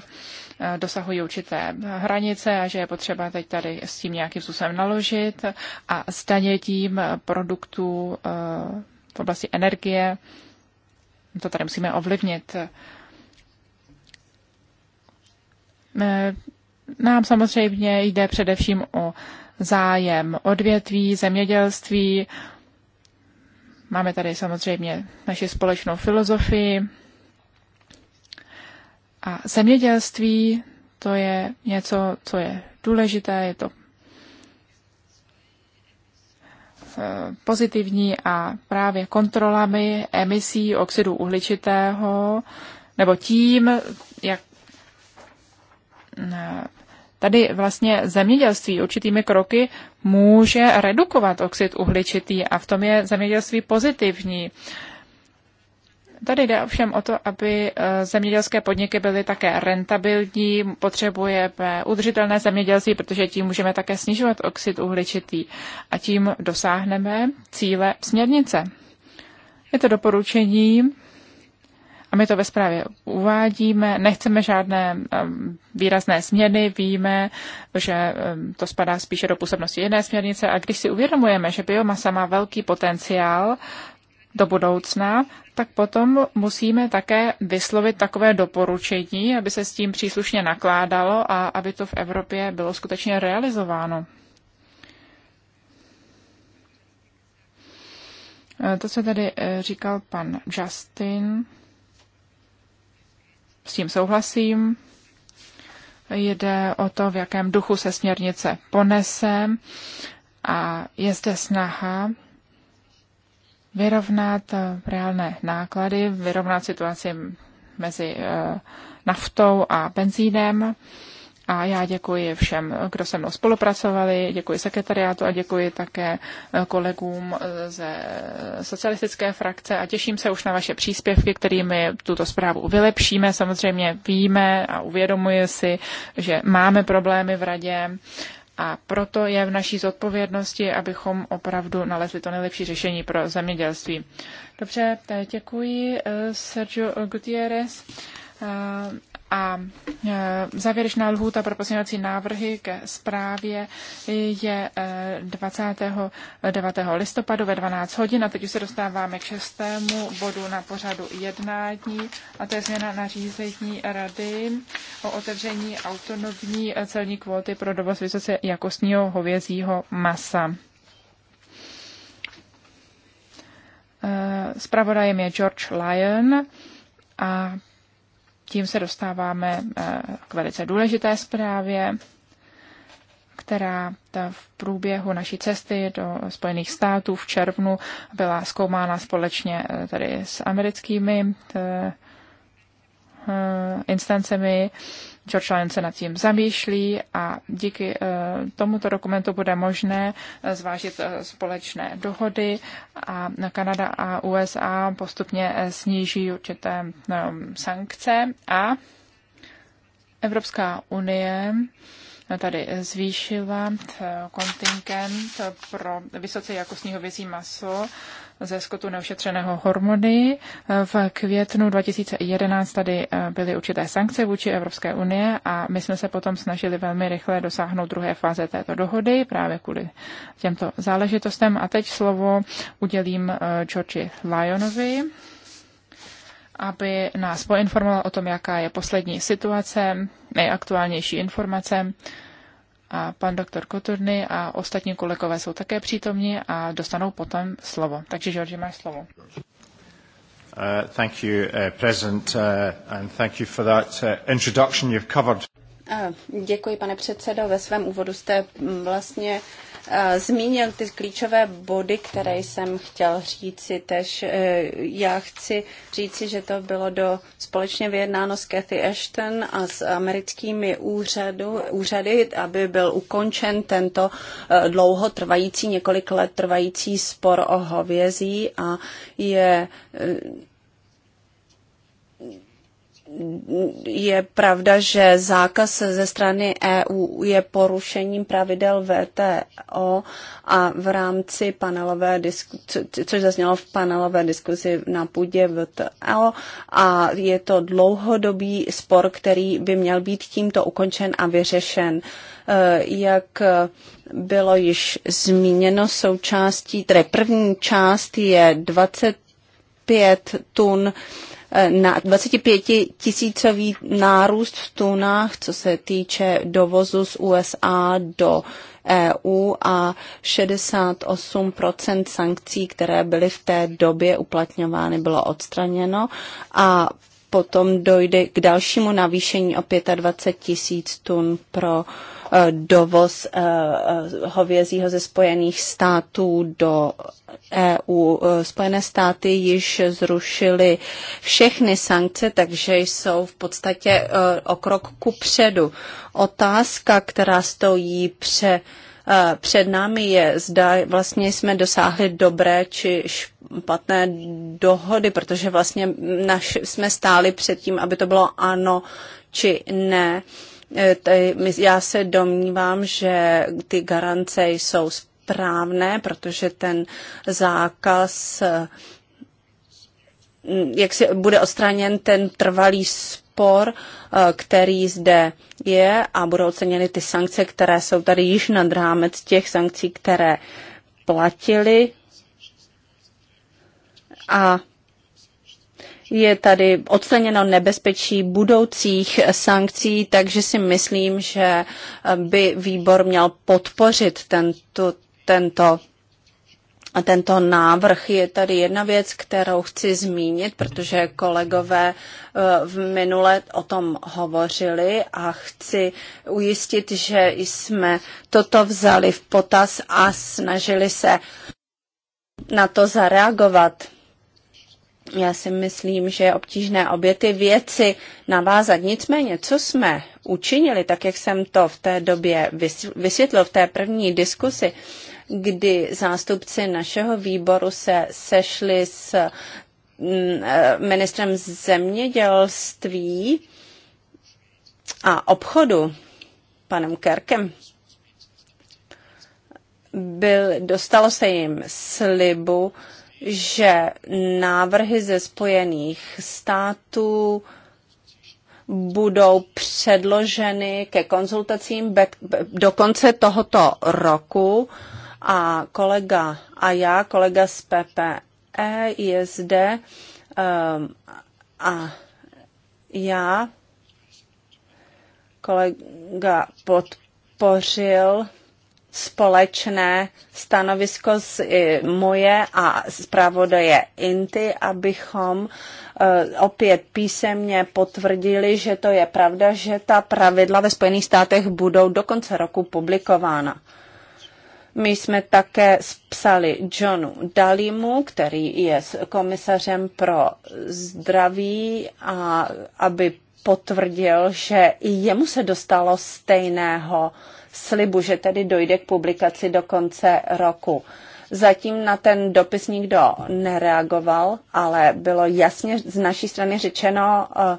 eh, dosahují určité hranice a že je potřeba teď tady s tím nějakým způsobem naložit a zdanětím produktů eh, v oblasti energie. To tady musíme ovlivnit. Eh, nám samozřejmě jde především o zájem odvětví, zemědělství. Máme tady samozřejmě naši společnou filozofii. A zemědělství to je něco, co je důležité, je to eh, pozitivní a právě kontrolami emisí oxidu uhličitého, nebo tím, jak tady vlastně zemědělství určitými kroky může redukovat oxid uhličitý a v tom je zemědělství pozitivní. Tady jde ovšem o to, aby e, zemědělské podniky byly také rentabilní, potřebujeme udržitelné zemědělství, protože tím můžeme také snižovat oxid uhličitý a tím dosáhneme cíle směrnice. Je to doporučení my to ve zprávě uvádíme, nechceme žádné um, výrazné změny, víme, že um, to spadá spíše do působnosti jedné směrnice a když si uvědomujeme, že biomasa má velký potenciál do budoucna, tak potom musíme také vyslovit takové doporučení, aby se s tím příslušně nakládalo a aby to v Evropě bylo skutečně realizováno. Eh, to, co tady eh, říkal pan Justin, s tím souhlasím. Jde o to, v jakém duchu se směrnice ponese a je zde snaha vyrovnat eh, reálné náklady, vyrovnat situaci mezi eh, naftou a benzínem a já děkuji všem, kdo se mnou spolupracovali, děkuji sekretariátu a děkuji také eh, kolegům eh, ze socialistické frakce a těším se už na vaše příspěvky, kterými tuto zprávu vylepšíme. Samozřejmě víme a uvědomuji si, že máme problémy v radě a proto je v naší zodpovědnosti, abychom opravdu nalezli to nejlepší řešení pro zemědělství. Dobře, eh, děkuji Sergio Gutierrez. A e, závěrečná lhůta pro pozměňovací návrhy ke zprávě je 29. E, listopadu ve 12 hodin a teď už se dostáváme k šestému bodu na pořadu jednání a to je změna nařízení rady o otevření autonomní celní kvóty pro dovoz vysoce jakostního hovězího masa. Spravodajem e, je George Lyon a tím se dostáváme eh, k velice důležité zprávě, která v průběhu naší cesty do Spojených států v červnu byla zkoumána společně eh, tady s americkými eh, instancemi George Lyon se nad tím zamýšlí a díky eh, tomuto dokumentu bude možné eh, zvážit eh, společné dohody a Kanada a USA postupně sníží určité sankce a Evropská unie tady zvýšila eh, kontingent pro vysoce jakostní hovězí maso ze skotu neošetřeného hormony. Eh, v květnu 2011 tady eh, byly určité sankce vůči Evropské unie a my jsme se potom snažili velmi rychle dosáhnout druhé fáze této dohody právě kvůli těmto záležitostem. A teď slovo udělím Georgi Lyonovi aby nás poinformoval o tom, jaká je poslední situace, nejaktuálnější informace. A pan doktor Koturny a ostatní kolegové jsou také přítomni a dostanou potom slovo. Takže, Georgi, máš slovo. Uh, thank you, uh, President, uh, and thank you for that introduction you've covered. Děkuji, pane předsedo. Ve svém úvodu jste mm, vlastně Eh, zmínil ty klíčové body, které jsem chtěl říci tež. Eh, já chci říci, že to bylo do společně vyjednáno s Cathy Ashton a s americkými úřadu, úřady, aby byl ukončen tento eh, dlouho trvající, několik let trvající spor o hovězí a je je pravda, že zákaz ze strany EU je porušením pravidel VTO a v rámci panelové diskuze, což zaznělo v panelové diskuzi na půdě VTO a je to dlouhodobý spor, který by měl být tímto ukončen a vyřešen. Eh, jak bylo již zmíněno součástí, tedy první část je 25 tun Eh, na 25 tisícový nárůst v tunách, co se týče dovozu z USA do EU a 68 sankcí, které byly v té době uplatňovány, bylo odstraněno a potom dojde k dalšímu navýšení o 25 tisíc tun pro uh, Eh, dovoz eh, eh, hovězího ze Spojených států do EU. Spojené státy již zrušily všechny sankce, takže jsou v podstatě o krok ku předu. Otázka, která stojí pře před námi je, zda vlastně jsme dosáhli dobré či špatné dohody, protože vlastně naš, jsme stáli před tím, aby to bylo ano či ne. Uh, Eh, já se domnívám, že ty garance jsou správné, protože ten zákaz eh, jak si bude odstraněn ten trvalý spor, eh, který zde je a budou oceněny ty sankce, které jsou tady již nad rámec těch sankcí, které platili. A je tady odstraněno nebezpečí budoucích sankcí, takže si myslím, že by výbor měl podpořit tento, tento a tento návrh je tady jedna věc, kterou chci zmínit, protože kolegové eh, v minule o tom hovořili a chci ujistit, že jsme toto vzali v potaz a snažili se na to zareagovat já si myslím, že je obtížné obě ty věci navázat. Nicméně, co jsme učinili, tak jak jsem to v té době vysvětlil v té první diskusi, kdy zástupci našeho výboru se sešli s mm, eh, ministrem zemědělství a obchodu, panem Kerkem, byl, dostalo se jim slibu, že návrhy ze Spojených států budou předloženy ke konzultacím do konce tohoto roku a kolega a já, kolega z PPE je zde um, a já, kolega podpořil společné stanovisko z moje a zpravodaje Inty, abychom eh, opět písemně potvrdili, že to je pravda, že ta pravidla ve Spojených státech budou do konce roku publikována. My jsme také psali Johnu Dalimu, který je komisařem pro zdraví, a aby potvrdil, že i jemu se dostalo stejného slibu, že tedy dojde k publikaci do konce roku. Zatím na ten dopis nikdo nereagoval, ale bylo jasně z naší strany řečeno eh,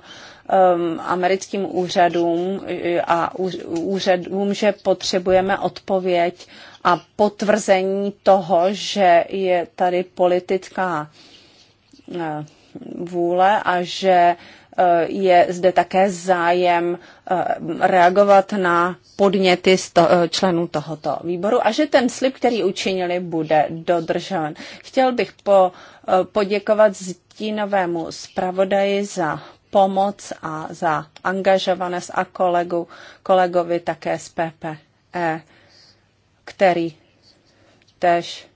eh, americkým úřadům eh, a úřadům, že potřebujeme odpověď a potvrzení toho, že je tady politická vůle a že Eh, je zde také zájem eh, reagovat na podněty eh, členů tohoto výboru a že ten slib, který učinili, bude dodržen. Chtěl bych po, poděkovat stínovému zpravodaji za pomoc a za angažovanost a kolegu, kolegovi také z PPE, který tež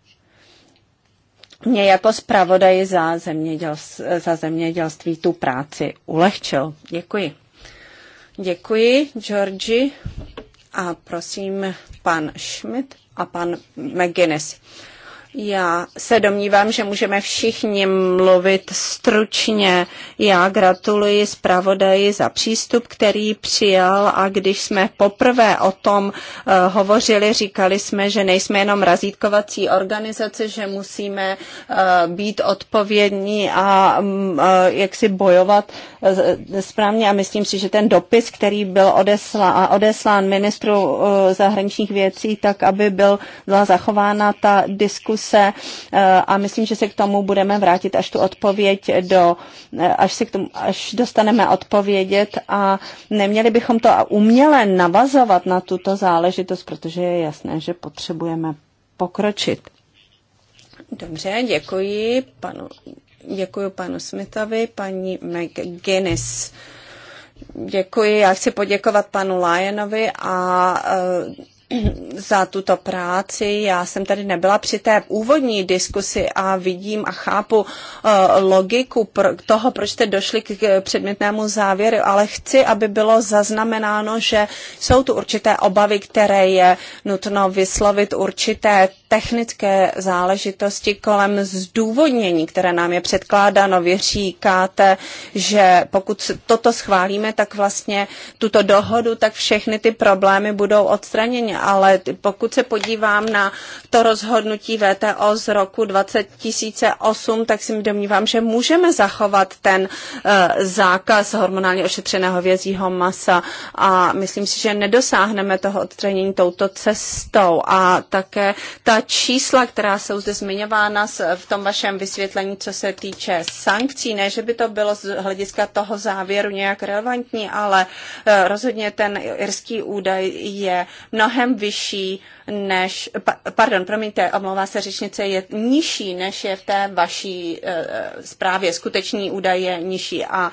mě jako zpravodaj za, zeměděl, za zemědělství tu práci ulehčil. Děkuji. Děkuji, Georgi. A prosím, pan Schmidt a pan McGuinness. Já se domnívám, že můžeme všichni mluvit stručně. Já gratuluji zpravodaji za přístup, který přijal a když jsme poprvé o tom uh, hovořili, říkali jsme, že nejsme jenom razítkovací organizace, že musíme uh, být odpovědní a um, uh, jak si bojovat uh, správně a myslím si, že ten dopis, který byl odesla, odeslán ministru uh, zahraničních věcí, tak aby byl, byla zachována ta diskuse se eh, a myslím, že se k tomu budeme vrátit, až tu odpověď do, eh, až, se k tomu, až dostaneme odpovědět a neměli bychom to uměle navazovat na tuto záležitost, protože je jasné, že potřebujeme pokročit. Dobře, děkuji panu, děkuji panu Smithovi, paní McGuinness. Děkuji, já chci poděkovat panu Lyonovi a eh, za tuto práci. Já jsem tady nebyla při té úvodní diskusi a vidím a chápu uh, logiku toho, proč jste došli k předmětnému závěru, ale chci, aby bylo zaznamenáno, že jsou tu určité obavy, které je nutno vyslovit, určité technické záležitosti kolem zdůvodnění, které nám je předkládáno. Vy říkáte, že pokud toto schválíme, tak vlastně tuto dohodu, tak všechny ty problémy budou odstraněny. Ale pokud se podívám na to rozhodnutí VTO z roku 2008, tak si domnívám, že můžeme zachovat ten eh, zákaz hormonálně ošetřeného vězího masa a myslím si, že nedosáhneme toho odstranění touto cestou. A také ta čísla, která jsou zde zmiňována v tom vašem vysvětlení, co se týče sankcí, ne, že by to bylo z hlediska toho závěru nějak relevantní, ale eh, rozhodně ten irský údaj je mnohem vyšší než, pardon, promiňte, omlouvá se řečnice, je nižší, než je v té vaší eh, eh, zprávě. Skutečný údaj je nižší a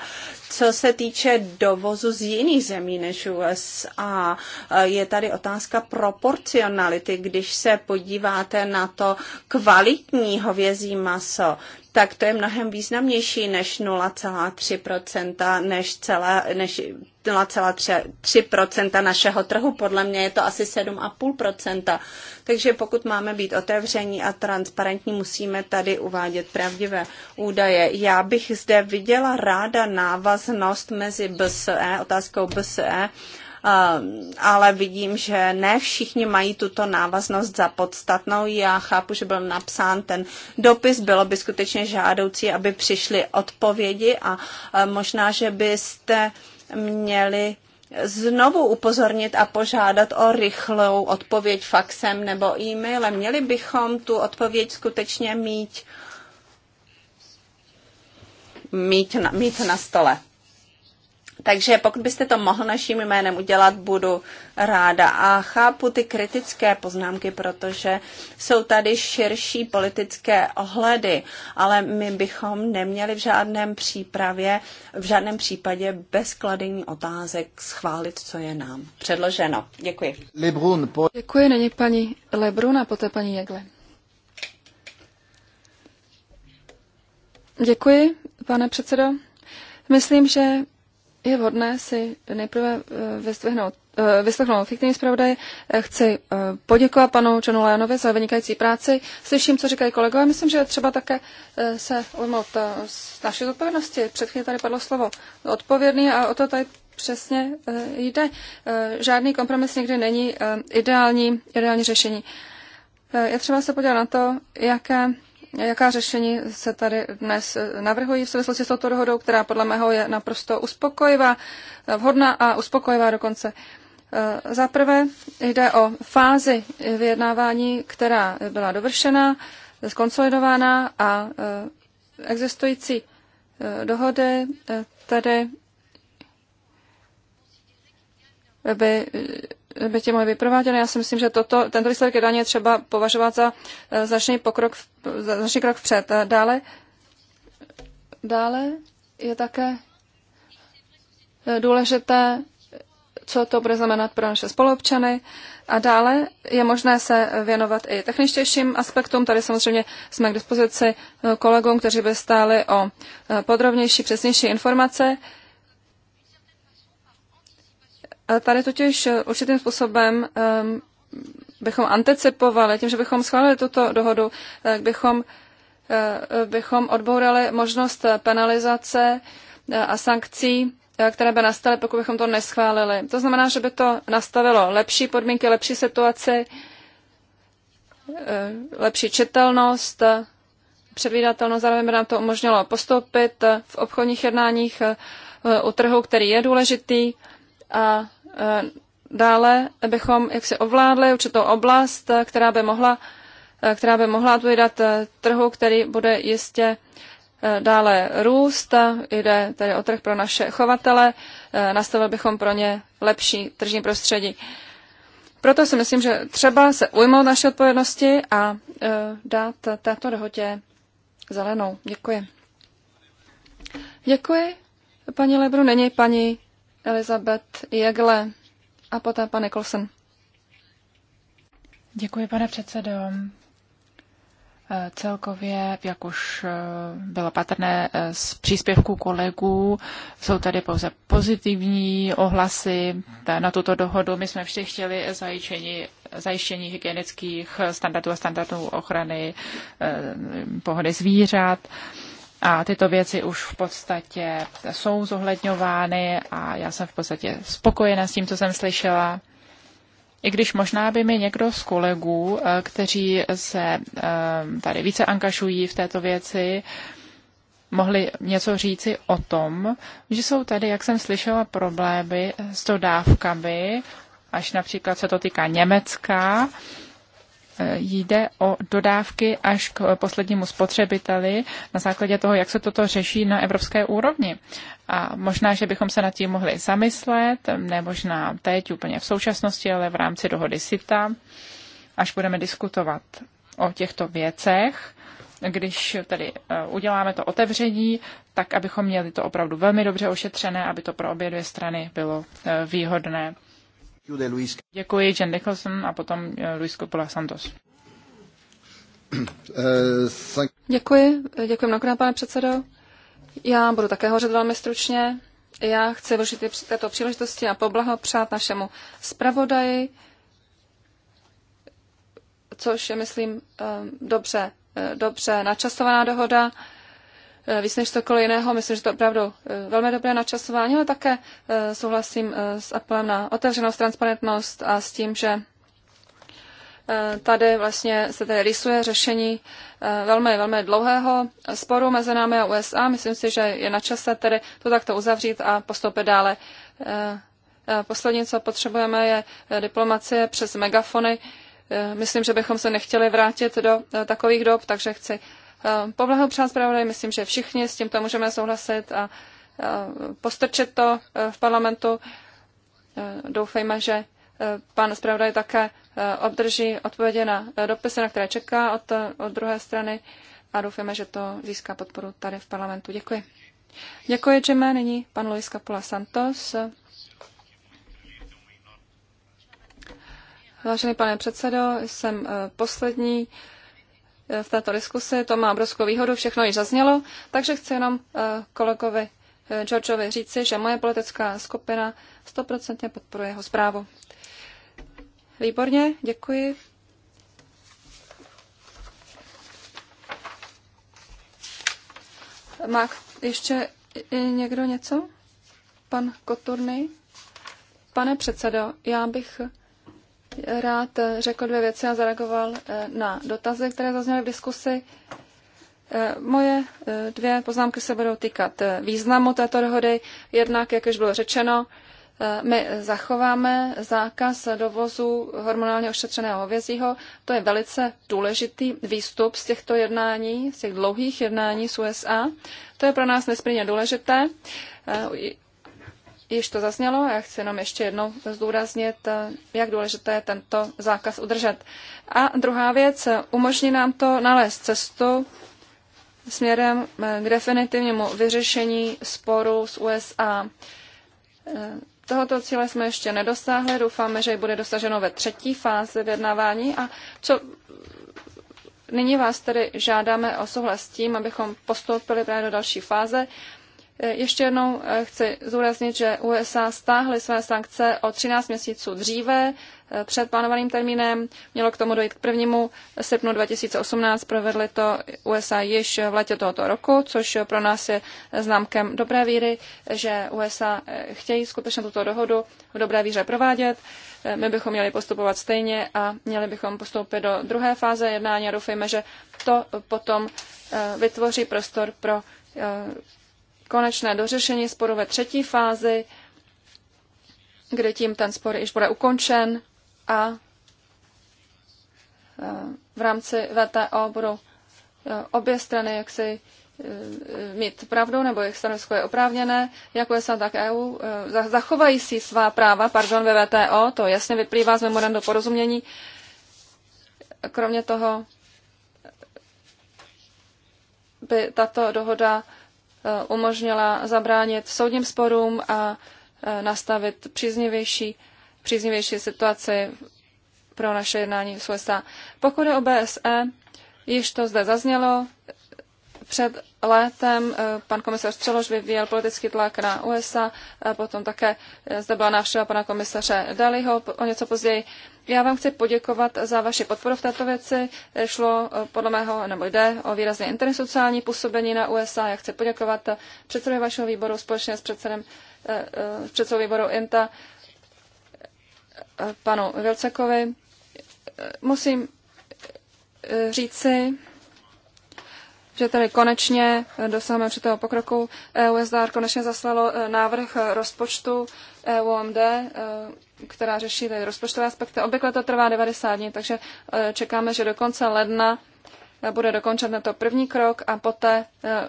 co se týče dovozu z jiných zemí než USA, je tady otázka proporcionality. Když se podíváte na to kvalitní hovězí maso, tak to je mnohem významnější než 0,3%, než, celé, než 0,3 našeho trhu, podle mě je to asi 7,5 Takže pokud máme být otevření a transparentní, musíme tady uvádět pravdivé údaje. Já bych zde viděla ráda návaznost mezi BSE, otázkou BSE, eh, ale vidím, že ne všichni mají tuto návaznost za podstatnou. Já chápu, že byl napsán ten dopis, bylo by skutečně žádoucí, aby přišly odpovědi a eh, možná, že byste měli znovu upozornit a požádat o rychlou odpověď faxem nebo e-mailem. Měli bychom tu odpověď skutečně mít, mít, na, mít na stole. Takže pokud byste to mohl naším jménem udělat, budu ráda. A chápu ty kritické poznámky, protože jsou tady širší politické ohledy, ale my bychom neměli v žádném přípravě, v žádném případě bez kladení otázek schválit, co je nám předloženo. Děkuji. Lebrun, po... Děkuji, není paní Lebrun a poté paní Jegle. Děkuji, pane předsedo. Myslím, že je vhodné si nejprve eh, vyslechnout, eh, vyslechnout fiktivní zpravodaje. Eh, chci poděkovat panu Johnu Lajanovi za vynikající práci. Slyším, co říkají kolegové. Myslím, že je třeba také se ujmout z naší zodpovědnosti. Před chvíli tady padlo slovo odpovědný a o to tady přesně jde. Žádný kompromis někdy není ideální, ideální řešení. Je třeba se podívat na to, jaké jaká řešení se tady dnes eh, navrhují v souvislosti s touto dohodou, která podle mého je naprosto uspokojivá, eh, vhodná a uspokojivá dokonce. Eh, za prvé jde o fázi vyjednávání, která byla dovršena, skonsolidována a existující dohody tedy by by tě mohli být Já si myslím, že toto, tento výsledek je daně třeba považovat za eh, značný, pokrok, za značný krok vpřed. Dále, dále je také eh, důležité, co to bude znamenat pro naše spoluobčany. A dále je možné se věnovat i techničtějším aspektům. Tady samozřejmě jsme k dispozici eh, kolegům, kteří by stáli o podrobnější, přesnější informace. Tady totiž eh, určitým způsobem ehm, bychom anticipovali, tím, že bychom schválili tuto dohodu, bychom, eh, bychom odbourali možnost penalizace eh, a sankcí, které by nastaly, pokud bychom to neschválili. To znamená, že by to nastavilo lepší podmínky, lepší situaci, lepší četelnost, předvídatelnost, zároveň by nám to umožnilo postoupit v obchodních jednáních u trhu, který je důležitý a Eh, dále bychom jaksi ovládli určitou oblast, eh, která by mohla, eh, která by mohla odpovídat trhu, který bude jistě dále růst. Jde tedy o trh pro naše chovatele. Nastavili bychom pro ně lepší tržní prostředí. Proto si myslím, že třeba se ujmout naše odpovědnosti a dát této dohodě zelenou. Děkuji. Děkuji. Paní Lebru, není paní Elizabeth Jegle a poté pan Děkuji, pane předsedo. Eh, celkově, jak už eh, bylo patrné eh, z příspěvků kolegů, jsou tady pouze pozitivní ohlasy na tuto dohodu. My jsme vždy chtěli zajištění, zajištění hygienických standardů a standardů ochrany pohody zvířat. A tyto věci už v podstatě jsou zohledňovány a já jsem v podstatě spokojená s tím, co jsem slyšela. I když možná by mi někdo z kolegů, eh, kteří se eh, tady více angažují v této věci, mohli něco říci o tom, že jsou tady, jak jsem slyšela, problémy s dodávkami, až například se to týká Německa, jde o dodávky až k poslednímu spotřebiteli na základě toho, jak se toto řeší na evropské úrovni. A možná, že bychom se nad tím mohli zamyslet, ne možná teď úplně v současnosti, ale v rámci dohody SITA, až budeme diskutovat o těchto věcech když tedy eh, uděláme to otevření, tak abychom měli to opravdu velmi dobře ošetřené, aby to pro obě dvě strany bylo eh, výhodné. Děkuji, Jen Nicholson a potom eh, Luis Coppola Santos. Eh, děkuji, děkuji mnohokrát, pane předsedo. Já budu také hovořit velmi stručně. Já chci využít této příležitosti a poblahopřát našemu zpravodaji, což je, myslím, eh, dobře, dobře načasovaná dohoda. Eh, víc než cokoliv jiného. Myslím, že to je opravdu eh, velmi dobré načasování, ale také eh, souhlasím s apelem na otevřenost, transparentnost a s tím, že tady vlastně se tady rysuje řešení velmi, velmi dlouhého sporu mezi námi a USA. Myslím si, že je na čase tedy to takto uzavřít a postoupit dále. Poslední, co potřebujeme, je diplomacie přes megafony. Myslím, že bychom se nechtěli vrátit do takových dob, takže chci Eh, poblahopřát zpravodaj. Myslím, že všichni s tímto můžeme souhlasit a eh, postrčit to eh, v parlamentu. Doufejme, že pan zpravodaj také obdrží odpovědi na dopisy, na které čeká od, od druhé strany a doufejme, že to získá podporu tady v parlamentu. Děkuji. Děkuji, Jimé. Nyní pan Luis Capula Santos. Vážený pane předsedo, jsem poslední v této diskusi. To má obrovskou výhodu, všechno již zaznělo, takže chci jenom eh, kolegovi eh, Georgeovi říci, že moje politická skupina stoprocentně podporuje jeho zprávu. Výborně, děkuji. Má ještě někdo něco? Pan Koturny? Pane předsedo, já bych rád eh, řekl dvě věci a zareagoval eh, na dotazy, které zazněly v diskusi. Eh, moje dvě poznámky se budou týkat významu této dohody. Jednak, jak už bylo řečeno, my zachováme zákaz dovozu hormonálně ošetřeného hovězího. To je velice důležitý výstup z těchto jednání, z těch dlouhých jednání z USA. To je pro nás nesmírně důležité. Již to zaznělo, já chci jenom ještě jednou zdůraznit, eh, jak důležité je tento zákaz udržet. A druhá věc, umožní nám to nalézt cestu směrem eh, k definitivnímu vyřešení sporu s USA. Eh, tohoto cíle jsme ještě nedosáhli, doufáme, že ji bude dosaženo ve třetí fázi vyjednávání. A co nyní vás tedy žádáme o souhlas s tím, abychom postoupili právě do další fáze, Eh, ještě jednou eh, chci zúraznit, že USA stáhly své sankce o 13 měsíců dříve eh, před plánovaným termínem. Mělo k tomu dojít k prvnímu srpnu 2018. Provedly to USA již v letě tohoto roku, což pro nás je známkem dobré víry, že USA chtějí skutečně tuto dohodu v dobré víře provádět. My bychom měli postupovat stejně a měli bychom postoupit do druhé fáze jednání a doufejme, že to potom vytvoří prostor pro konečné dořešení sporu ve třetí fázi, kdy tím ten spor již bude ukončen a e, v rámci VTO budou e, obě strany jaksi e, mít pravdu, nebo jejich stanovisko je oprávněné, jako je tak EU, zachovají si svá práva, pardon, ve VTO, to jasně vyplývá z memorandu porozumění. Kromě toho by tato dohoda Eh, umožnila zabránit soudním sporům a eh, nastavit příznivější, příznivější situaci pro naše jednání s USA. Pokud je o BSE, již to zde zaznělo, před létem eh, pan komisař Střelož vyvíjel politický tlak na USA, potom také zde byla návštěva pana komisaře Daliho o něco později. Já vám chci poděkovat za vaši podporu v této věci. Šlo eh, podle mého, nebo jde o výrazně intersociální působení na USA. Já chci poděkovat předsedovi vašeho výboru společně s předsedem, eh, eh, s předsedou výboru INTA, panu Vilcekovi. Musím říci, že tady konečně dosáhneme při toho pokroku. E USDR konečně zaslalo návrh rozpočtu EUMD která řeší ty rozpočtové aspekty. Obvykle to trvá 90 dní, takže eh, čekáme, že do konce ledna eh, bude dokončen tento první krok a poté eh,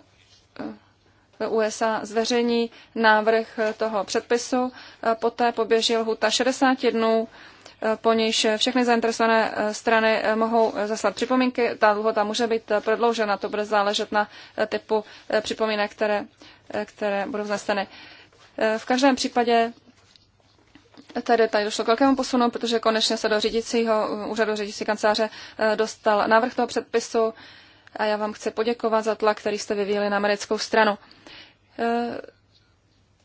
USA zveřejní návrh toho předpisu. Poté poběží lhuta 60 dnů, po níž všechny zainteresované strany mohou zaslat připomínky. Ta lhota může být prodloužena, to bude záležet na typu připomínek, které, které budou vzneseny. V každém případě Tady, tady došlo k velkému posunu, protože konečně se do řídícího úřadu řídící kanceláře eh, dostal návrh toho předpisu a já vám chci poděkovat za tlak, který jste vyvíjeli na americkou stranu. Eh,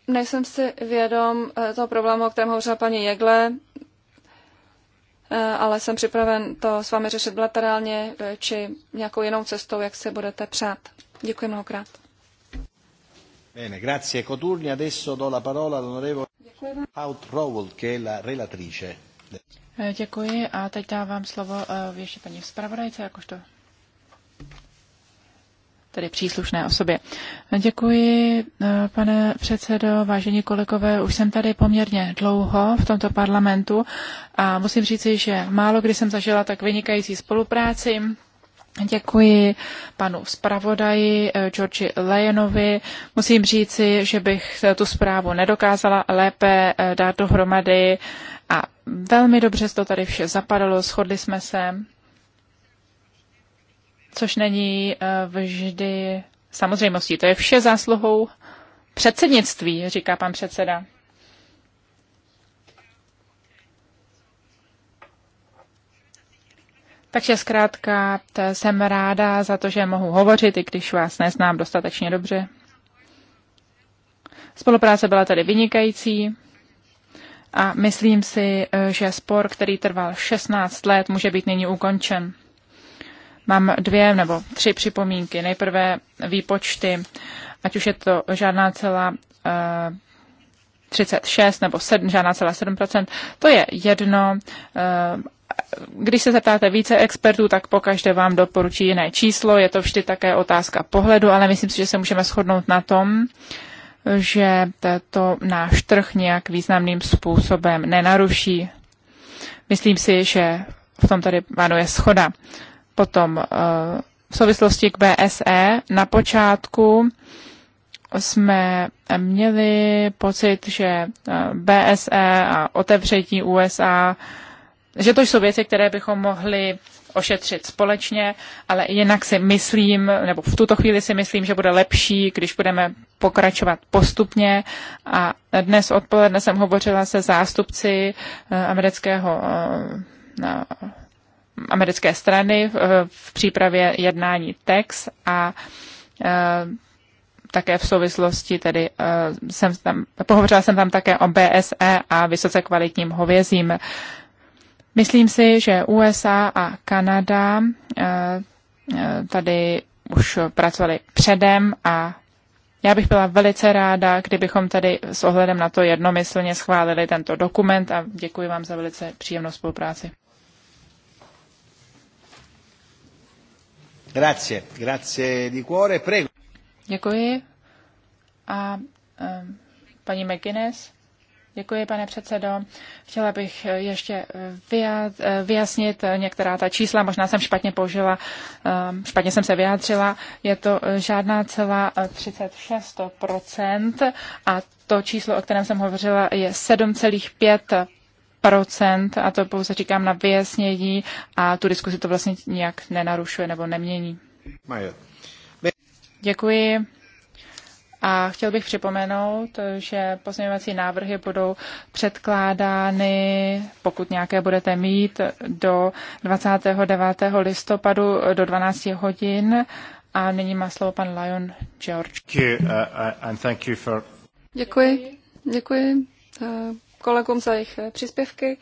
nejsem si vědom eh, toho problému, o kterém hovořila paní Jegle, ale jsem připraven to s vámi řešit bilaterálně či nějakou jinou cestou, jak si budete přát. Děkuji mnohokrát. Bene, grazie Coturni. Adesso do la parola all'onorevole. Děkuji. Eh, děkuji a teď dávám slovo eh, ještě paní zpravodajce, jakožto tedy příslušné osobě. Děkuji, eh, pane předsedo, vážení kolegové, už jsem tady poměrně dlouho v tomto parlamentu a musím říci, že málo kdy jsem zažila tak vynikající spolupráci Děkuji panu zpravodaji eh, Georgi Lejenovi. Musím říci, že bych tu zprávu nedokázala lépe eh, dát dohromady a velmi dobře to tady vše zapadalo, shodli jsme se, což není eh, vždy samozřejmostí. To je vše zásluhou předsednictví, říká pan předseda. Takže zkrátka jsem ráda za to, že mohu hovořit, i když vás neznám dostatečně dobře. Spolupráce byla tady vynikající a myslím si, e, že spor, který trval 16 let, může být nyní ukončen. Mám dvě nebo tři připomínky. Nejprve výpočty, ať už je to žádná celá 36 e, nebo 7, žádná celá 7 To je jedno. E, když se zeptáte více expertů, tak pokaždé vám doporučí jiné číslo. Je to vždy také otázka pohledu, ale myslím si, že se můžeme shodnout na tom, že to náš trh nějak významným způsobem nenaruší. Myslím si, že v tom tady panuje schoda. Potom eh, v souvislosti k BSE na počátku jsme měli pocit, že eh, BSE a otevření USA že to jsou věci, které bychom mohli ošetřit společně, ale jinak si myslím, nebo v tuto chvíli si myslím, že bude lepší, když budeme pokračovat postupně. A dnes odpoledne jsem hovořila se zástupci eh, amerického eh, americké strany v eh, přípravě jednání TEX a také v souvislosti, tedy jsem tam, pohovořila jsem tam také o BSE a vysoce kvalitním hovězím. Myslím si, že USA a Kanada eh, eh, tady už pracovali předem a já bych byla velice ráda, kdybychom tady s ohledem na to jednomyslně schválili tento dokument a děkuji vám za velice příjemnou spolupráci. Grazie, grazie di cuore, prego. Děkuji. A um, paní McGuinness? Děkuji, pane předsedo. Chtěla bych eh, ještě eh, eh, vyjasnit některá ta čísla, možná jsem špatně použila, špatně jsem se vyjádřila. Je to žádná celá 36% a to číslo, o kterém jsem hovořila, je 7,5% a to pouze říkám na vyjasnění a tu diskusi to vlastně nijak nenarušuje nebo nemění. Děkuji. A chtěl bych připomenout, že pozměňovací návrhy budou předkládány, pokud nějaké budete mít, do 29. listopadu do 12 hodin. A nyní má slovo pan Lion George. Uh, uh, Děkuji. Děkuji uh, kolegům za jejich příspěvky.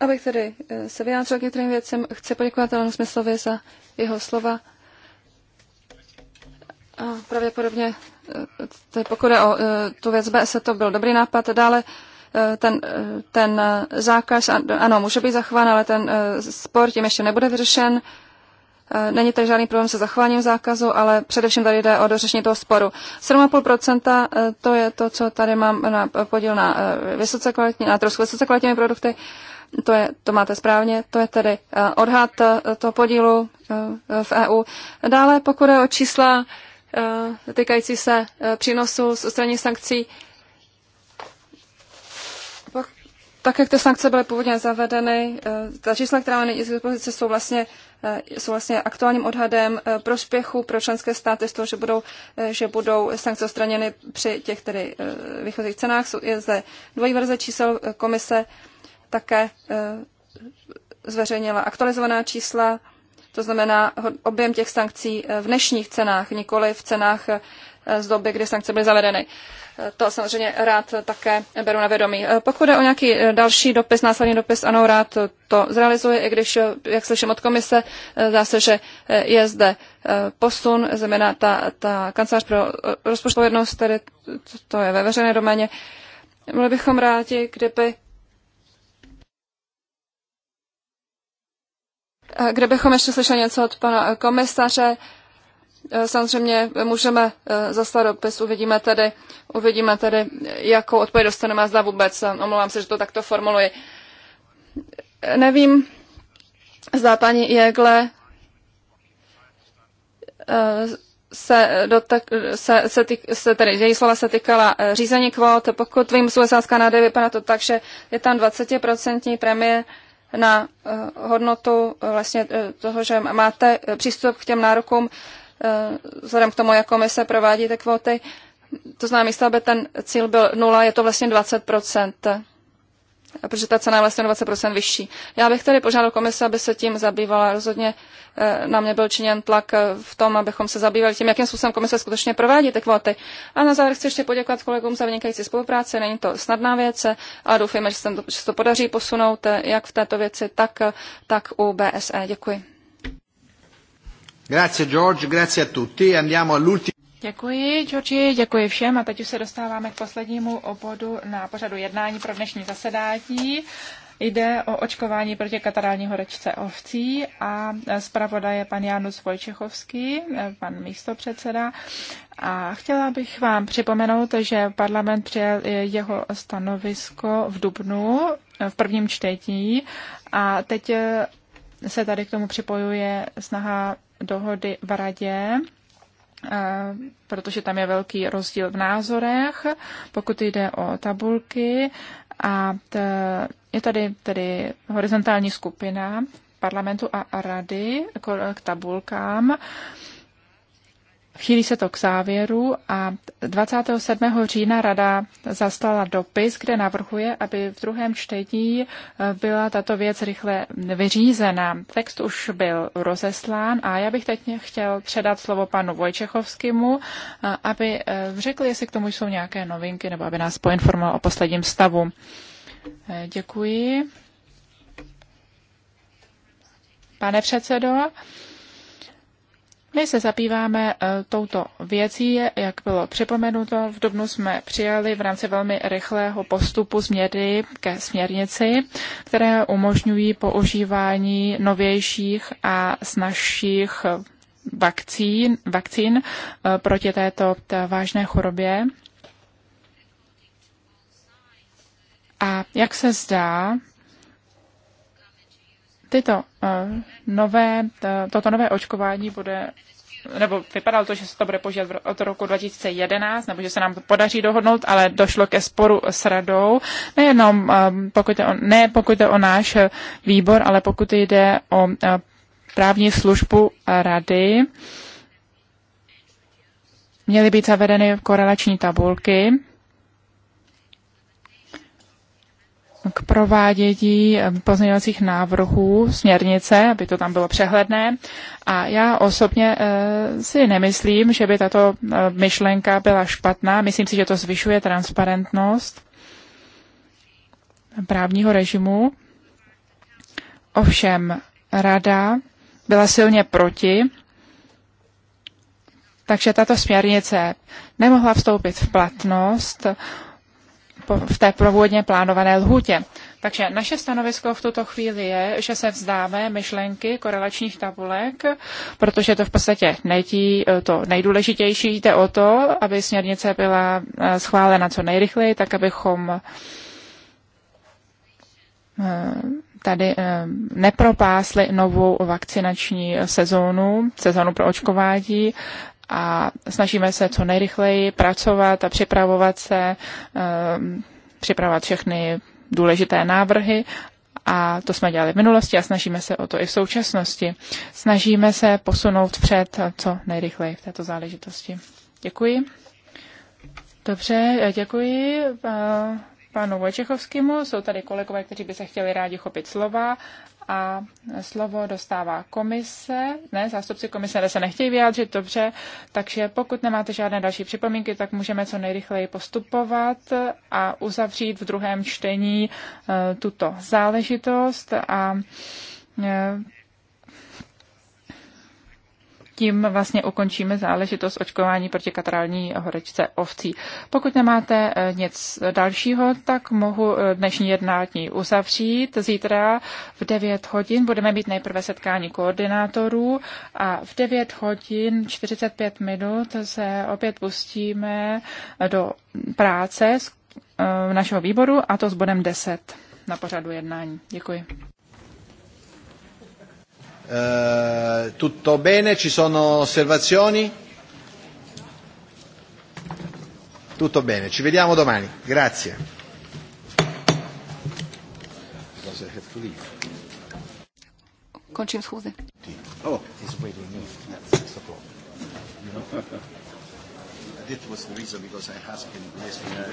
Abych tedy se vyjádřil k některým věcem, chci poděkovat Alonu Smyslovi za jeho slova pravděpodobně, eh, pokud je o eh, tu věc se to byl dobrý nápad. Dále eh, ten, ten zákaz, ano, může být zachován, ale ten spor tím ještě nebude vyřešen. Není tady žádný problém se zachováním zákazu, ale především tady jde o dořešení toho sporu. 7,5% to je to, co tady mám na podíl na vysoce kvalitní, na trošku vysoce kvalitní produkty. To, je, to máte správně, to je tedy odhad toho podílu v EU. Dále, pokud je o čísla Eh, týkající se eh, přínosu z odstranění sankcí. Tak, jak ty sankce byly původně zavedeny, eh, ta čísla, která máme nyní dispozici, jsou vlastně, jsou vlastně aktuálním odhadem prospěchu pro členské státy z toho, že budou, že budou sankce odstraněny při těch tedy výchozích cenách. Je zde dvojí verze čísel komise, také zveřejnila aktualizovaná čísla to znamená objem těch sankcí eh, v dnešních cenách, nikoli v cenách eh, z doby, kdy sankce byly zavedeny. Eh, to samozřejmě rád také beru na vědomí. Pokud je o nějaký další dopis, následný dopis, ano, rád to zrealizuje, i když, jak slyším od komise, zdá se, že je zde posun, znamená ta, ta kancelář pro rozpočtovou jednost, tedy to je ve veřejné doméně. Byli bychom rádi, kdyby Eh, kde bychom ještě slyšeli něco od pana eh, komisaře. Eh, samozřejmě můžeme zaslat dopis, uvidíme tedy, uvidíme tedy, jakou odpověď dostaneme, zda vůbec. Omlouvám se, že to takto formuluji. Nevím, zda paní Jegle se, dotek, se, se, týk, se tedy, její slova se týkala řízení kvót. Pokud vím, z USA Kanady vypadá to tak, že je tam 20% premie na eh, hodnotu eh, vlastně eh, toho, že máte přístup k těm nárokům, vzhledem k tomu, jak komise provádí ty kvóty. To znamená, místo, aby ten cíl byl nula, je to vlastně 20 protože ta cena je vlastně 20% vyšší. Já bych tedy požádal komise, aby se tím zabývala. Rozhodně eh, na mě byl činěn tlak eh, v tom, abychom se zabývali tím, jakým způsobem komise skutečně provádí ty kvóty. A na závěr chci ještě poděkovat kolegům za vynikající spolupráci. Není to snadná věc eh, a doufejme, že se to, že to podaří posunout jak v této věci, tak, tak u BSE. Děkuji. Grazie George, grazie a tutti. Andiamo all'ultimo. Děkuji, Georgi, děkuji všem a teď už se dostáváme k poslednímu obodu na pořadu jednání pro dnešní zasedání. Jde o očkování proti katarální horečce ovcí a zpravodaj je pan Janus Vojčechovský, pan místopředseda. A chtěla bych vám připomenout, že parlament přijal jeho stanovisko v Dubnu v prvním čtení a teď se tady k tomu připojuje snaha dohody v radě Eh, protože tam je velký rozdíl v názorech, pokud jde o tabulky. A je tady tady horizontální skupina parlamentu a rady k tabulkám. Chýlí se to k závěru a 27. října rada zastala dopis, kde navrhuje, aby v druhém čtení eh, byla tato věc rychle vyřízena. Text už byl rozeslán a já bych teď chtěl předat slovo panu Vojčechovskému, eh, aby eh, řekl, jestli k tomu jsou nějaké novinky nebo aby nás poinformoval o posledním stavu. Děkuji. Pane předsedo, my se zabýváme e, touto věcí, jak bylo připomenuto. V Dubnu jsme přijali v rámci velmi rychlého postupu změny ke směrnici, které umožňují používání novějších a snažších vakcín, vakcín e, proti této vážné chorobě. A jak se zdá, Tyto eh, nové, toto nové očkování bude nebo vypadalo to, že se to bude požívat od roku 2011, nebo že se nám to podaří dohodnout, ale došlo ke sporu s radou. Nejenom eh, pokud je o, ne pokud je o náš výbor, ale pokud jde o eh, právní službu rady, měly být zavedeny korelační tabulky k provádění eh, pozměňovacích návrhů směrnice, aby to tam bylo přehledné. A já osobně eh, si nemyslím, že by tato eh, myšlenka byla špatná. Myslím si, že to zvyšuje transparentnost právního režimu. Ovšem, rada byla silně proti, takže tato směrnice nemohla vstoupit v platnost v té původně plánované lhůtě. Takže naše stanovisko v tuto chvíli je, že se vzdáme myšlenky korelačních tabulek, protože to v podstatě nejtí eh, to nejdůležitější. Jde o to, aby směrnice byla eh, schválena co nejrychleji, tak abychom eh, tady nepropásli novou vakcinační sezónu, sezónu pro očkování a snažíme se co nejrychleji pracovat a připravovat se, ehm, připravovat všechny důležité návrhy a to jsme dělali v minulosti a snažíme se o to i v současnosti. Snažíme se posunout před co nejrychleji v této záležitosti. Děkuji. Dobře, eh, děkuji eh, panu Vojčechovskému. Jsou tady kolegové, kteří by se chtěli rádi chopit slova a slovo dostává komise. Ne, zástupci komise se nechtějí vyjádřit, dobře. Takže pokud nemáte žádné další připomínky, tak můžeme co nejrychleji postupovat a uzavřít v druhém čtení eh, tuto záležitost a eh, tím vlastně ukončíme záležitost očkování proti katarální horečce ovcí. Pokud nemáte eh, nic dalšího, tak mohu eh, dnešní jednání uzavřít. Zítra v 9 hodin budeme mít nejprve setkání koordinátorů a v 9 hodin 45 minut se opět pustíme do práce eh, našeho výboru a to s bodem 10 na pořadu jednání. Děkuji. Eh, tutto bene? Ci sono osservazioni? Tutto bene, ci vediamo domani. Grazie. Končím schůzi. Oh, no, that was the reason because I asked him yesterday.